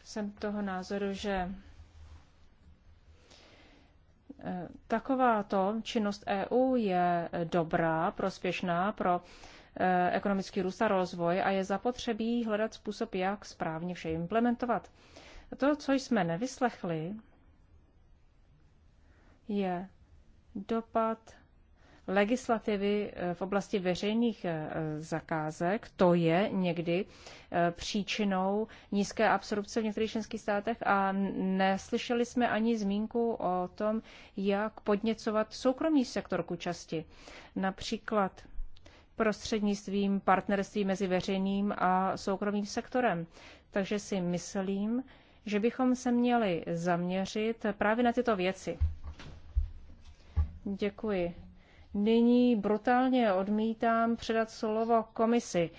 jsem toho názoru, že Eh, takováto činnost EU je dobrá, prospěšná pro eh, ekonomický růst a rozvoj a je zapotřebí hledat způsob, jak správně vše implementovat. To, co jsme nevyslechli, je dopad legislativy eh, v oblasti veřejných eh, zakázek, to je někdy eh, příčinou nízké absorpce v některých členských státech a neslyšeli jsme ani zmínku o tom, jak podněcovat soukromý sektor k účasti. Například prostřednictvím partnerství mezi veřejným a soukromým sektorem. Takže si myslím, že bychom se měli zaměřit právě na tyto věci. Děkuji. Nyní brutálně odmítám předat slovo komisi.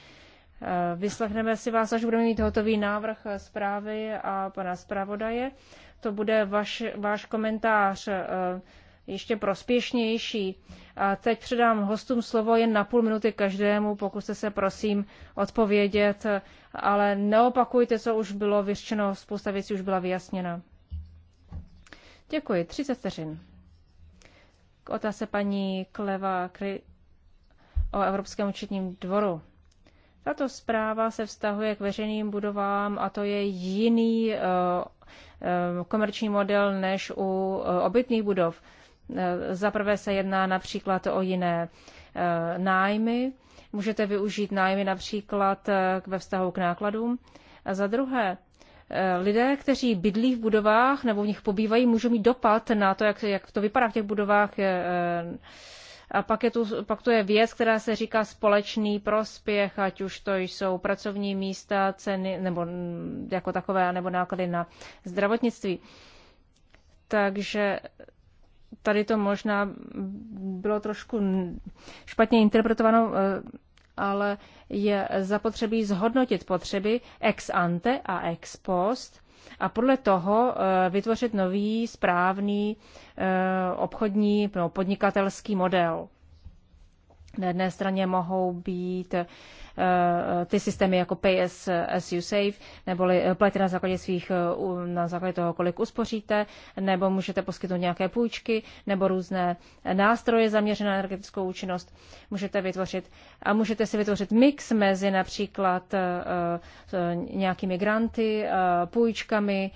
Eh, vyslechneme si vás, až budeme mít hotový návrh zprávy a pana zpravodaje. To bude vaš, váš komentář eh, ještě prospěšnější. A teď předám hostům slovo jen na půl minuty každému, pokuste se prosím odpovědět, ale neopakujte, co už bylo vyřčeno, spousta věcí už byla vyjasněna. Děkuji, 30 vteřin. K otázce paní Kleva Kry o Evropském účetním dvoru. Tato zpráva se vztahuje k veřejným budovám a to je jiný eh, eh, komerční model než u eh, obytných budov. Za prvé se jedná například o jiné nájmy. Můžete využít nájmy například ve vztahu k nákladům. A za druhé, Eh, lidé, kteří bydlí v budovách nebo v nich pobývají, můžou mít dopad na to, jak, jak to vypadá v těch budovách. Eh, eh, a pak, je tu, pak tu je věc, která se říká společný prospěch, ať už to jsou pracovní místa, ceny nebo mm, jako takové, nebo náklady na zdravotnictví. Takže tady to možná bylo trošku špatně interpretováno ale je zapotřebí zhodnotit potřeby ex ante a ex post a podle toho eh, vytvořit nový správný eh, obchodní nebo podnikatelský model. Na jedné straně mohou být eh, eh, ty systémy jako Pay as, as you save, neboli eh, platit na základě svých, na základě toho, kolik uspoříte, nebo můžete poskytnout nějaké půjčky, nebo různé nástroje zaměřené na energetickou účinnost můžete vytvořit. A můžete si vytvořit mix mezi například nějakými granty, půjčkami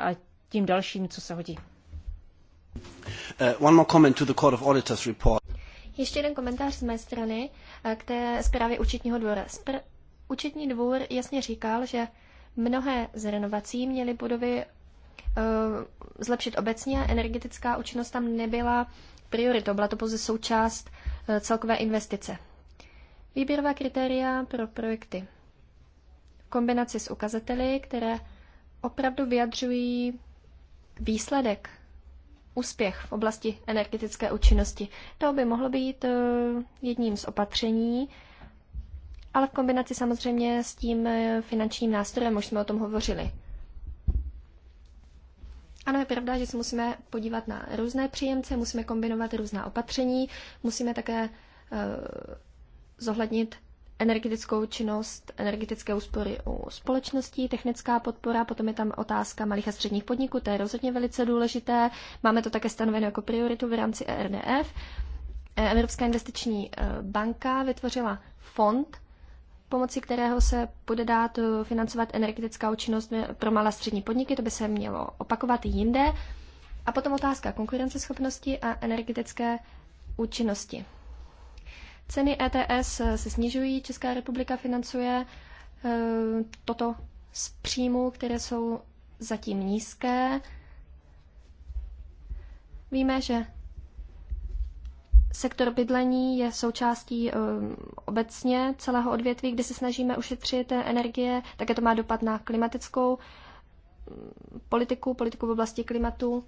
a tím dalším, co se hodí. Uh, one more comment to the Court of Auditors report. Ještě jeden komentář z mé strany eh, k té zprávě účetního dvora. Spr- účetní dvůr jasně říkal, že mnohé z renovací měly budovy eh, zlepšit obecně a energetická účinnost tam nebyla prioritou, byla to pouze součást eh, celkové investice. Výběrová kritéria pro projekty. Kombinace s ukazateli, které opravdu vyjadřují výsledek úspěch v oblasti energetické účinnosti. To by mohlo být eh, jedním z opatření, ale v kombinaci samozřejmě s tím eh, finančním nástrojem, už jsme o tom hovořili. Ano, je pravda, že se musíme podívat na různé příjemce, musíme kombinovat různá opatření, musíme také eh, zohlednit energetickou činnost, energetické úspory u společností, technická podpora, potom je tam otázka malých a středních podniků, to je rozhodně velice důležité. Máme to také stanoveno jako prioritu v rámci ERDF. E, Evropská investiční e, banka vytvořila fond, pomocí kterého se bude dát e, financovat energetická účinnost pro malé a střední podniky, to by se mělo opakovat i jinde. A potom otázka konkurenceschopnosti a energetické účinnosti. Ceny ETS se snižují, Česká republika financuje eh, toto z příjmů, které jsou zatím nízké. Víme, že sektor bydlení je součástí eh, obecně celého odvětví, kde se snažíme ušetřit energie, také to má dopad na klimatickou mm, politiku, politiku v oblasti klimatu.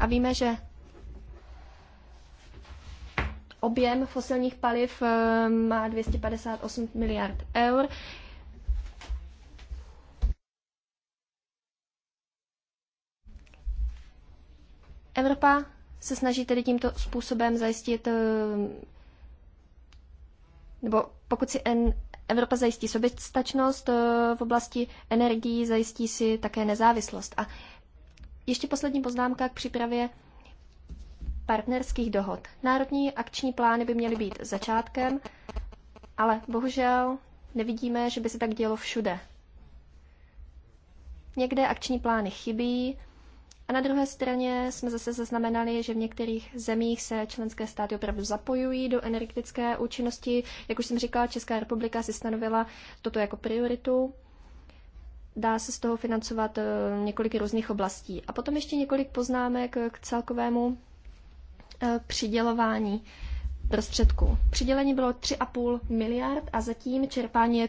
A víme, že objem fosilních paliv eh, má 258 miliard eur. Evropa se snaží tedy tímto způsobem zajistit, eh, nebo pokud si en, Evropa zajistí soběstačnost eh, v oblasti energií, zajistí si také nezávislost. A ještě poslední poznámka k přípravě partnerských dohod. Národní akční plány by měly být začátkem, ale bohužel nevidíme, že by se tak dělo všude. Někde akční plány chybí a na druhé straně jsme zase zaznamenali, že v některých zemích se členské státy opravdu zapojují do energetické účinnosti. Jak už jsem říkala, Česká republika si stanovila toto jako prioritu. Dá se z toho financovat eh, několik různých oblastí. A potom ještě několik poznámek k celkovému Eh, přidělování prostředků. Přidělení bylo 3,5 miliard a zatím čerpání je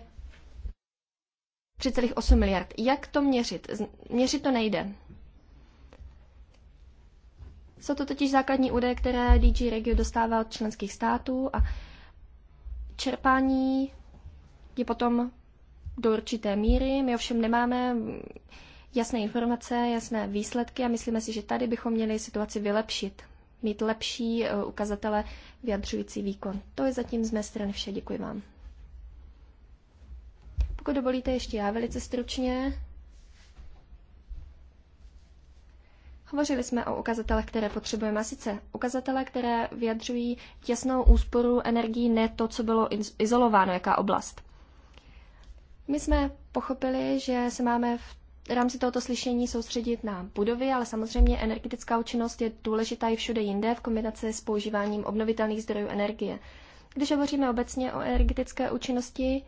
3,8 miliard. Jak to měřit? Měřit to nejde. Jsou to totiž základní údaje, které DG Regio dostává od členských států a čerpání je potom do určité míry. My ovšem nemáme jasné informace, jasné výsledky a myslíme si, že tady bychom měli situaci vylepšit mít lepší eh, ukazatele vyjadřující výkon. To je zatím z mé strany vše. Děkuji vám. Pokud dovolíte, ještě já velice stručně. Hovořili jsme o ukazatelech, které potřebujeme. A sice ukazatele, které vyjadřují těsnou úsporu energii, ne to, co bylo izolováno, jaká oblast. My jsme pochopili, že se máme v rámci tohoto slyšení soustředit na budovy, ale samozřejmě energetická účinnost je důležitá i všude jinde v kombinaci s používáním obnovitelných zdrojů energie. Když hovoříme obecně o energetické účinnosti,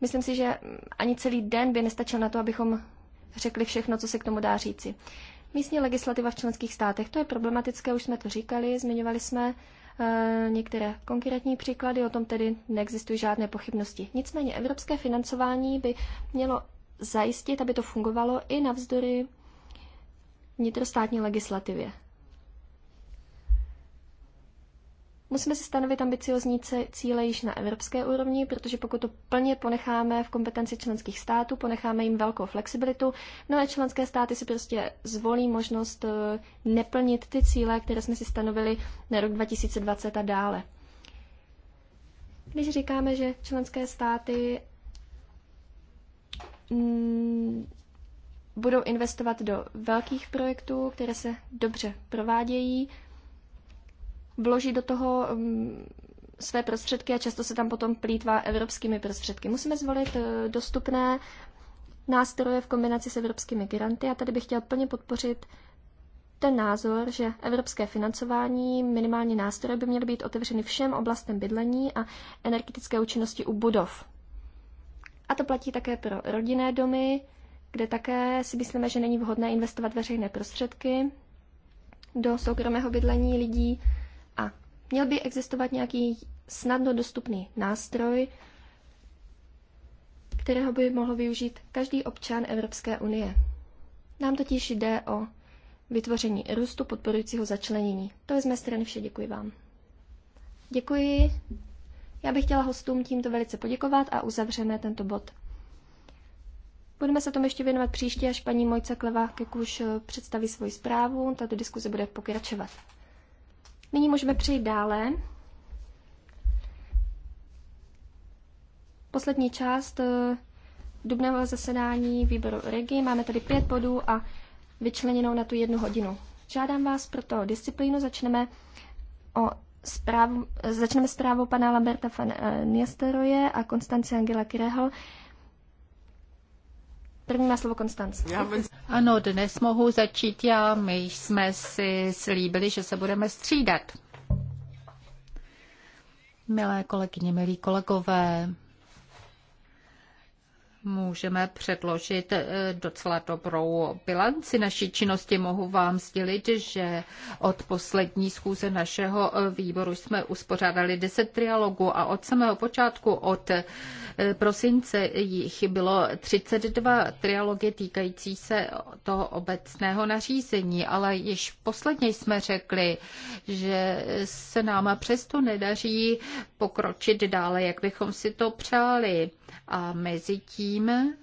myslím si, že ani celý den by nestačil na to, abychom řekli všechno, co se k tomu dá říci. Místní legislativa v členských státech, to je problematické, už jsme to říkali, zmiňovali jsme e, některé konkrétní příklady, o tom tedy neexistují žádné pochybnosti. Nicméně evropské financování by mělo zajistit, aby to fungovalo i navzdory vnitrostátní legislativě. Musíme si stanovit ambiciozní cíle již na evropské úrovni, protože pokud to plně ponecháme v kompetenci členských států, ponecháme jim velkou flexibilitu, No a členské státy si prostě zvolí možnost eh, neplnit ty cíle, které jsme si stanovili na rok 2020 a dále. Když říkáme, že členské státy Mm, budou investovat do velkých projektů, které se dobře provádějí, vloží do toho mm, své prostředky a často se tam potom plítvá evropskými prostředky. Musíme zvolit eh, dostupné nástroje v kombinaci s evropskými granty a tady bych chtěl plně podpořit ten názor, že evropské financování, minimální nástroje by měly být otevřeny všem oblastem bydlení a energetické účinnosti u budov. A to platí také pro rodinné domy, kde také si myslíme, že není vhodné investovat veřejné prostředky do soukromého bydlení lidí a měl by existovat nějaký snadno dostupný nástroj, kterého by mohl využít každý občan Evropské unie. Nám totiž jde o vytvoření růstu podporujícího začlenění. To je z mé strany vše, děkuji vám. Děkuji. Já bych chtěla hostům tímto velice poděkovat a uzavřeme tento bod. Budeme se tomu ještě věnovat příště, až paní Mojca Klevákek už eh, představí svoji zprávu. Tato diskuze bude pokračovat. Nyní můžeme přejít dále. Poslední část eh, dubného zasedání výboru Regi. Máme tady pět bodů a vyčleněnou na tu jednu hodinu. Žádám vás proto disciplínu. Začneme o zprávu, začneme zprávou pana Lamberta van eh, Niesteroje a Konstance Angela Krehl. První má slovo Konstanc. Ano, dnes mohu začít já. My jsme si slíbili, že se budeme střídat. Milé kolegyně, milí kolegové, můžeme předložit eh, docela dobrou bilanci naší činnosti. Mohu vám sdělit, že od poslední schůze našeho eh, výboru jsme uspořádali 10 trialogů a od samého počátku, od eh, prosince jich bylo 32 trialogy týkající se toho obecného nařízení, ale již posledně jsme řekli, že se nám přesto nedaří pokročit dále, jak bychom si to přáli. A mezi tím eh,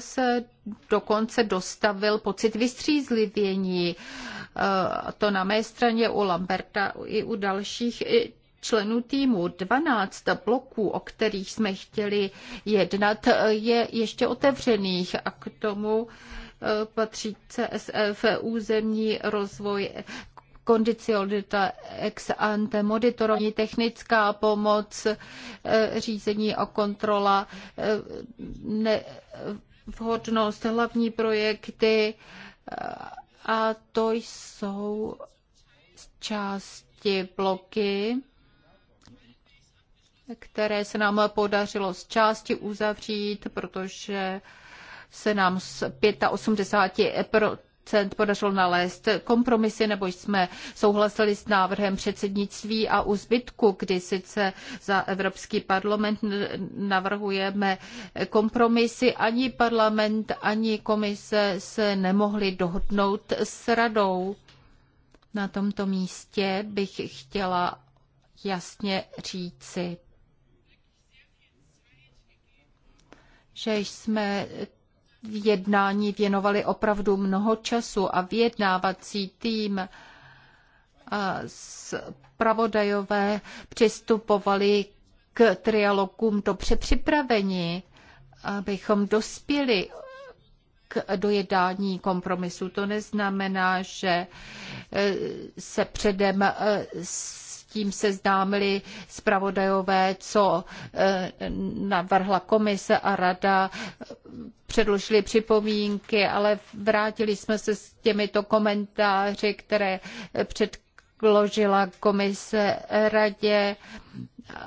se dokonce dostavil pocit vystřízlivění. Eh, to na mé straně u Lamberta i u dalších členů týmu. 12 bloků, o kterých jsme chtěli jednat, eh, je ještě otevřených a k tomu patří CSF, územní rozvoj, kondicionalita ex ante, monitorování, technická pomoc, eh, řízení a kontrola, eh, vhodnost, hlavní projekty eh, a to jsou části bloky, které se nám podařilo z části uzavřít, protože se nám z 85 Cent podařilo nalézt kompromisy, nebo jsme souhlasili s návrhem předsednictví a u zbytku, kdy sice za Evropský parlament navrhujeme kompromisy, ani parlament, ani komise se nemohli dohodnout s radou. Na tomto místě bych chtěla jasně říci, že jsme jednání věnovali opravdu mnoho času a vyjednávací tým a zpravodajové přistupovali k trialogům dobře připraveni, abychom dospěli k dojednání kompromisu. To neznamená, že se předem tím seznámili zpravodajové, co eh, navrhla komise a rada, předložili připomínky, ale vrátili jsme se s těmito komentáři, které předložila komise radě.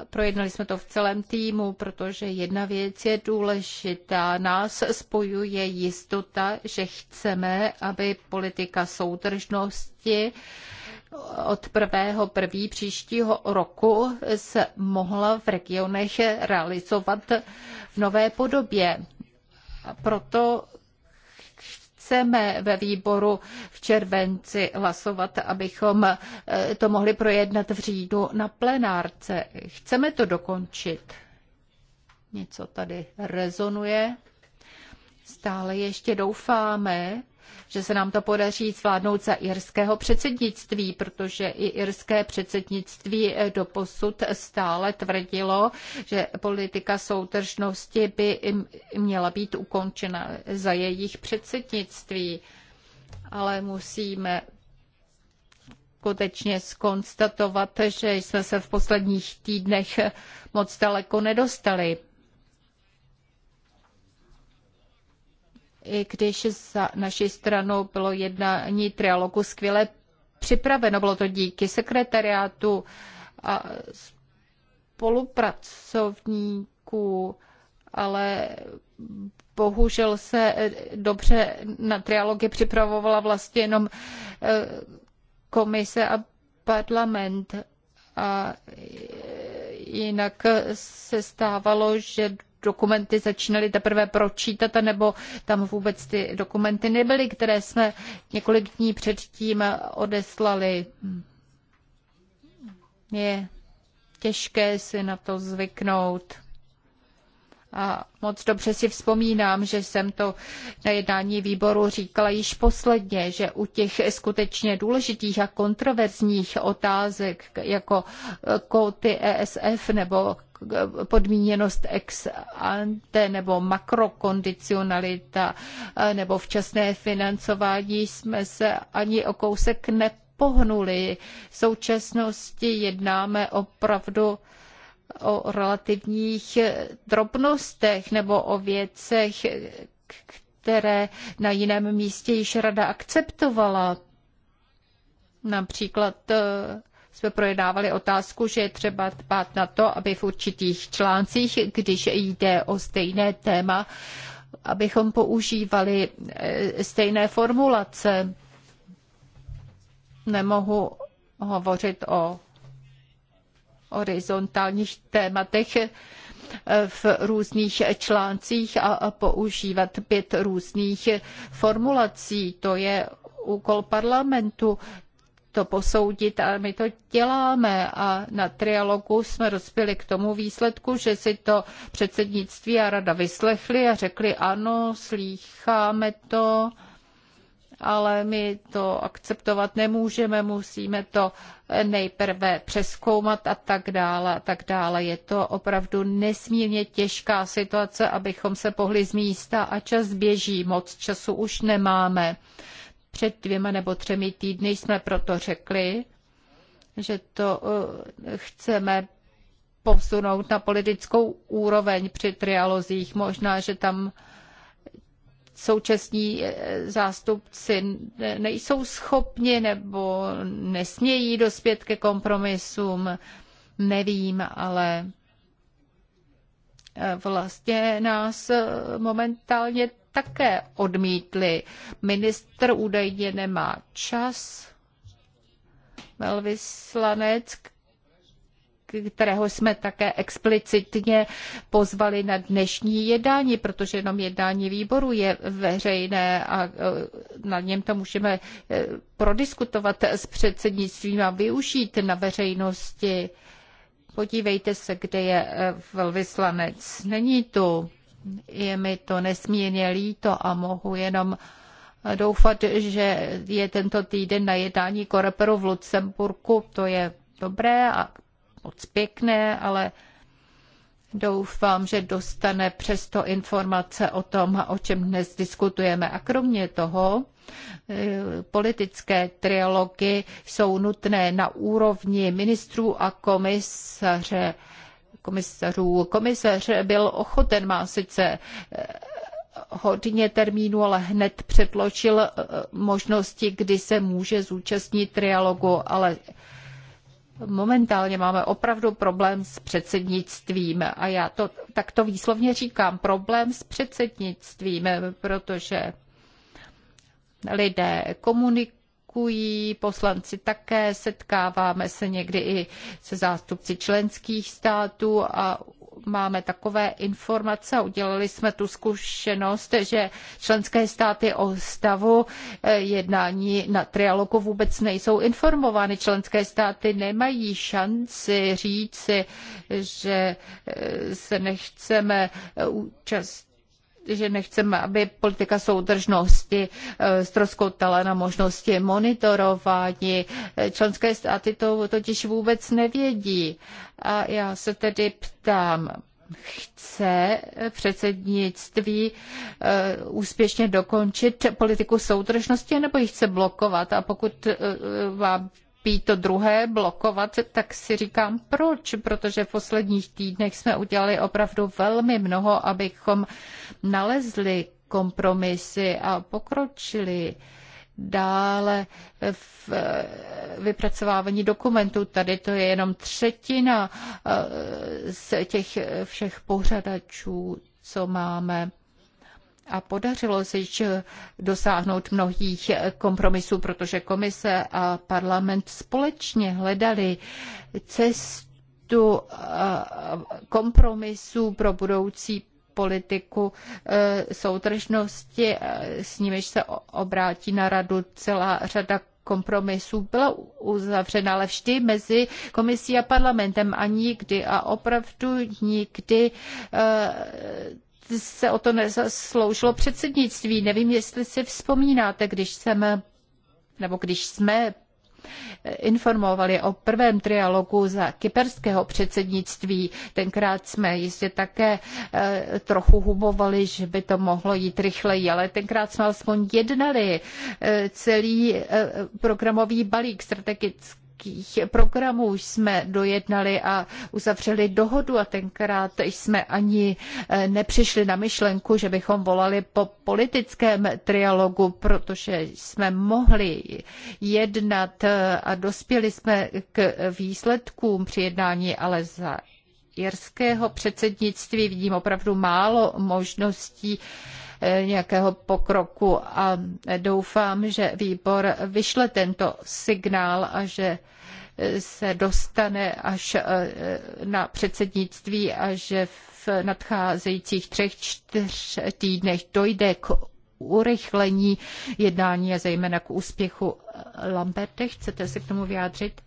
Projednali jsme to v celém týmu, protože jedna věc je důležitá. Nás spojuje jistota, že chceme, aby politika soudržnosti od 1. 1. příštího roku se mohla v regionech realizovat v nové podobě. proto chceme ve výboru v červenci hlasovat, abychom eh, to mohli projednat v říjnu na plenárce. Chceme to dokončit. Něco tady rezonuje. Stále ještě doufáme, že se nám to podaří zvládnout za irského předsednictví, protože i irské předsednictví eh, doposud stále tvrdilo, že politika soudržnosti by měla být ukončena za jejich předsednictví. Ale musíme skutečně skonstatovat, že jsme se v posledních týdnech moc daleko nedostali. i když za naší stranu bylo jednání trialogu skvěle připraveno. Bylo to díky sekretariátu a spolupracovníků, ale bohužel se eh, dobře na trialogy připravovala vlastně jenom eh, komise a parlament. A eh, jinak se stávalo, že dokumenty začínali teprve pročítat, nebo tam vůbec ty dokumenty nebyly, které jsme několik dní předtím odeslali. Je těžké si na to zvyknout. A moc dobře si vzpomínám, že jsem to na jednání výboru říkala již posledně, že u těch skutečně důležitých a kontroverzních otázek, jako eh, kóty ESF nebo eh, podmíněnost ex ante nebo makrokondicionalita eh, nebo včasné financování jsme se ani o kousek nepohnuli. V současnosti jednáme opravdu o relativních eh, drobnostech nebo o věcech, které na jiném místě již rada akceptovala. Například eh, jsme projednávali otázku, že je třeba dbát na to, aby v určitých článcích, když jde o stejné téma, abychom používali eh, stejné formulace. Nemohu hovořit o horizontálních tématech eh, v různých článcích a používat pět různých eh, formulací. To je úkol parlamentu to posoudit a my to děláme a na trialogu jsme dospěli k tomu výsledku, že si to předsednictví a rada vyslechli a řekli ano, slýcháme to, ale my to akceptovat nemůžeme, musíme to nejprve přeskoumat a tak dále a tak dále. Je to opravdu nesmírně těžká situace, abychom se pohli z místa a čas běží, moc času už nemáme. Před dvěma nebo třemi týdny jsme proto řekli, že to eh, chceme posunout na politickou úroveň při trialozích. Možná, že tam současní eh, zástupci nejsou schopni nebo nesmějí dospět ke kompromisům, nevím, ale eh, vlastně nás eh, momentálně také odmítli. Ministr údajně nemá čas. Velvyslanec, kterého jsme také explicitně pozvali na dnešní jednání, protože jenom jednání výboru je veřejné a e, na něm to můžeme e, prodiskutovat s předsednictvím a využít na veřejnosti. Podívejte se, kde je e, velvyslanec. Není tu. Je mi to nesmírně líto a mohu jenom doufat, že je tento týden na jednání Koreperu v Lucemburku. To je dobré a moc pěkné, ale doufám, že dostane přesto informace o tom, o čem dnes diskutujeme. A kromě toho, eh, politické trialogy jsou nutné na úrovni ministrů a komisaře. Komisařů. Komisař byl ochoten, má sice eh, hodně termínů, ale hned předložil eh, možnosti, kdy se může zúčastnit trialogu, ale momentálně máme opravdu problém s předsednictvím a já to takto výslovně říkám, problém s předsednictvím, protože lidé komunikují, poslanci také, setkáváme se někdy i se zástupci členských států a máme takové informace a udělali jsme tu zkušenost, že členské státy o stavu eh, jednání na trialogu vůbec nejsou informovány. Členské státy nemají šanci říci, že eh, se nechceme účastnit že nechceme, aby politika soudržnosti ztroskotala e, na možnosti monitorování. E, členské státy to totiž vůbec nevědí. A já se tedy ptám, chce předsednictví e, úspěšně dokončit politiku soudržnosti nebo ji chce blokovat. A pokud vám pochopí to druhé, blokovat, tak si říkám proč, protože v posledních týdnech jsme udělali opravdu velmi mnoho, abychom nalezli kompromisy a pokročili dále v eh, vypracovávání dokumentů. Tady to je jenom třetina eh, z těch všech pořadačů, co máme a podařilo se již dosáhnout mnohých kompromisů, protože komise a parlament společně hledali cestu kompromisů pro budoucí politiku e, soudržnosti, e, s nimiž se obrátí na radu celá řada kompromisů byla uzavřena, ale vždy mezi komisí a parlamentem a nikdy a opravdu nikdy e, se o to nezasloužilo předsednictví. Nevím, jestli si vzpomínáte, když jsem, nebo když jsme informovali o prvém trialogu za kyperského předsednictví. Tenkrát jsme jistě také eh, trochu hubovali, že by to mohlo jít rychleji, ale tenkrát jsme alespoň jednali eh, celý eh, programový balík strategický jakých programů jsme dojednali a uzavřeli dohodu a tenkrát jsme ani eh, nepřišli na myšlenku, že bychom volali po politickém trialogu, protože jsme mohli jednat eh, a dospěli jsme k výsledkům při jednání, ale za jirského předsednictví vidím opravdu málo možností Eh, nějakého pokroku a doufám, že výbor vyšle tento signál a že eh, se dostane až eh, na předsednictví a že v nadcházejících třech, čtyř týdnech dojde k urychlení jednání a zejména k úspěchu. Lamberte, chcete se k tomu vyjádřit?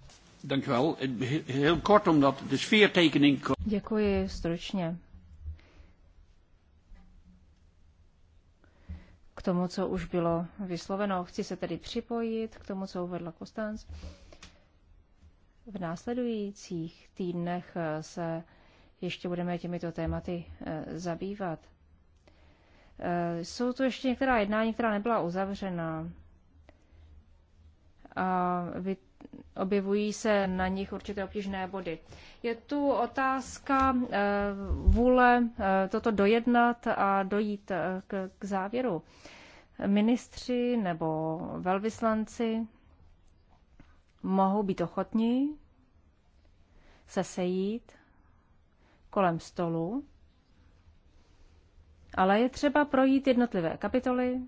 Děkuji stručně. k tomu, co už bylo vysloveno. Chci se tedy připojit k tomu, co uvedla Kostanc. V následujících týdnech se ještě budeme těmito tématy eh, zabývat. Eh, jsou tu ještě některá jednání, která nebyla uzavřena. A vy objevují se na nich určité obtížné body. Je tu otázka eh, vůle eh, toto dojednat a dojít eh, k, k závěru. Ministři nebo velvyslanci mohou být ochotní se sejít kolem stolu, ale je třeba projít jednotlivé kapitoly.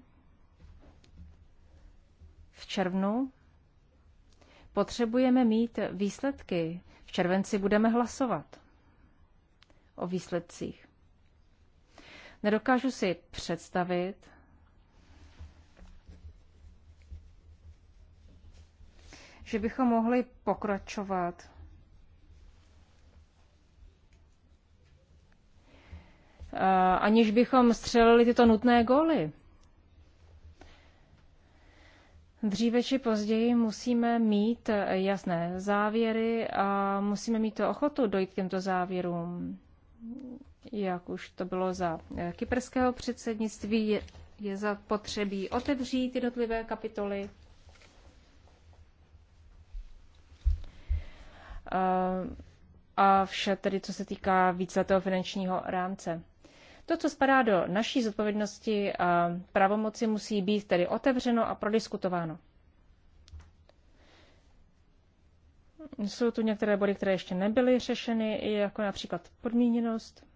V červnu Potřebujeme mít výsledky. V červenci budeme hlasovat o výsledcích. Nedokážu si představit, že bychom mohli pokračovat eh, aniž bychom střelili tyto nutné góly. Dříve či později musíme mít jasné závěry a musíme mít to ochotu dojít k těmto závěrům. Jak už to bylo za eh, kyperského předsednictví, je, za zapotřebí otevřít jednotlivé kapitoly. A, eh, a vše tedy, co se týká víceletého finančního rámce. To, co spadá do naší zodpovědnosti a pravomoci, musí být tedy otevřeno a prodiskutováno. Jsou tu některé body, které ještě nebyly řešeny, jako například podmíněnost,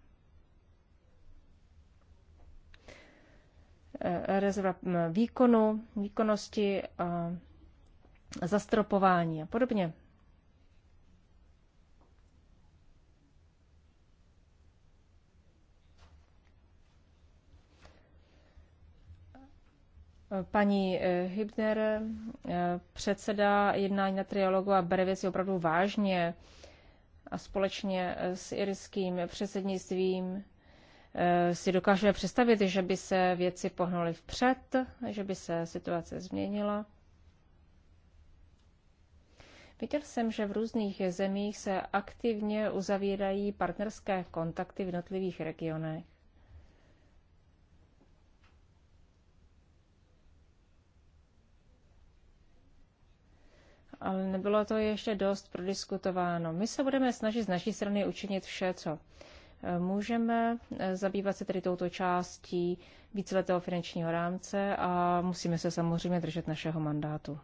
eh, rezerva hm, výkonu, výkonnosti, zastropování a podobně. Paní eh, Hybner, eh, předseda jednání na trialogu a bere věci opravdu vážně a společně eh, s irským předsednictvím si dokážeme představit, že by se věci pohnuly vpřed, že by se situace změnila. Viděl jsem, že v různých zemích se aktivně uzavírají partnerské kontakty v jednotlivých regionech. ale nebylo to ještě dost prodiskutováno. My se budeme snažit z naší strany učinit vše, co eh, můžeme. Eh, zabývat se tedy touto částí víceletého finančního rámce a musíme se samozřejmě držet našeho mandátu.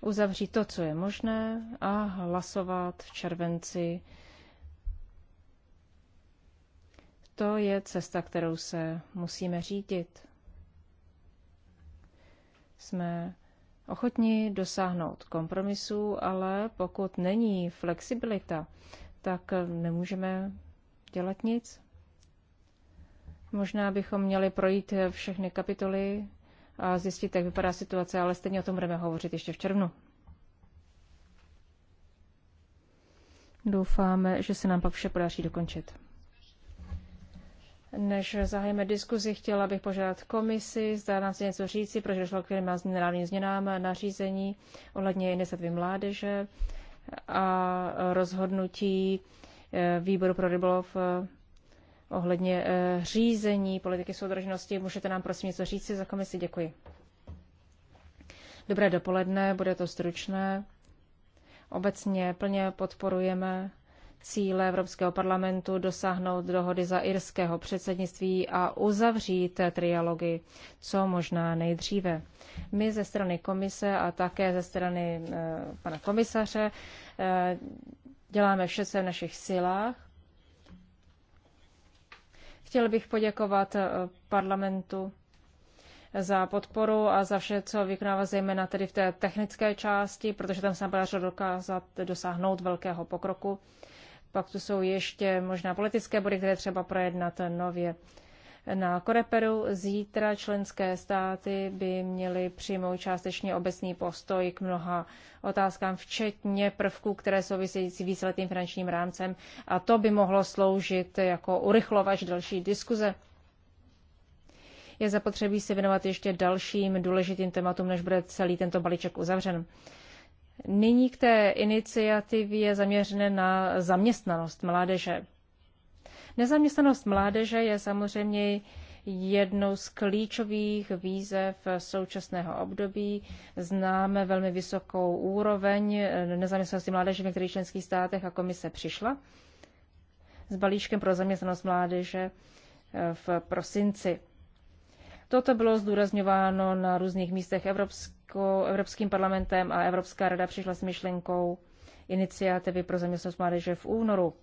Uzavřít to, co je možné a hlasovat v červenci. To je cesta, kterou se musíme řídit. Jsme ochotni dosáhnout kompromisu, ale pokud není flexibilita, tak nemůžeme dělat nic. Možná bychom měli projít všechny kapitoly a zjistit, jak vypadá situace, ale stejně o tom budeme hovořit ještě v červnu. Doufáme, že se nám pak vše podaří dokončit. Než zahájíme diskuzi, chtěla bych požádat komisi, zda nám se něco říci, proč došlo k firma s generálním změnám nařízení ohledně iniciativy mládeže a rozhodnutí eh, výboru pro rybolov eh, ohledně eh, řízení politiky soudržnosti. Můžete nám prosím něco říci za komisi? Děkuji. Dobré dopoledne, bude to stručné. Obecně plně podporujeme cíle Evropského parlamentu dosáhnout dohody za irského předsednictví a uzavřít trialogy co možná nejdříve. My ze strany komise a také ze strany e, pana komisaře e, děláme vše, co v našich silách. Chtěl bych poděkovat eh, parlamentu za podporu a za vše, co vykonává zejména tedy v té technické části, protože tam se nám podařilo dokázat dosáhnout velkého pokroku. Pak tu jsou ještě možná politické body, které třeba projednat nově. Na Koreperu zítra členské státy by měly přijmout částečně obecný postoj k mnoha otázkám, včetně prvků, které souvisejí s víceletým finančním rámcem a to by mohlo sloužit jako urychlovač další diskuze. Je zapotřebí se věnovat ještě dalším důležitým tématům, než bude celý tento balíček uzavřen. Nyní k té iniciativě zaměřené na zaměstnanost mládeže. Nezaměstnanost mládeže je samozřejmě jednou z klíčových výzev současného období. Známe velmi vysokou úroveň nezaměstnanosti mládeže v některých členských státech a komise přišla s balíčkem pro zaměstnanost mládeže v prosinci. Toto bylo zdůrazňováno na různých místech Evropsko, Evropským parlamentem a Evropská rada přišla s myšlenkou iniciativy pro zaměstnost mládeže v únoru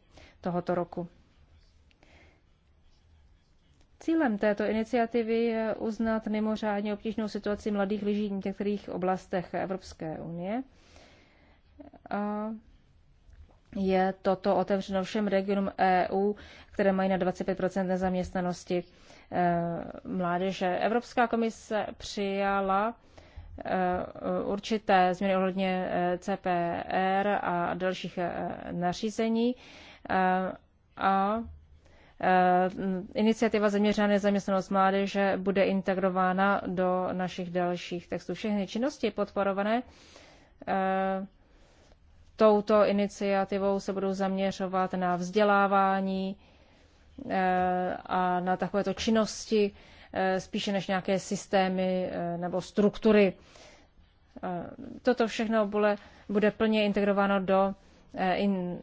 tohoto roku. Cílem této iniciativy je uznat mimořádně obtížnou situaci mladých lidí v některých oblastech Evropské unie. A je toto otevřeno všem regionům EU, které mají na 25 nezaměstnanosti Eh, mládeže. Evropská komise přijala eh, určité změny ohledně eh, CPR a dalších nařízení a iniciativa zaměřená zaměstnanost mládeže bude integrována do našich dalších textů. Všechny činnosti podporované touto iniciativou se budou zaměřovat na vzdělávání, Eh, a na takovéto činnosti, eh, spíše než nějaké systémy eh, nebo struktury. Toto všechno bude, bude plně integrováno do, in,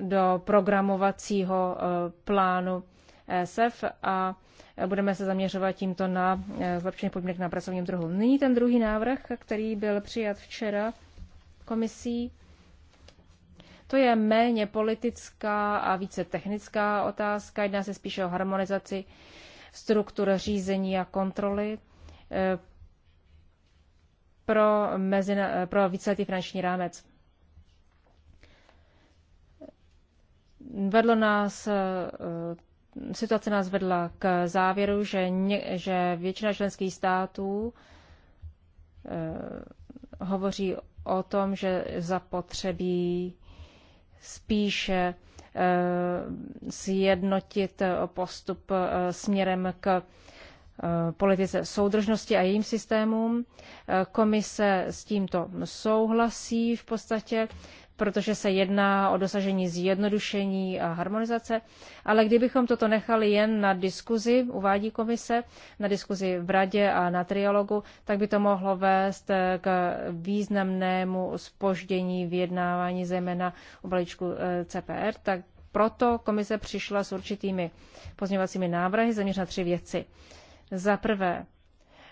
do programovacího plánu SEF a budeme se zaměřovat tímto na zlepšení podmínek na pracovním trhu. Nyní ten druhý návrh, který byl přijat včera komisí to je méně politická a více technická otázka. Jedná se spíše o harmonizaci struktur řízení a kontroly eh, pro, mezina, eh, pro víceletý finanční rámec. Vedlo nás, eh, situace nás vedla k závěru, že, ně, že většina členských států hovoří o tom, že zapotřebí spíše eh, sjednotit postup eh, směrem k eh, politice soudržnosti a jejím systémům. Komise s tímto souhlasí v podstatě protože se jedná o dosažení zjednodušení a harmonizace. Ale kdybychom toto nechali jen na diskuzi, uvádí komise, na diskuzi v radě a na trialogu, tak by to mohlo vést k významnému spoždění vyjednávání zejména u balíčku eh, CPR, tak proto komise přišla s určitými pozměvacími návrhy zaměřena na tři věci. Za prvé,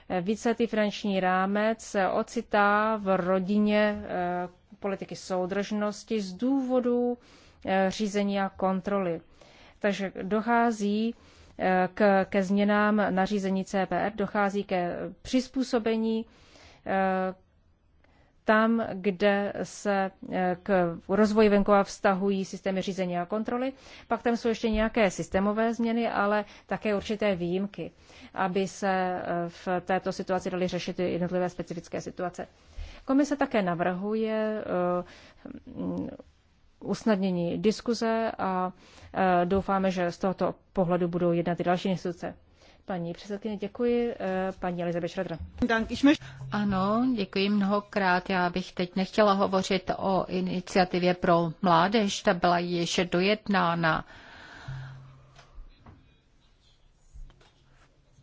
eh, víceletý finanční rámec se ocitá v rodině eh, politiky soudržnosti z důvodu eh, řízení a kontroly. Takže dochází eh, k, ke změnám nařízení CPR, dochází ke přizpůsobení eh, tam, kde se k rozvoji venkova vztahují systémy řízení a kontroly. Pak tam jsou ještě nějaké systémové změny, ale také určité výjimky, aby se v této situaci daly řešit jednotlivé specifické situace. Komise také navrhuje eh, usnadnění diskuze a eh, doufáme, že z tohoto pohledu budou jednat i další instituce. Paní předsedkyně, děkuji. Eh, paní Elizabeth Schroeder. Ano, děkuji mnohokrát. Já bych teď nechtěla hovořit o iniciativě pro mládež. Ta byla již dojednána.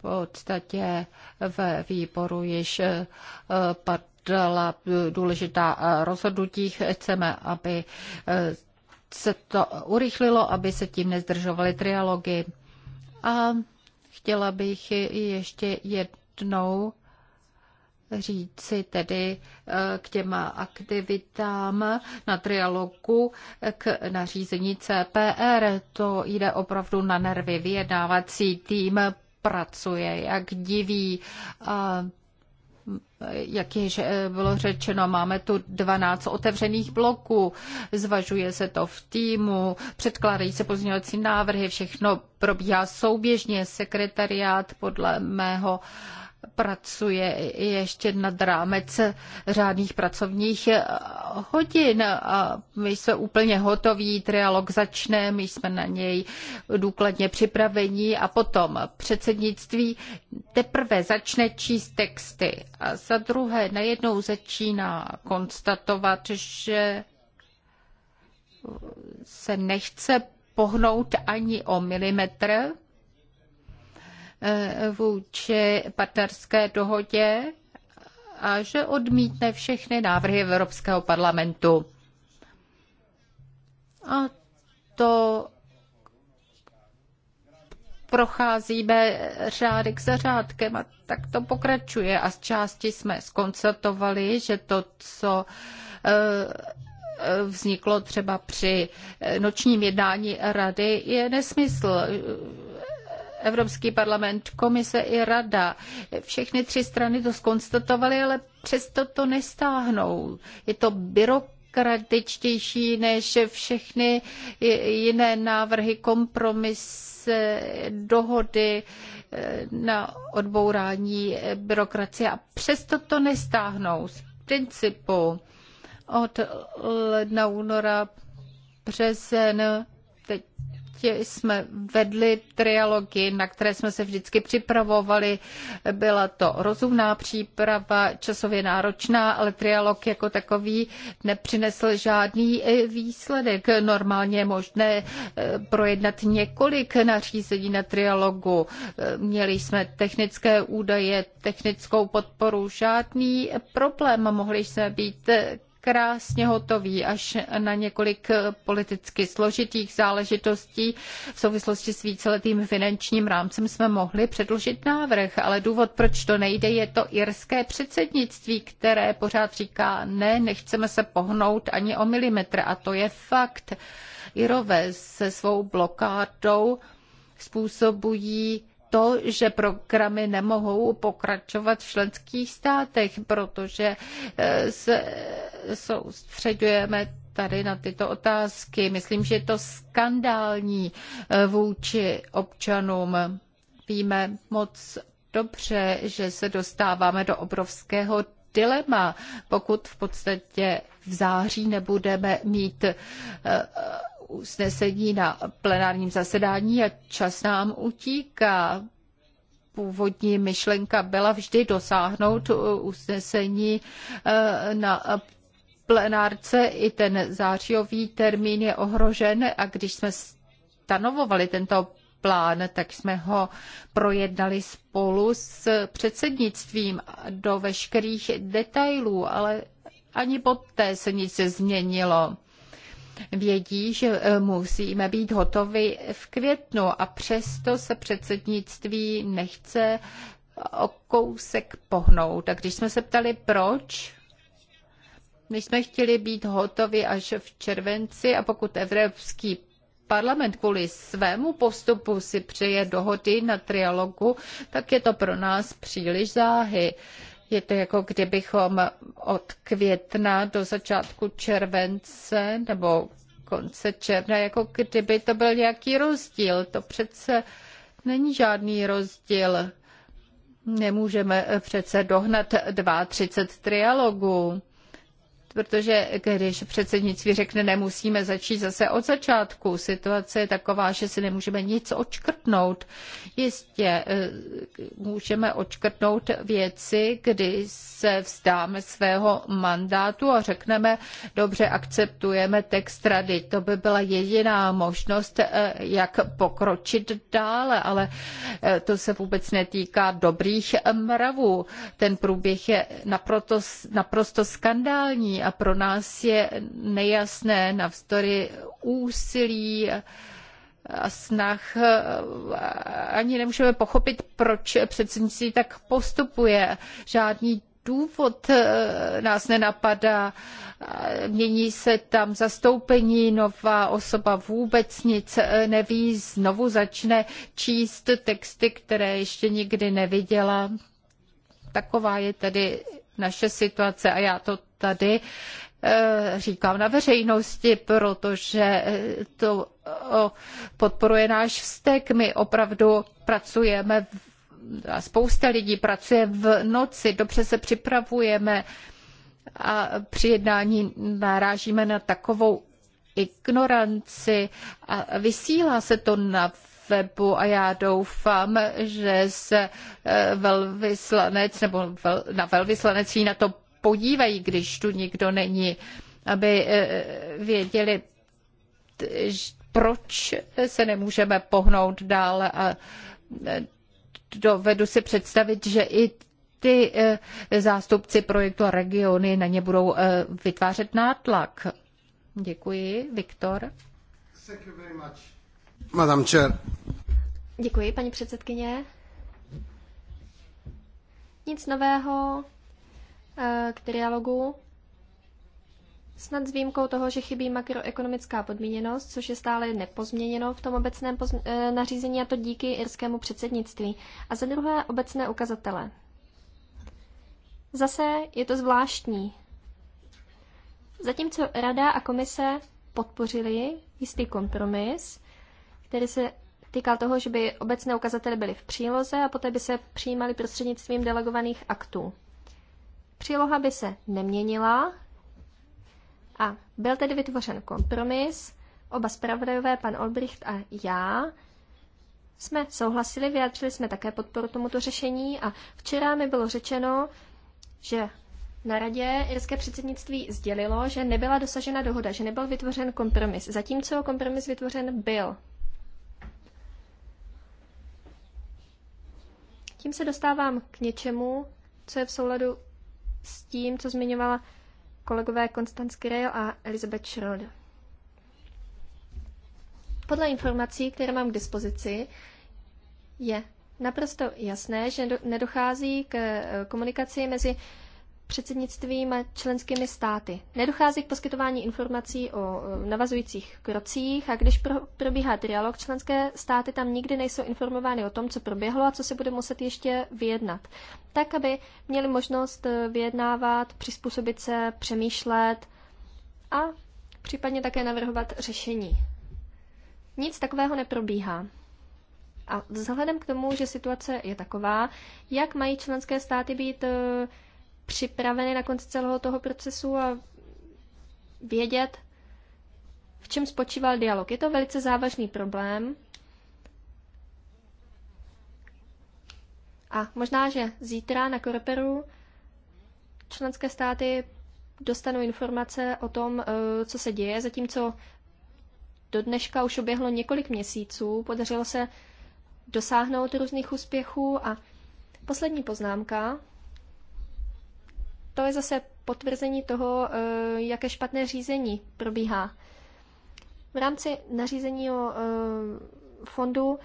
V podstatě v výboru již pat dala eh, důležitá eh, rozhodnutí. Chceme, aby eh, se to urychlilo, aby se tím nezdržovaly trialogy. A chtěla bych ještě jednou říci tedy k těma aktivitám na trialogu k nařízení CPR. To jde opravdu na nervy. Vyjednávací tým pracuje jak diví. A jak již eh, bylo řečeno, máme tu 12 otevřených bloků, zvažuje se to v týmu, předkládají se pozměňovací návrhy, všechno probíhá souběžně, sekretariát podle mého pracuje ještě nad rámec řádných pracovních hodin. A my jsme úplně hotoví, trialog začne, my jsme na něj důkladně připraveni a potom předsednictví teprve začne číst texty. A za druhé najednou začíná konstatovat, že se nechce pohnout ani o milimetr Eh, vůči partnerské dohodě a že odmítne všechny návrhy Evropského parlamentu. A to procházíme řádek za řádkem a tak to pokračuje. A z části jsme skonstatovali, že to, co eh, vzniklo třeba při eh, nočním jednání rady, je nesmysl, Evropský parlament, komise i rada. Všechny tři strany to skonstatovaly, ale přesto to nestáhnou. Je to byrokratičtější než všechny jiné návrhy, kompromis, dohody eh, na odbourání byrokracie a přesto to nestáhnou z principu od ledna, února, březen jsme vedli trialogy, na které jsme se vždycky připravovali. Byla to rozumná příprava, časově náročná, ale trialog jako takový nepřinesl žádný eh, výsledek. Normálně je možné eh, projednat několik nařízení na trialogu. Eh, měli jsme technické údaje, technickou podporu, žádný problém. Mohli jsme být krásně hotový až na několik eh, politicky složitých záležitostí. V souvislosti s víceletým finančním rámcem jsme mohli předložit návrh, ale důvod, proč to nejde, je to irské předsednictví, které pořád říká ne, nechceme se pohnout ani o milimetr a to je fakt. Irové se svou blokádou způsobují to, že programy nemohou pokračovat v členských státech, protože eh, se soustředujeme tady na tyto otázky. Myslím, že je to skandální eh, vůči občanům. Víme moc dobře, že se dostáváme do obrovského dilema, pokud v podstatě v září nebudeme mít eh, usnesení na plenárním zasedání a čas nám utíká. Původní myšlenka byla vždy dosáhnout usnesení eh, na plenárce. I ten zářijový termín je ohrožen a když jsme stanovovali tento plán, tak jsme ho projednali spolu s předsednictvím do veškerých detailů, ale ani poté se nic nezměnilo vědí, že e, musíme být hotovi v květnu a přesto se předsednictví nechce o kousek pohnout. A když jsme se ptali, proč, my jsme chtěli být hotovi až v červenci a pokud Evropský parlament kvůli svému postupu si přeje dohody na trialogu, tak je to pro nás příliš záhy. Je to jako kdybychom od května do začátku července nebo konce června, jako kdyby to byl nějaký rozdíl. To přece není žádný rozdíl. Nemůžeme přece dohnat 32 trialogů protože když předsednictví řekne, nemusíme začít zase od začátku, situace je taková, že si nemůžeme nic očkrtnout. Jistě eh, můžeme očkrtnout věci, kdy se vzdáme svého mandátu a řekneme, dobře, akceptujeme text rady. To by byla jediná možnost, eh, jak pokročit dále, ale eh, to se vůbec netýká dobrých mravů. Ten průběh je naprosto, naprosto skandální a pro nás je nejasné navzdory úsilí a snah ani nemůžeme pochopit, proč předsednictví tak postupuje. Žádný důvod eh, nás nenapadá. Mění se tam zastoupení, nová osoba vůbec nic eh, neví, znovu začne číst texty, které ještě nikdy neviděla. Taková je tedy naše situace. A já to tady eh, říkám na veřejnosti, protože eh, to podporuje náš vztek. My opravdu pracujeme, a spousta lidí pracuje v noci, dobře se připravujeme a při jednání narážíme na takovou ignoranci a vysílá se to na webu a já doufám, že se eh, velvyslanec nebo na velvyslanectví na to podívají, když tu nikdo není, aby eh, věděli, proč se nemůžeme pohnout dále a eh, dovedu si představit, že i ty zástupci projektu a regiony na ně budou vytvářet nátlak. Děkuji, Viktor. Thank you very much. Madam Chair. Děkuji, paní předsedkyně. Nic nového eh, k trialogu. Snad s výjimkou toho, že chybí makroekonomická podmíněnost, což je stále nepozměněno v tom obecném pozm- eh, nařízení, a to díky irskému předsednictví. A za druhé obecné ukazatele. Zase je to zvláštní. Zatímco Rada a komise podpořili jistý kompromis, který se týkal toho, že by obecné ukazatele byly v příloze a poté by se přijímaly prostřednictvím delegovaných aktů. Příloha by se neměnila a byl tedy vytvořen kompromis. Oba zpravodajové, pan Olbricht a já, jsme souhlasili, vyjádřili jsme také podporu tomuto řešení a včera mi bylo řečeno, že na radě irské předsednictví sdělilo, že nebyla dosažena dohoda, že nebyl vytvořen kompromis, zatímco kompromis vytvořen byl. Tím se dostávám k něčemu, co je v souladu s tím, co zmiňovala kolegové Konstanz Kirejo a Elizabeth Schroeder. Podle informací, které mám k dispozici, je naprosto jasné, že nedochází k eh, komunikaci mezi předsednictvím a členskými státy. Nedochází k poskytování informací o e, navazujících krocích a když pro, probíhá trialog, členské státy tam nikdy nejsou informovány o tom, co proběhlo a co se bude muset ještě vyjednat. Tak, aby měli možnost e, vyjednávat, přizpůsobit se, přemýšlet a případně také navrhovat řešení. Nic takového neprobíhá. A vzhledem k tomu, že situace je taková, jak mají členské státy být e, připraveny na konci celého toho procesu a vědět, v čem spočíval dialog. Je to velice závažný problém. A možná, že zítra na Korperu členské státy dostanou informace o tom, eh, co se děje, zatímco do dneška už oběhlo několik měsíců, podařilo se dosáhnout různých úspěchů a poslední poznámka, to je zase potvrzení toho, eh, jaké špatné řízení probíhá. V rámci nařízení o eh, fondu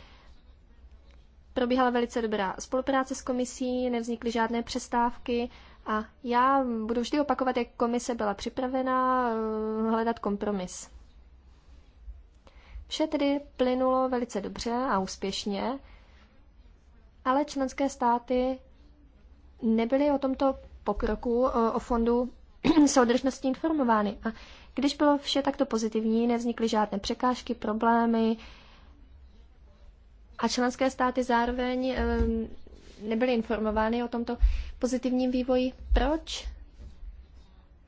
probíhala velice dobrá spolupráce s komisí, nevznikly žádné přestávky a já budu vždy opakovat, jak komise byla připravena eh, hledat kompromis. Vše tedy plynulo velice dobře a úspěšně, ale členské státy nebyly o tomto pokroku o fondu soudržnosti informovány. A když bylo vše takto pozitivní, nevznikly žádné překážky, problémy a členské státy zároveň e, nebyly informovány o tomto pozitivním vývoji. Proč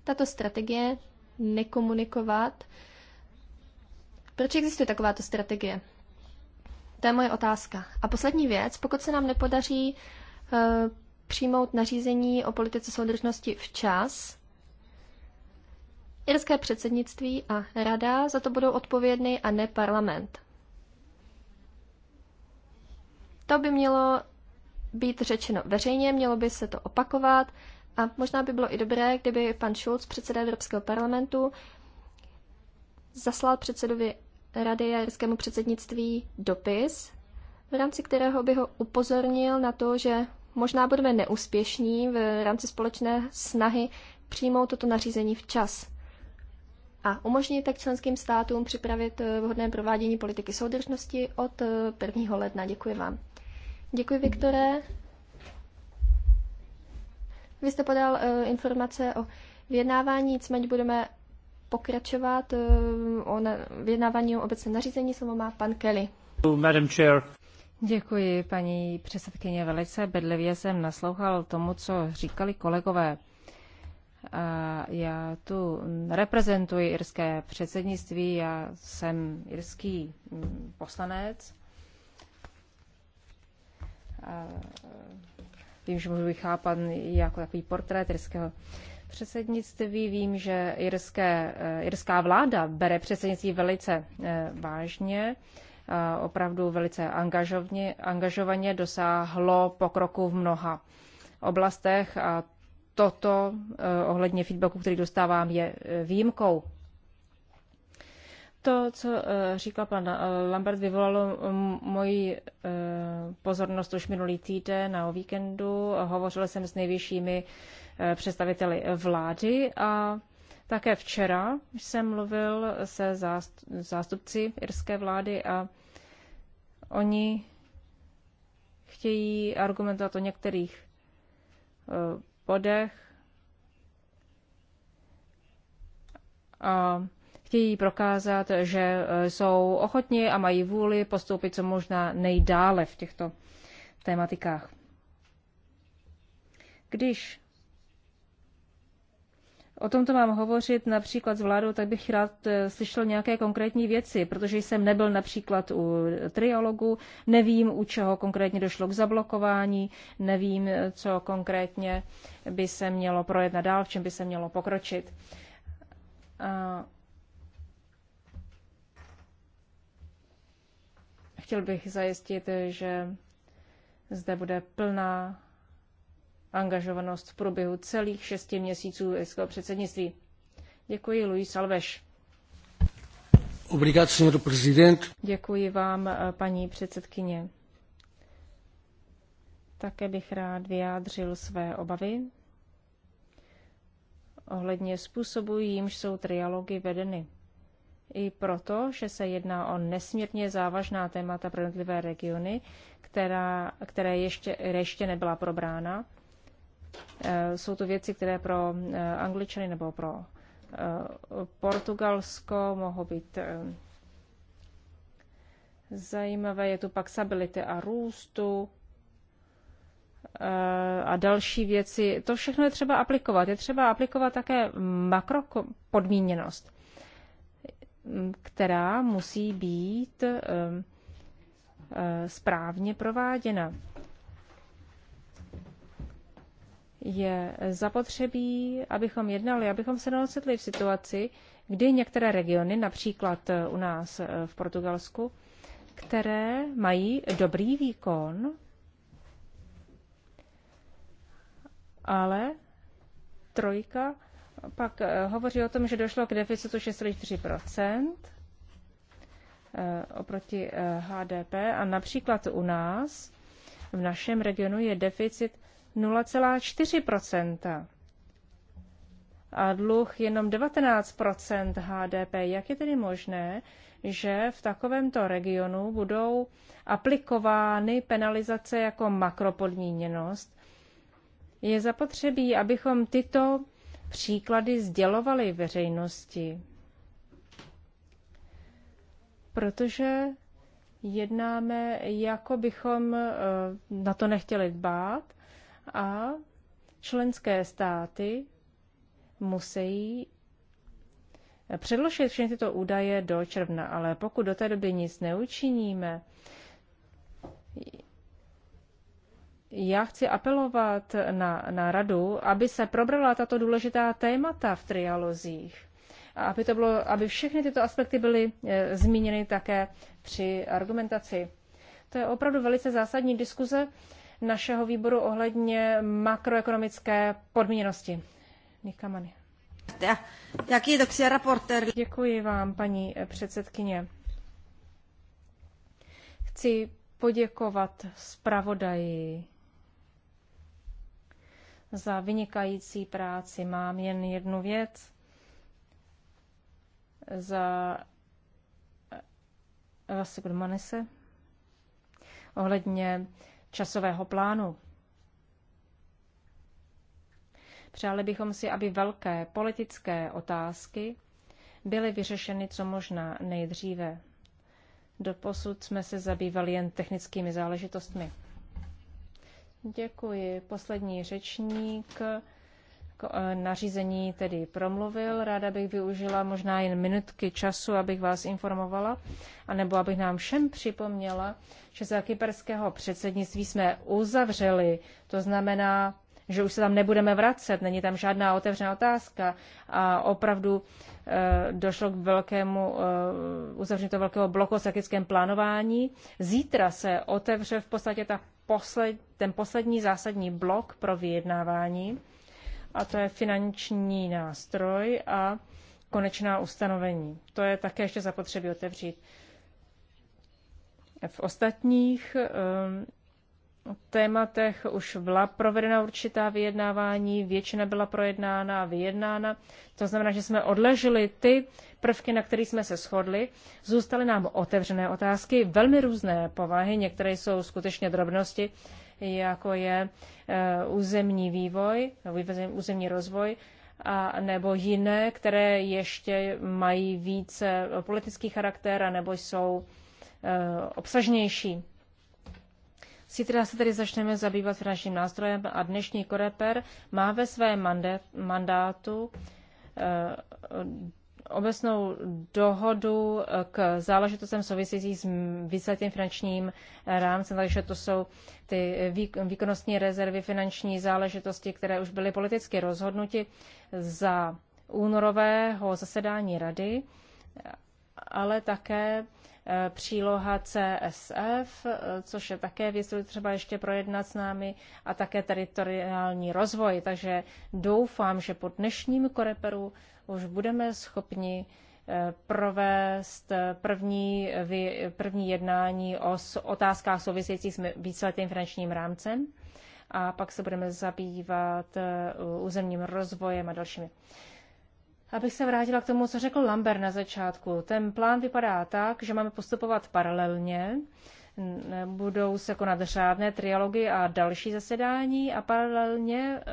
tato strategie nekomunikovat? Proč existuje takováto strategie? To je moje otázka. A poslední věc, pokud se nám nepodaří e, přijmout nařízení o politice soudržnosti včas. Irské předsednictví a rada za to budou odpovědny a ne parlament. To by mělo být řečeno veřejně, mělo by se to opakovat a možná by bylo i dobré, kdyby pan Schulz, předseda Evropského parlamentu, zaslal předsedovi Rady a irskému předsednictví dopis, v rámci kterého by ho upozornil na to, že možná budeme neúspěšní v rámci společné snahy přijmout toto nařízení včas a umožní tak členským státům připravit eh, vhodné provádění politiky soudržnosti od 1. Eh, ledna. Děkuji vám. Děkuji, Viktore. Vy jste podal uh, informace o vyjednávání, nicméně budeme pokračovat uh, o na- vyjednávání o obecné nařízení. Slovo má pan Kelly. Madam Chair. Děkuji, paní předsedkyně. Velice bedlivě jsem naslouchal tomu, co říkali kolegové. A já tu reprezentuji irské předsednictví, já jsem irský mm, poslanec. A e, vím, že můžu vychápat jako takový portrét irského předsednictví. Vím, že irské, e, irská vláda bere předsednictví velice e, vážně opravdu velice angažovaně, angažovaně dosáhlo pokroku v mnoha oblastech a toto e, ohledně feedbacku, který dostávám, je e, výjimkou. To, co e, říkal pan Lambert, vyvolalo moji pozornost už minulý týden na o víkendu. Hovořil jsem s nejvyššími představiteli vlády a také včera jsem mluvil se zástupci irské vlády a oni chtějí argumentovat o některých eh, bodech a chtějí prokázat, že eh, jsou ochotní a mají vůli postoupit co možná nejdále v těchto tématikách. Když o tomto mám hovořit například s vládou, tak bych rád eh, slyšel nějaké konkrétní věci, protože jsem nebyl například u triologu, nevím, u čeho konkrétně došlo k zablokování, nevím, eh, co konkrétně by se mělo projednat dál, v čem by se mělo pokročit. A chtěl bych zajistit, eh, že zde bude plná angažovanost v průběhu celých šesti měsíců irského předsednictví. Děkuji, Luis Alves. Obrigado, senhor Děkuji vám, eh, paní předsedkyně. Také bych rád vyjádřil své obavy ohledně způsobu, jímž jsou trialogy vedeny. I proto, že se jedná o nesmírně závažná témata pro jednotlivé regiony, která, které ještě, ještě nebyla probrána Eh, jsou to věci, které pro eh, Angličany nebo pro eh, Portugalsko mohou být zajímavé. Je tu pak stability a růstu a další věci. To všechno je třeba aplikovat. Je třeba aplikovat také makropodmíněnost, která musí být správně prováděna je zapotřebí, abychom jednali, abychom se nocetli v situaci, kdy některé regiony, například u nás eh, v Portugalsku, které mají dobrý výkon, ale trojka pak eh, hovoří o tom, že došlo k deficitu 6,4 eh, oproti HDP a například u nás v našem regionu je deficit 0,4 a dluh jenom 19 HDP. Jak je tedy možné, že v takovémto regionu budou aplikovány penalizace jako makropodmíněnost? Je zapotřebí, abychom tyto příklady sdělovali veřejnosti, protože jednáme, jako bychom eh, na to nechtěli dbát a členské státy musí předložit všechny tyto údaje do června, ale pokud do té doby nic neučiníme, já chci apelovat na, na radu, aby se probrala tato důležitá témata v trialozích. A aby, to bylo, aby všechny tyto aspekty byly e, zmíněny také při argumentaci. To je opravdu velice zásadní diskuze, našeho výboru ohledně makroekonomické podmíněnosti. Nikamany. Děkuji vám, paní předsedkyně. Chci poděkovat zpravodaji za vynikající práci. Mám jen jednu věc. Za eh, Vasilu Manise ohledně časového plánu. Přáli bychom si, aby velké politické otázky byly vyřešeny co možná nejdříve. Doposud jsme se zabývali jen technickými záležitostmi. Děkuji. Poslední řečník. Eh, nařízení tedy promluvil. Ráda bych využila možná jen minutky času, abych vás informovala, anebo abych nám všem připomněla, že za kyperského předsednictví jsme uzavřeli, to znamená, že už se tam nebudeme vracet, není tam žádná otevřená otázka a opravdu e, došlo k velkému e, uzavření toho velkého bloku o strategickém plánování. Zítra se otevře v podstatě ta posled, ten poslední zásadní blok pro vyjednávání a to je finanční nástroj a konečná ustanovení. To je také ještě zapotřebí otevřít. V ostatních um, tématech už byla provedena určitá vyjednávání, většina byla projednána a vyjednána. To znamená, že jsme odleželi ty prvky, na které jsme se shodli. Zůstaly nám otevřené otázky, velmi různé povahy, některé jsou skutečně drobnosti, jako je eh, územní vývoj, územní rozvoj, a nebo jiné, které ještě mají více politický charakter a nebo jsou eh, obsažnější. Zítra se tedy začneme zabývat finančním nástrojem a dnešní koreper má ve svém mandátu eh, obecnou dohodu eh, k záležitostem související s výsledkem finančním eh, rámcem, takže to jsou ty eh, výkonnostní rezervy finanční záležitosti, které už byly politicky rozhodnuty za únorového zasedání rady, ale také příloha CSF, což je také věc, kterou třeba ještě projednat s námi, a také teritoriální rozvoj. Takže doufám, že po dnešním koreperu už budeme schopni eh, provést první, první jednání o otázkách souvisejících s víceletým finančním rámcem a pak se budeme zabývat eh, územním rozvojem a dalšími. Abych se vrátila k tomu, co řekl Lambert na začátku. Ten plán vypadá tak, že máme postupovat paralelně, budou se konat řádné trialogy a další zasedání a paralelně eh,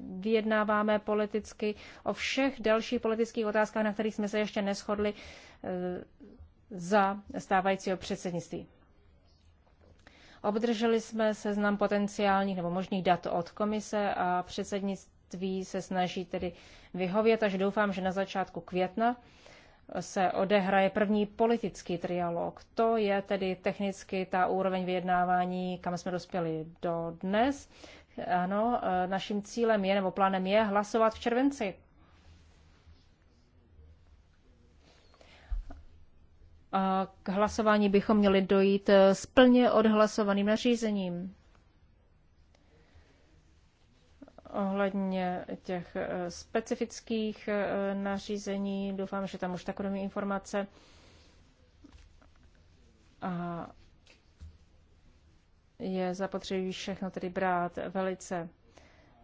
vyjednáváme politicky o všech dalších politických otázkách, na kterých jsme se ještě neschodli eh, za stávajícího předsednictví. Obdrželi jsme seznam potenciálních nebo možných dat od komise a předsednictví předsednictví se snaží tedy vyhovět, až doufám, že na začátku května se odehraje první politický trialog. To je tedy technicky ta úroveň vyjednávání, kam jsme dospěli do dnes. Ano, e, naším cílem je, nebo plánem je hlasovat v červenci. A k hlasování bychom měli dojít s plně odhlasovaným nařízením. ohledně těch eh, specifických eh, nařízení. Doufám, že tam už takové informace. A je zapotřebí všechno tedy brát velice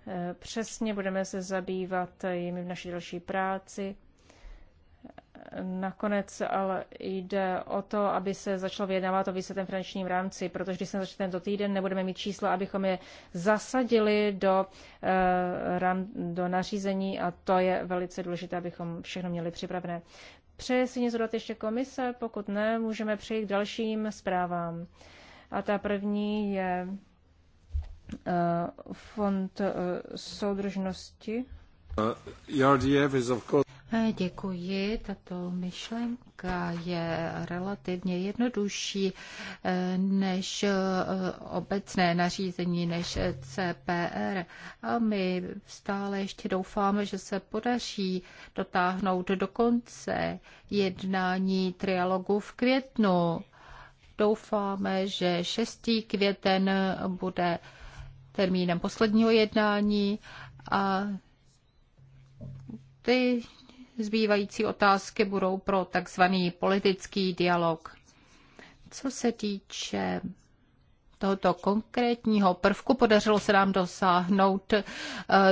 eh, přesně. Budeme se zabývat jimi v naší další práci. Nakonec ale jde o to, aby se začalo vyjednávat o výsledném finančním rámci, protože když se začne tento týden, nebudeme mít čísla, abychom je zasadili do, eh, do nařízení a to je velice důležité, abychom všechno měli připravené. Přeje si něco dodat ještě komise? Pokud ne, můžeme přejít k dalším zprávám. A ta první je eh, Fond eh, soudržnosti. Uh, e is of course... Eh, děkuji. Tato myšlenka je relativně jednodušší eh, než eh, obecné nařízení, než CPR. A my stále ještě doufáme, že se podaří dotáhnout do konce jednání trialogu v květnu. Doufáme, že 6. květen bude termínem posledního jednání a ty Zbývající otázky budou pro takzvaný politický dialog. Co se týče tohoto konkrétního prvku podařilo se nám dosáhnout eh,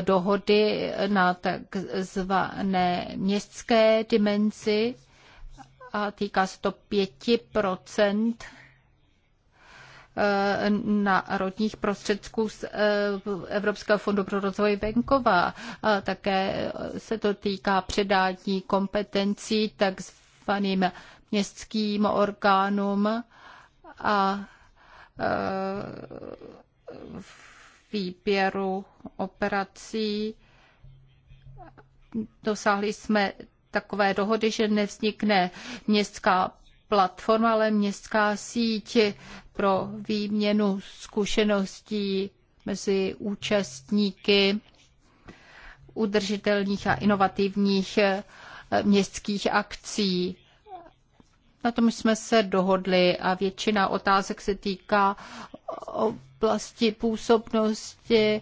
dohody na takzvané městské dimenzi a týká se to 5 Eh, národních prostředků z eh, Evropského fondu pro rozvoj venkova. také se to týká předání kompetencí takzvaným městským orgánům a eh, výběru operací. Dosáhli jsme takové dohody, že nevznikne městská platforma, ale městská síť pro výměnu zkušeností mezi účastníky udržitelných a inovativních eh, městských akcí. Na tom jsme se dohodli a většina otázek se týká oblasti působnosti eh,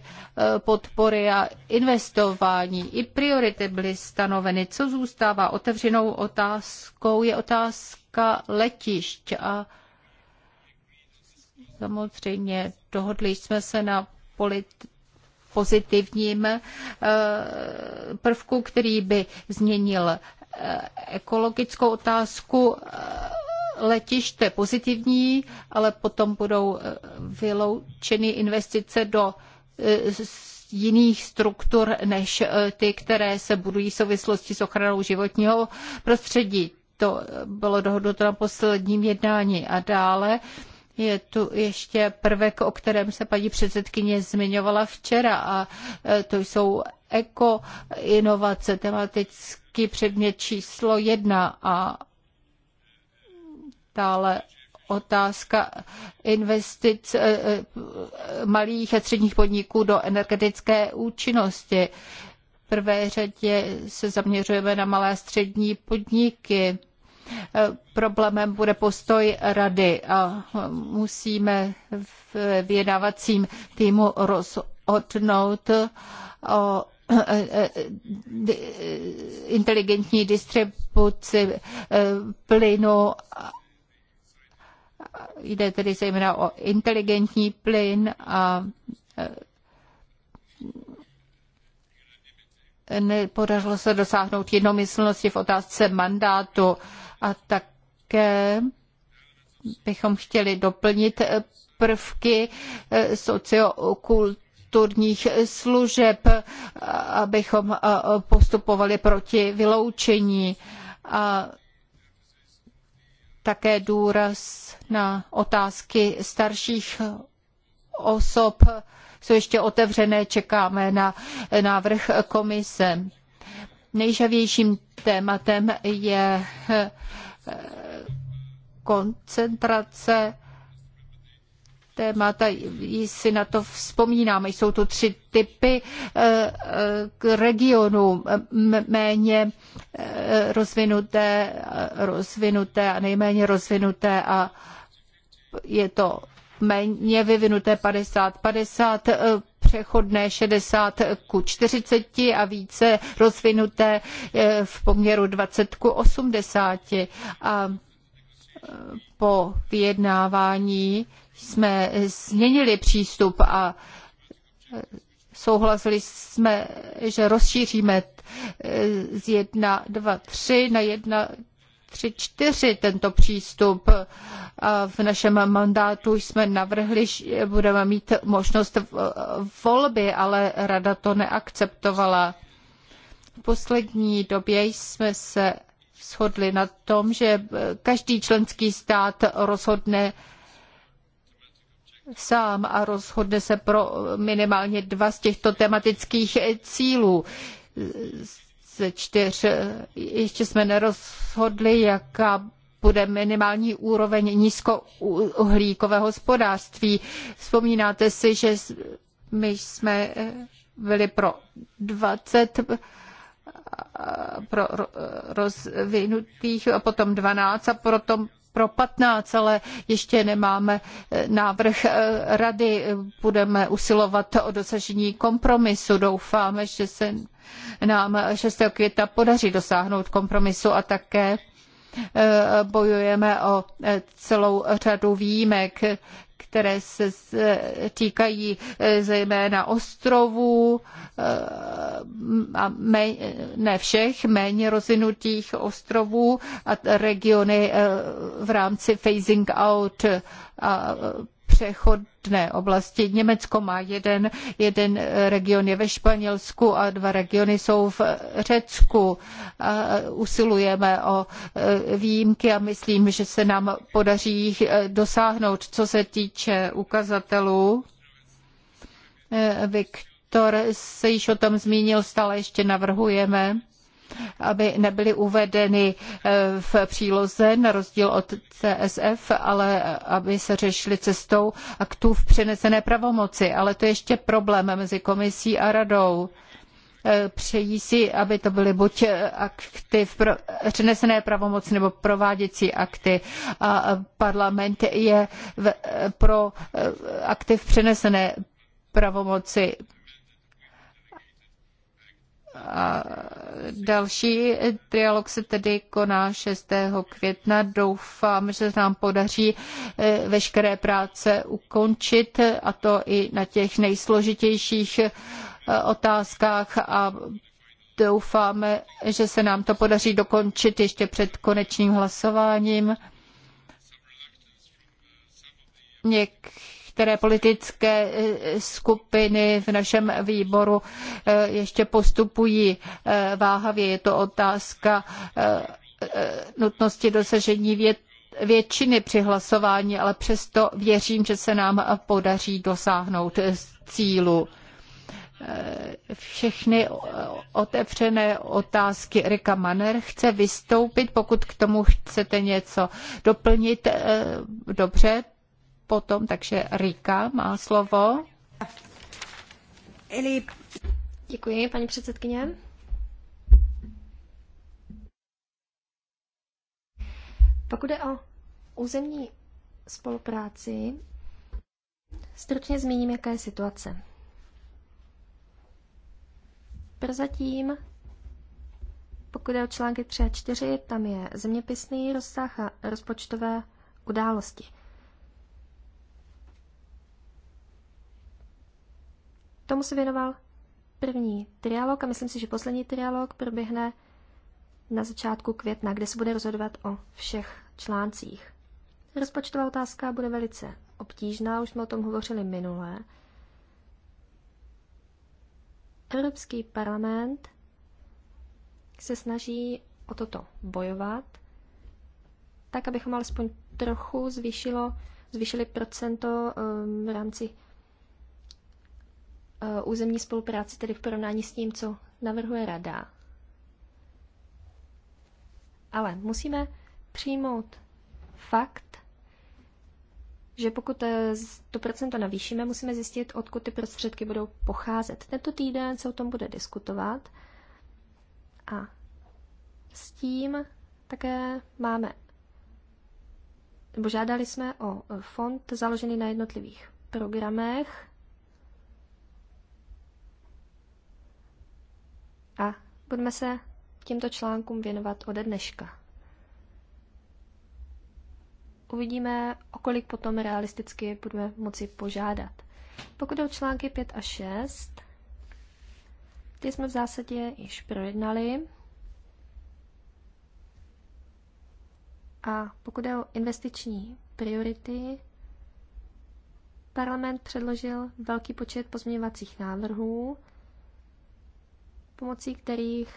podpory a investování. I priority byly stanoveny. Co zůstává otevřenou otázkou, je otázka letišť a samozřejmě dohodli jsme se na polit- pozitivním eh, prvku, který by změnil eh, ekologickou otázku letiště pozitivní, ale potom budou eh, vyloučeny investice do eh, jiných struktur než eh, ty, které se budují v souvislosti s ochranou životního prostředí. To bylo dohodnuto na posledním jednání a dále. Je tu ještě prvek, o kterém se paní předsedkyně zmiňovala včera a to jsou eko inovace, tematický předmět číslo jedna a stále otázka investic eh, eh, malých a středních podniků do energetické účinnosti. V prvé řadě se zaměřujeme na malé a střední podniky. Eh, problémem bude postoj rady a musíme v vyjednávacím týmu rozhodnout o inteligentní distribuci plynu Jde tedy zejména o inteligentní plyn a e, nepodařilo se dosáhnout jednomyslnosti v otázce mandátu a také bychom chtěli doplnit prvky e, sociokulturních služeb, abychom postupovali proti vyloučení a také důraz na otázky starších osob. Jsou ještě otevřené, čekáme na návrh komise. Nejžavějším tématem je eh, koncentrace témata, si na to vzpomínáme. Jsou to tři typy eh, eh, regionů, méně eh, rozvinuté, rozvinuté a nejméně rozvinuté a je to méně vyvinuté 50-50 přechodné 60 ku 40 a více rozvinuté v poměru 20 ku 80. A po vyjednávání jsme změnili přístup a souhlasili jsme, že rozšíříme eh, z 1, 2, 3 na 1, 3, 4 tento přístup. A v našem mandátu jsme navrhli, že budeme mít možnost eh, volby, ale rada to neakceptovala. V poslední době jsme se shodli na tom, že eh, každý členský stát rozhodne sám a rozhodne se pro minimálně dva z těchto tematických cílů ze čtyř. Ještě jsme nerozhodli, jaká bude minimální úroveň nízkouhlíkového hospodářství. Vzpomínáte si, že my jsme byli pro 20 pro rozvinutých a potom 12 a potom pro 15, ale ještě nemáme eh, návrh eh, rady. Budeme usilovat o dosažení kompromisu. Doufáme, že se nám 6. května podaří dosáhnout kompromisu a také Eh, bojujeme o eh, celou řadu výjimek, které se eh, týkají zejména ostrovů a ne všech, méně rozvinutých ostrovů a regiony v rámci phasing out a přechodné oblasti. Německo má jeden, jeden region je ve Španělsku a dva regiony jsou v Řecku. A usilujeme o e, výjimky a myslím, že se nám podaří e, dosáhnout, co se týče ukazatelů. E, Viktor se již o tom zmínil, stále ještě navrhujeme aby nebyly uvedeny eh, v příloze na rozdíl od CSF, ale aby se řešily cestou aktů v přenesené pravomoci. Ale to je ještě problém mezi komisí a radou eh, přejí si, aby to byly buď eh, akty v pro, přenesené pravomoci nebo prováděcí akty. A parlament je v, pro akty v přenesené pravomoci a další trialog se tedy koná 6. května. Doufám, že se nám podaří eh, veškeré práce ukončit, a to i na těch nejsložitějších eh, otázkách a doufáme, že se nám to podaří dokončit ještě před konečným hlasováním. Něk některé politické eh, skupiny v našem výboru eh, ještě postupují eh, váhavě. Je to otázka nutnosti dosažení vět většiny při hlasování, ale přesto věřím, že se nám podaří dosáhnout cílu. Všechny otevřené otázky Rika Manner chce vystoupit, pokud k tomu chcete něco doplnit, dobře, potom, takže Rika má slovo. Eli, Děkuji, paní předsedkyně. Pokud je o územní spolupráci, stručně zmíním, jaká je situace. Prozatím, pokud je o články 3 a 4, tam je zeměpisný rozsah a rozpočtové události. Tomu se věnoval první trialog a myslím si, že poslední trialog proběhne na začátku května, kde se bude rozhodovat o všech článcích. Rozpočtová otázka bude velice obtížná, už jsme o tom hovořili minule. Evropský parlament se snaží o toto bojovat, tak abychom alespoň trochu zvýšilo, zvýšili procento ehm, v rámci Uh, územní spolupráci, tedy v porovnání s tím, co navrhuje rada. Ale musíme přijmout fakt, že pokud eh, to procento navýšíme, musíme zjistit, odkud ty prostředky budou pocházet. Tento týden se o tom bude diskutovat a s tím také máme, nebo žádali jsme o fond založený na jednotlivých programech A budeme se těmto článkům věnovat ode dneška. Uvidíme, o kolik potom realisticky budeme moci požádat. Pokud o články 5 a 6, ty jsme v zásadě již projednali. A pokud je o investiční priority, parlament předložil velký počet pozměňovacích návrhů, pomocí kterých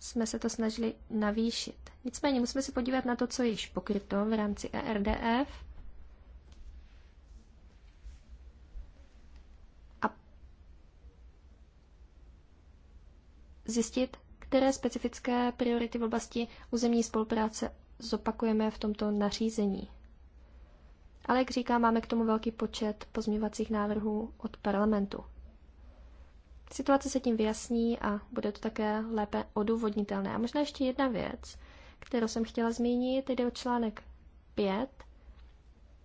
jsme se to snažili navýšit. Nicméně musíme se podívat na to, co je již pokryto v rámci ERDF a zjistit, které specifické priority v oblasti územní spolupráce zopakujeme v tomto nařízení. Ale jak říkám, máme k tomu velký počet pozměňovacích návrhů od parlamentu. Situace se tím vyjasní a bude to také lépe odůvodnitelné. A možná ještě jedna věc, kterou jsem chtěla zmínit, jde o článek 5,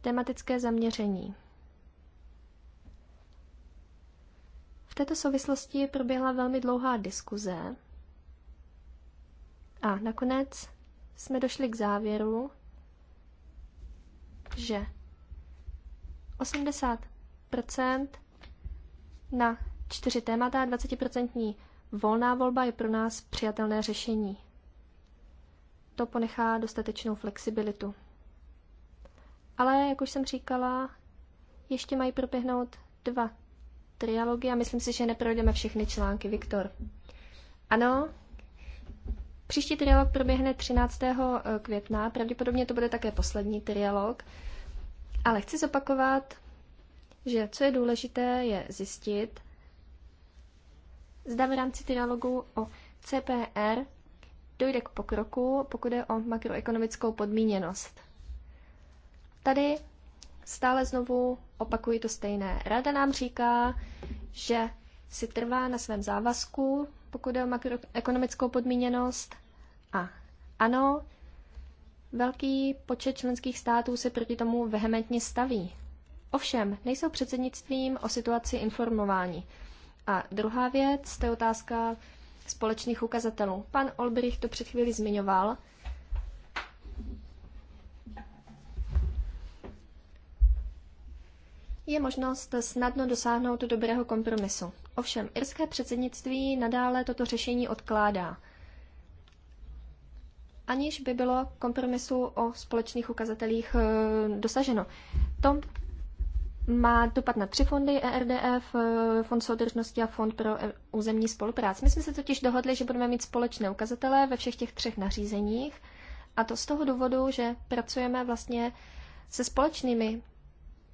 tematické zaměření. V této souvislosti proběhla velmi dlouhá diskuze a nakonec jsme došli k závěru, že 80 na čtyři témata a 20% volná volba je pro nás přijatelné řešení. To ponechá dostatečnou flexibilitu. Ale, jak už jsem říkala, ještě mají proběhnout dva trialogy a myslím si, že neprojdeme všechny články, Viktor. Ano, příští trialog proběhne 13. Eh, května, pravděpodobně to bude také poslední trialog, ale chci zopakovat, že co je důležité, je zjistit, Zda v rámci trialogu o CPR dojde k pokroku, pokud je o makroekonomickou podmíněnost. Tady stále znovu opakuji to stejné. Rada nám říká, že si trvá na svém závazku, pokud je o makroekonomickou podmíněnost. A ano, velký počet členských států se proti tomu vehementně staví. Ovšem, nejsou předsednictvím o situaci informováni. A druhá věc, to je otázka společných ukazatelů. Pan Olbrich to před chvíli zmiňoval. Je možnost snadno dosáhnout dobrého kompromisu. Ovšem, irské předsednictví nadále toto řešení odkládá, aniž by bylo kompromisu o společných ukazatelích eh, dosaženo. To má dopad na tři fondy ERDF, eh, Fond soudržnosti a Fond pro eh, územní spolupráci. My jsme se totiž dohodli, že budeme mít společné ukazatele ve všech těch třech nařízeních a to z toho důvodu, že pracujeme vlastně se společnými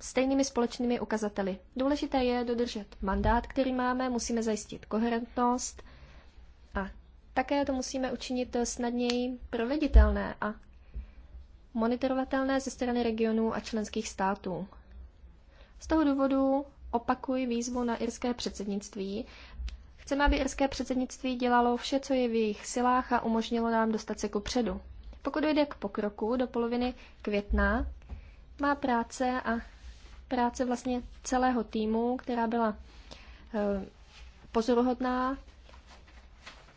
stejnými společnými ukazateli. Důležité je dodržet mandát, který máme, musíme zajistit koherentnost a také to musíme učinit eh, snadněji proveditelné a monitorovatelné ze strany regionů a členských států. Z toho důvodu opakuji výzvu na irské předsednictví. Chceme, aby irské předsednictví dělalo vše, co je v jejich silách a umožnilo nám dostat se ku předu. Pokud dojde k pokroku do poloviny května, má práce a práce vlastně celého týmu, která byla eh, pozoruhodná,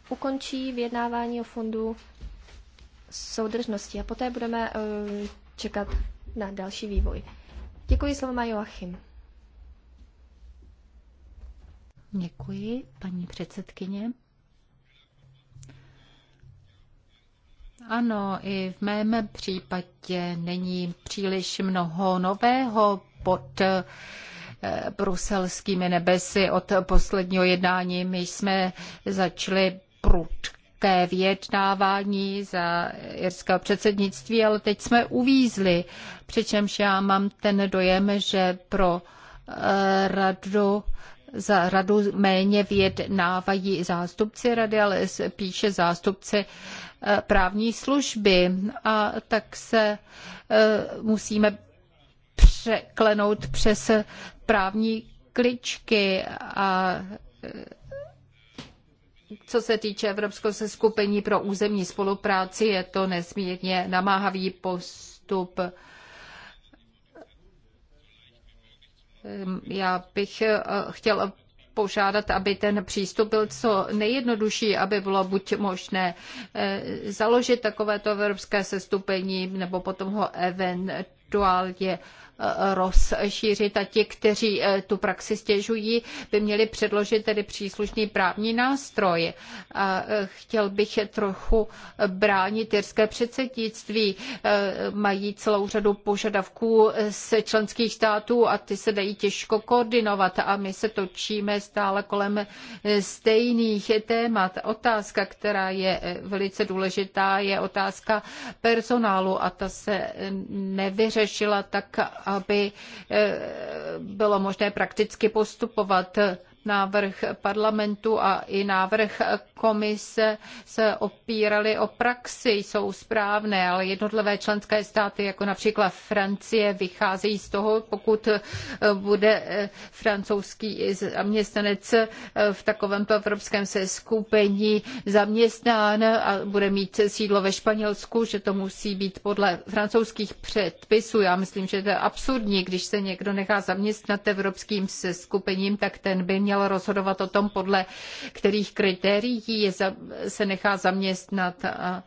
ukončí vyjednávání o fondu soudržnosti a poté budeme eh, čekat na další vývoj. Děkuji, slovo má Joachim. Děkuji, paní předsedkyně. Ano, i v mém případě není příliš mnoho nového pod eh, bruselskými nebesy od posledního jednání. My jsme začali prudk velké vyjednávání za irského předsednictví, ale teď jsme uvízli, přičemž já mám ten dojem, že pro eh, radu za radu méně vyjednávají zástupci rady, ale spíše zástupci eh, právní služby. A tak se eh, musíme překlenout přes právní kličky a co se týče Evropského seskupení pro územní spolupráci, je to nesmírně namáhavý postup. Já bych eh, chtěl požádat, aby ten přístup byl co nejjednodušší, aby bylo buď možné eh, založit takovéto evropské sestupení, nebo potom ho eventuálně rozšířit a ti, kteří eh, tu praxi stěžují, by měli předložit tedy příslušný právní nástroj. Eh, chtěl bych trochu bránit jirské předsednictví. Eh, mají celou řadu požadavků z členských států a ty se dají těžko koordinovat a my se točíme stále kolem stejných témat. Otázka, která je velice důležitá, je otázka personálu a ta se nevyřešila tak, aby eh, bylo možné prakticky postupovat návrh parlamentu a i návrh komise se opíraly o praxi, jsou správné, ale jednotlivé členské státy, jako například Francie, vycházejí z toho, pokud eh, bude eh, francouzský zaměstnanec eh, v takovémto evropském seskupení zaměstnán a bude mít sídlo ve Španělsku, že to musí být podle francouzských předpisů. Já myslím, že to je absurdní, když se někdo nechá zaměstnat evropským seskupením, tak ten by měl měl rozhodovat o tom, podle kterých kritérií se nechá zaměstnat. A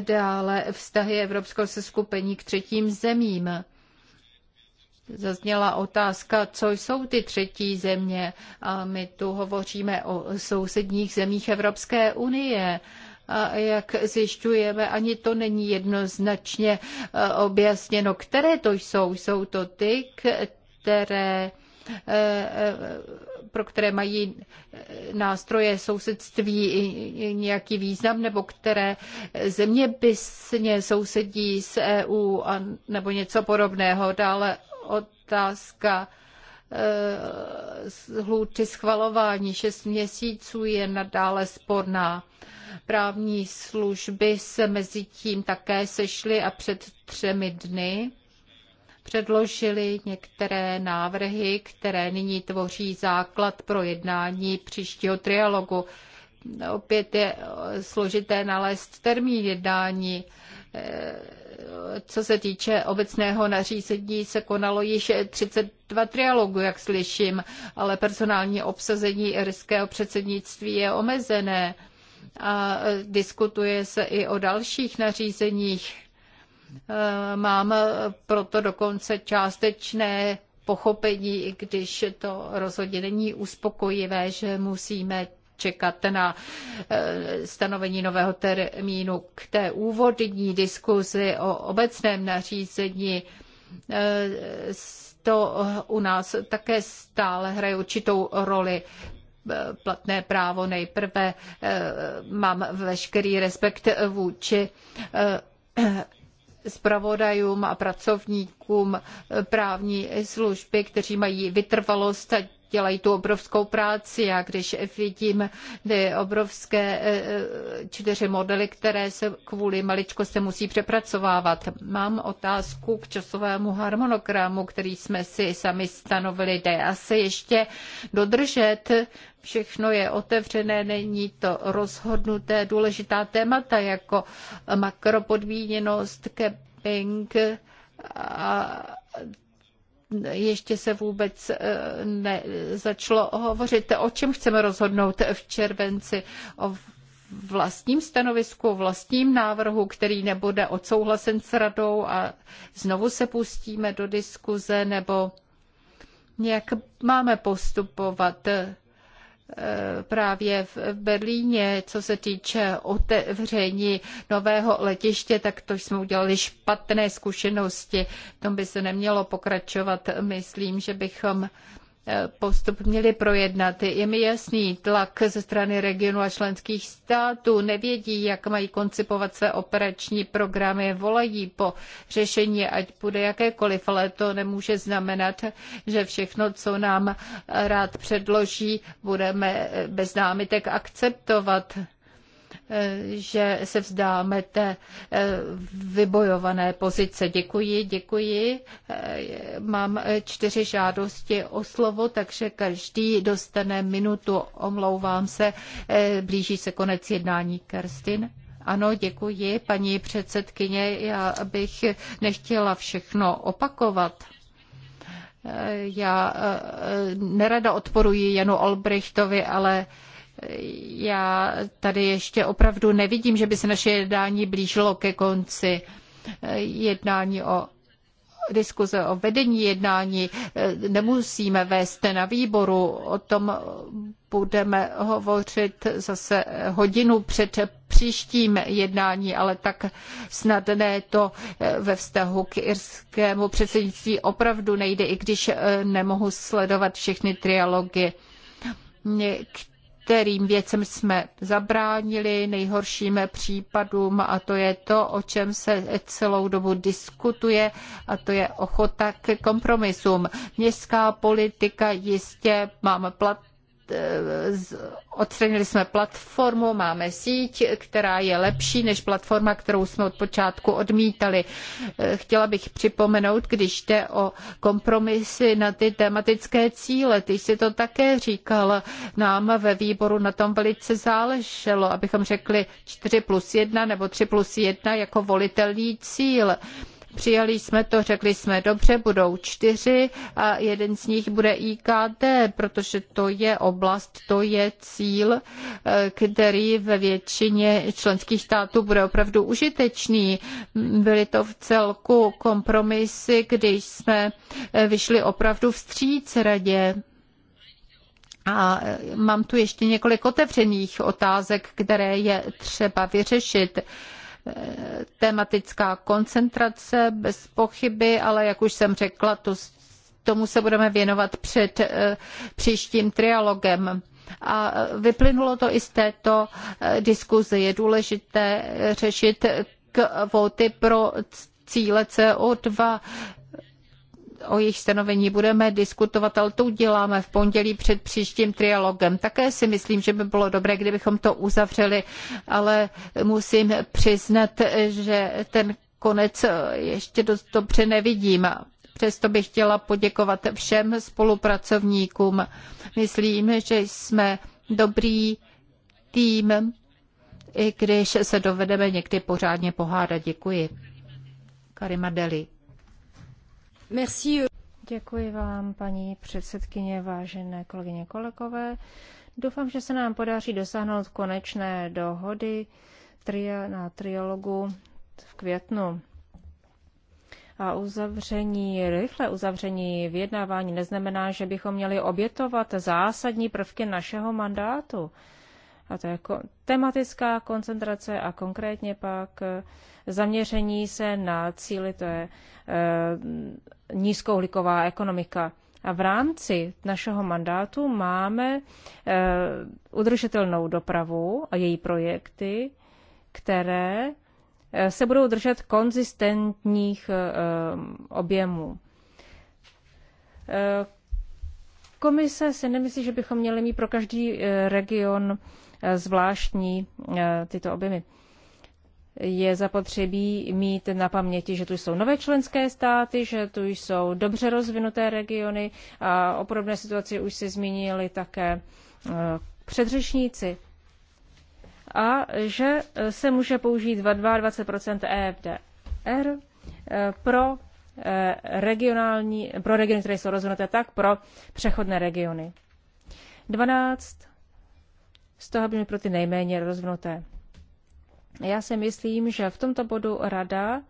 dále vztahy Evropského skupení k třetím zemím. Zazněla otázka, co jsou ty třetí země. A my tu hovoříme o sousedních zemích Evropské unie. A jak zjišťujeme, ani to není jednoznačně e, objasněno, které to jsou. Jsou to ty, které Eh, eh, pro které mají eh, nástroje sousedství nějaký význam, nebo které bysně sousedí s EU a, nebo něco podobného. Dále otázka hluty schvalování šest měsíců je nadále sporná. Právní služby se mezi tím také sešly a před třemi dny předložili některé návrhy, které nyní tvoří základ pro jednání příštího trialogu. Opět je složité nalézt termín jednání. Co se týče obecného nařízení, se konalo již 32 trialogů, jak slyším, ale personální obsazení irského předsednictví je omezené a diskutuje se i o dalších nařízeních Eh, mám proto dokonce částečné pochopení, i když to rozhodně není uspokojivé, že musíme čekat na eh, stanovení nového termínu k té úvodní diskuzi o obecném nařízení. Eh, to u nás také stále hraje určitou roli platné právo. Nejprve mám veškerý respekt vůči zpravodajům a pracovníkům právní služby, kteří mají vytrvalost a dělají tu obrovskou práci. Já když vidím ty obrovské eh, eh, čtyři modely, které se kvůli maličkosti musí přepracovávat, mám otázku k časovému harmonogramu, který jsme si sami stanovili. Jde asi ještě dodržet všechno je otevřené, není to rozhodnuté. Důležitá témata jako makropodmíněnost, capping a ještě se vůbec eh, nezačalo hovořit. O čem chceme rozhodnout v červenci? O vlastním stanovisku, vlastním návrhu, který nebude odsouhlasen s radou a znovu se pustíme do diskuze, nebo jak máme postupovat? Eh, právě v Berlíně, co se týče otevření nového letiště, tak to jsme udělali špatné zkušenosti. V tom by se nemělo pokračovat. Myslím, že bychom postup měli projednat. Je mi jasný tlak ze strany regionu a členských států. Nevědí, jak mají koncipovat své operační programy, volají po řešení, ať bude jakékoliv, ale to nemůže znamenat, že všechno, co nám rád předloží, budeme bez námitek akceptovat. Eh, že se vzdáme té eh, vybojované pozice. Děkuji, děkuji. Eh, mám čtyři žádosti o slovo, takže každý dostane minutu. Omlouvám se, blíží se konec jednání. Kerstin? Ano, děkuji, paní předsedkyně. Já bych nechtěla všechno opakovat. Já nerada odporuji Janu Olbrichtovi, ale já tady ještě opravdu nevidím, že by se naše jednání blížilo ke konci. Jednání o diskuze o vedení jednání eh, nemusíme vést na výboru, o tom budeme hovořit zase hodinu před příštím jednání, ale tak snadné to eh, ve vztahu k irskému předsednictví opravdu nejde, i když eh, nemohu sledovat všechny trialogy kterým věcem jsme zabránili, nejhorším případům a to je to, o čem se celou dobu diskutuje a to je ochota k kompromisům. Městská politika jistě mám plat odstranili jsme platformu, máme síť, která je lepší než platforma, kterou jsme od počátku odmítali. Eh, chtěla bych připomenout, když jde o kompromisy na ty tematické cíle, ty jsi to také říkal, nám ve výboru na tom velice záleželo, abychom řekli 4 plus 1 nebo 3 plus 1 jako volitelný cíl. Přijali jsme to, řekli jsme, dobře, budou čtyři a jeden z nich bude IKT, protože to je oblast, to je cíl, eh, který ve většině členských států bude opravdu užitečný. Byly to v celku kompromisy, když jsme eh, vyšli opravdu vstříc radě. A eh, mám tu ještě několik otevřených otázek, které je třeba vyřešit. Eh, tematická koncentrace bez pochyby, ale jak už jsem řekla, to, tomu se budeme věnovat před eh, příštím trialogem. A eh, vyplynulo to i z této diskuze. Je důležité řešit kvóty pro cíle CO2 o jejich stanovení budeme diskutovat, ale to uděláme v pondělí před příštím trialogem. Také si myslím, že by bylo dobré, kdybychom to uzavřeli, ale musím přiznat, že ten konec ještě dost dobře nevidím. Přesto bych chtěla poděkovat všem spolupracovníkům. Myslím, že jsme dobrý tým, i když se dovedeme někdy pořádně pohádat. Děkuji. Karima Deli. Merci. Euh. Děkuji vám, paní předsedkyně, vážené kolegyně, kolegové. Doufám, že se nám podaří dosáhnout konečné dohody na triologu v květnu. A uzavření, rychle uzavření vyjednávání neznamená, že bychom měli obětovat zásadní prvky našeho mandátu. A to je tematická koncentrace a konkrétně pak zaměření se na cíly, to je eh, nízkouhlíková ekonomika. A v rámci našeho mandátu máme eh, udržitelnou dopravu a její projekty, které eh, se budou držet konzistentních objemů. Komise si nemyslí, že bychom měli mít pro každý region zvláštní tyto objemy je zapotřebí mít na paměti, že tu jsou nové členské státy, že tu jsou dobře rozvinuté regiony a o podobné situaci už se zmínili také eh, předřečníci. A že eh, se může použít 22 EFDR eh, pro regionální, pro regiony, které jsou rozvinuté, tak pro přechodné regiony. 12 z toho by pro ty nejméně rozvinuté. Já si myslím, že v tomto bodu rada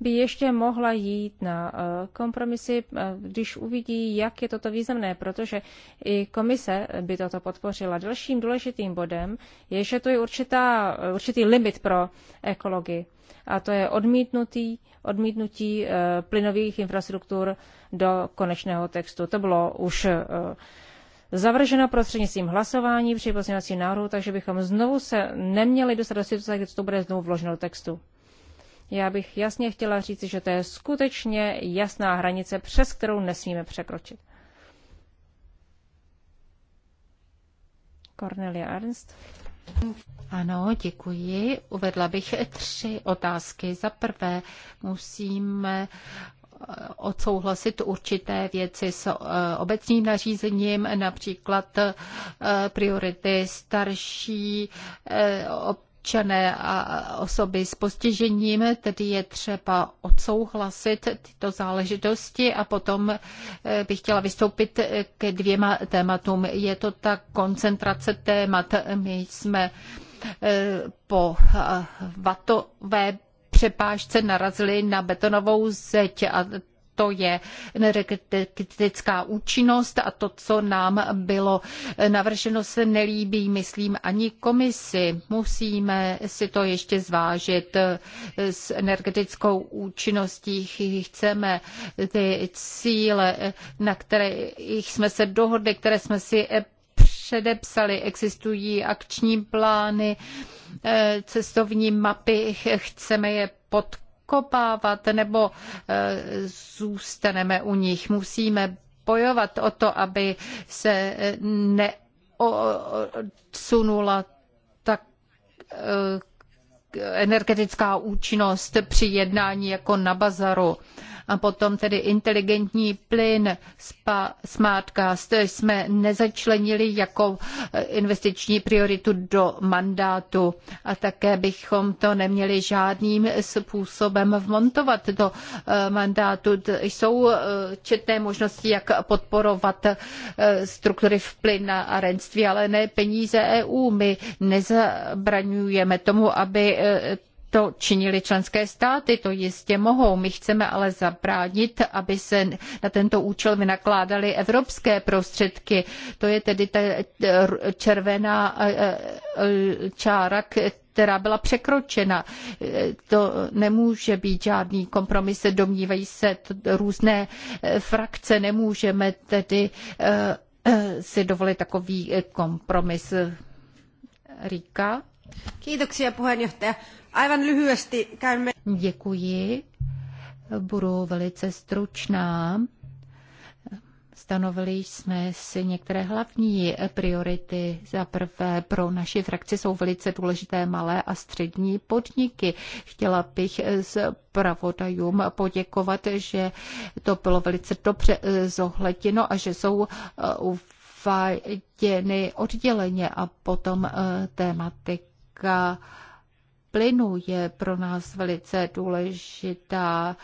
by ještě mohla jít na eh, kompromisy, eh, když uvidí, jak je toto významné, protože i komise by toto podpořila. Dalším důležitým bodem je, že to je určitá, eh, určitý limit pro ekology. A to je odmítnutí, odmítnutí plynových infrastruktur do konečného textu. To bylo už zavržena prostřednictvím hlasování při pozměňovacím návrhu, takže bychom znovu se neměli dostat do situace, kdy to bude znovu vloženo do textu. Já bych jasně chtěla říct, že to je skutečně jasná hranice, přes kterou nesmíme překročit. Cornelia Ernst. Ano, děkuji. Uvedla bych tři otázky. Za prvé, musíme odsouhlasit určité věci s eh, obecním nařízením, například eh, priority starší eh, občané a osoby s postižením, tedy je třeba odsouhlasit tyto záležitosti a potom bych chtěla vystoupit ke dvěma tématům. Je to ta koncentrace témat. My jsme po vatové přepážce narazili na betonovou zeď a to je energetická účinnost a to, co nám bylo navrženo, se nelíbí, myslím, ani komisi. Musíme si to ještě zvážit s energetickou účinností. Chceme ty cíle, na které jsme se dohodli, které jsme si předepsali. Existují akční plány, eh, cestovní mapy, chceme je podkopávat nebo eh, zůstaneme u nich. Musíme bojovat o to, aby se eh, neodsunula tak energetická účinnost při jednání jako na bazaru. A potom tedy inteligentní plyn, Gas, to jsme nezačlenili jako eh, investiční prioritu do mandátu a také bychom to neměli žádným způsobem vmontovat do eh, mandátu. Jsou eh, četné možnosti, jak podporovat struktury v plyn a renství, ale ne peníze EU. My nezabraňujeme tomu, aby to činili členské státy, to jistě mohou. My chceme ale zabránit, aby se na tento účel vynakládaly evropské prostředky. To je tedy ta eh, červená eh, eh, čára, která byla překročena. To nemůže být žádný kompromis, domnívají se různé frakce, nemůžeme tedy si dovolit takový kompromis. Říká? Kiitoksia puheenjohtaja. Aivan lyhyesti käymme... Děkuji. Budu velice stručná. Stanovili jsme si některé hlavní priority. Za prvé pro naši frakci jsou velice důležité malé a střední podniky. Chtěla bych zpravodajům poděkovat, že to bylo velice dobře zohleděno a že jsou uváděny odděleně a potom eh, tématik dodávka plynu je pro nás velice důležitá.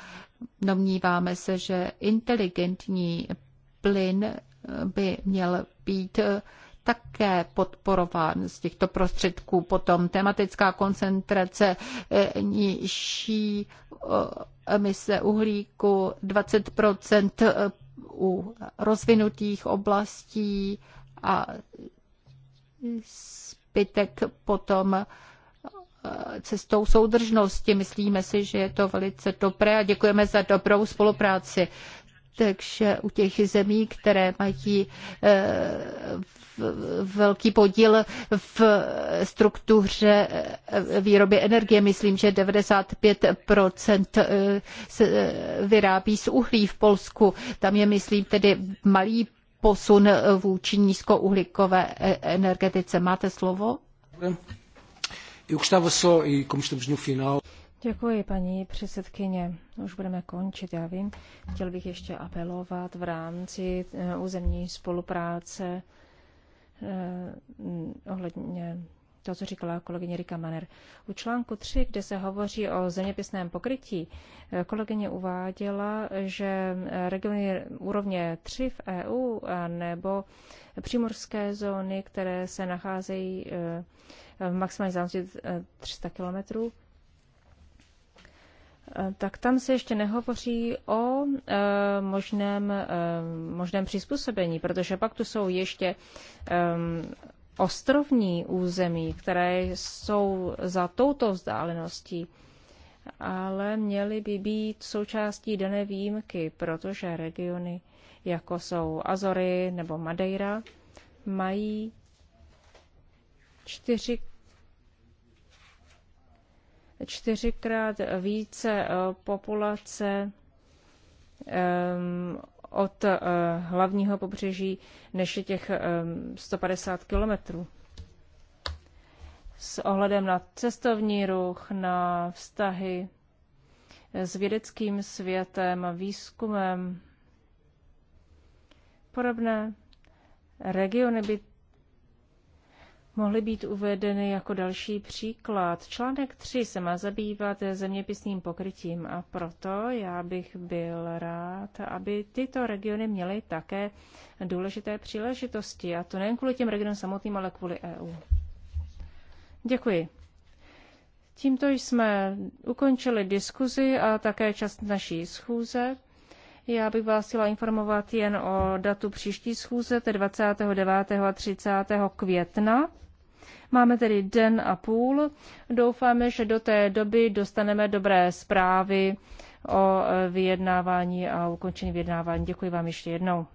Domníváme se, že inteligentní plyn by měl být také podporován z těchto prostředků. Potom tematická koncentrace eh, nižší eh, emise uhlíku 20 eh, u rozvinutých oblastí a zbytek potom eh, cestou soudržnosti. Myslíme si, že je to velice dobré a děkujeme za dobrou spolupráci. Takže u těch zemí, které mají eh, velký podíl v struktuře eh, výroby energie, myslím, že 95 se vyrábí z uhlí v Polsku. Tam je, myslím, tedy malý posun vůči nízkouhlíkové e- energetice. Máte slovo? E no Děkuji, paní předsedkyně. Už budeme končit, já vím. Chtěl bych ještě apelovat v rámci e, územní spolupráce eh, ohledně to, co říkala kolegyně Rika Maner. U článku 3, kde se hovoří o zeměpisném pokrytí, eh, kolegyně uváděla, že eh, regiony úrovně 3 v EU nebo přímorské zóny, které se nacházejí eh, v maximální zámosti 300 kilometrů, tak tam se ještě nehovoří o e, možném, e, možném přizpůsobení, protože pak tu jsou ještě e, ostrovní území, které jsou za touto vzdáleností, ale měly by být součástí dané výjimky, protože regiony, jako jsou Azory nebo Madeira, mají čtyři, čtyřikrát více eh, populace od eh, hlavního pobřeží, než je těch 150 eh, kilometrů. S ohledem na cestovní ruch, na vztahy eh, s vědeckým světem a výzkumem. Podobné regiony by mohly být uvedeny jako další příklad. Článek 3 se má zabývat zeměpisným pokrytím a proto já bych byl rád, aby tyto regiony měly také důležité příležitosti a to nejen kvůli těm regionům samotným, ale kvůli EU. Děkuji. Tímto jsme ukončili diskuzi a také část naší schůze. Já bych vás chtěla informovat jen o datu příští schůze, to 29. a 30. května. Máme tedy den a půl. Doufáme, že do té doby dostaneme dobré zprávy o eh, vyjednávání a ukončení vyjednávání. Děkuji vám ještě jednou.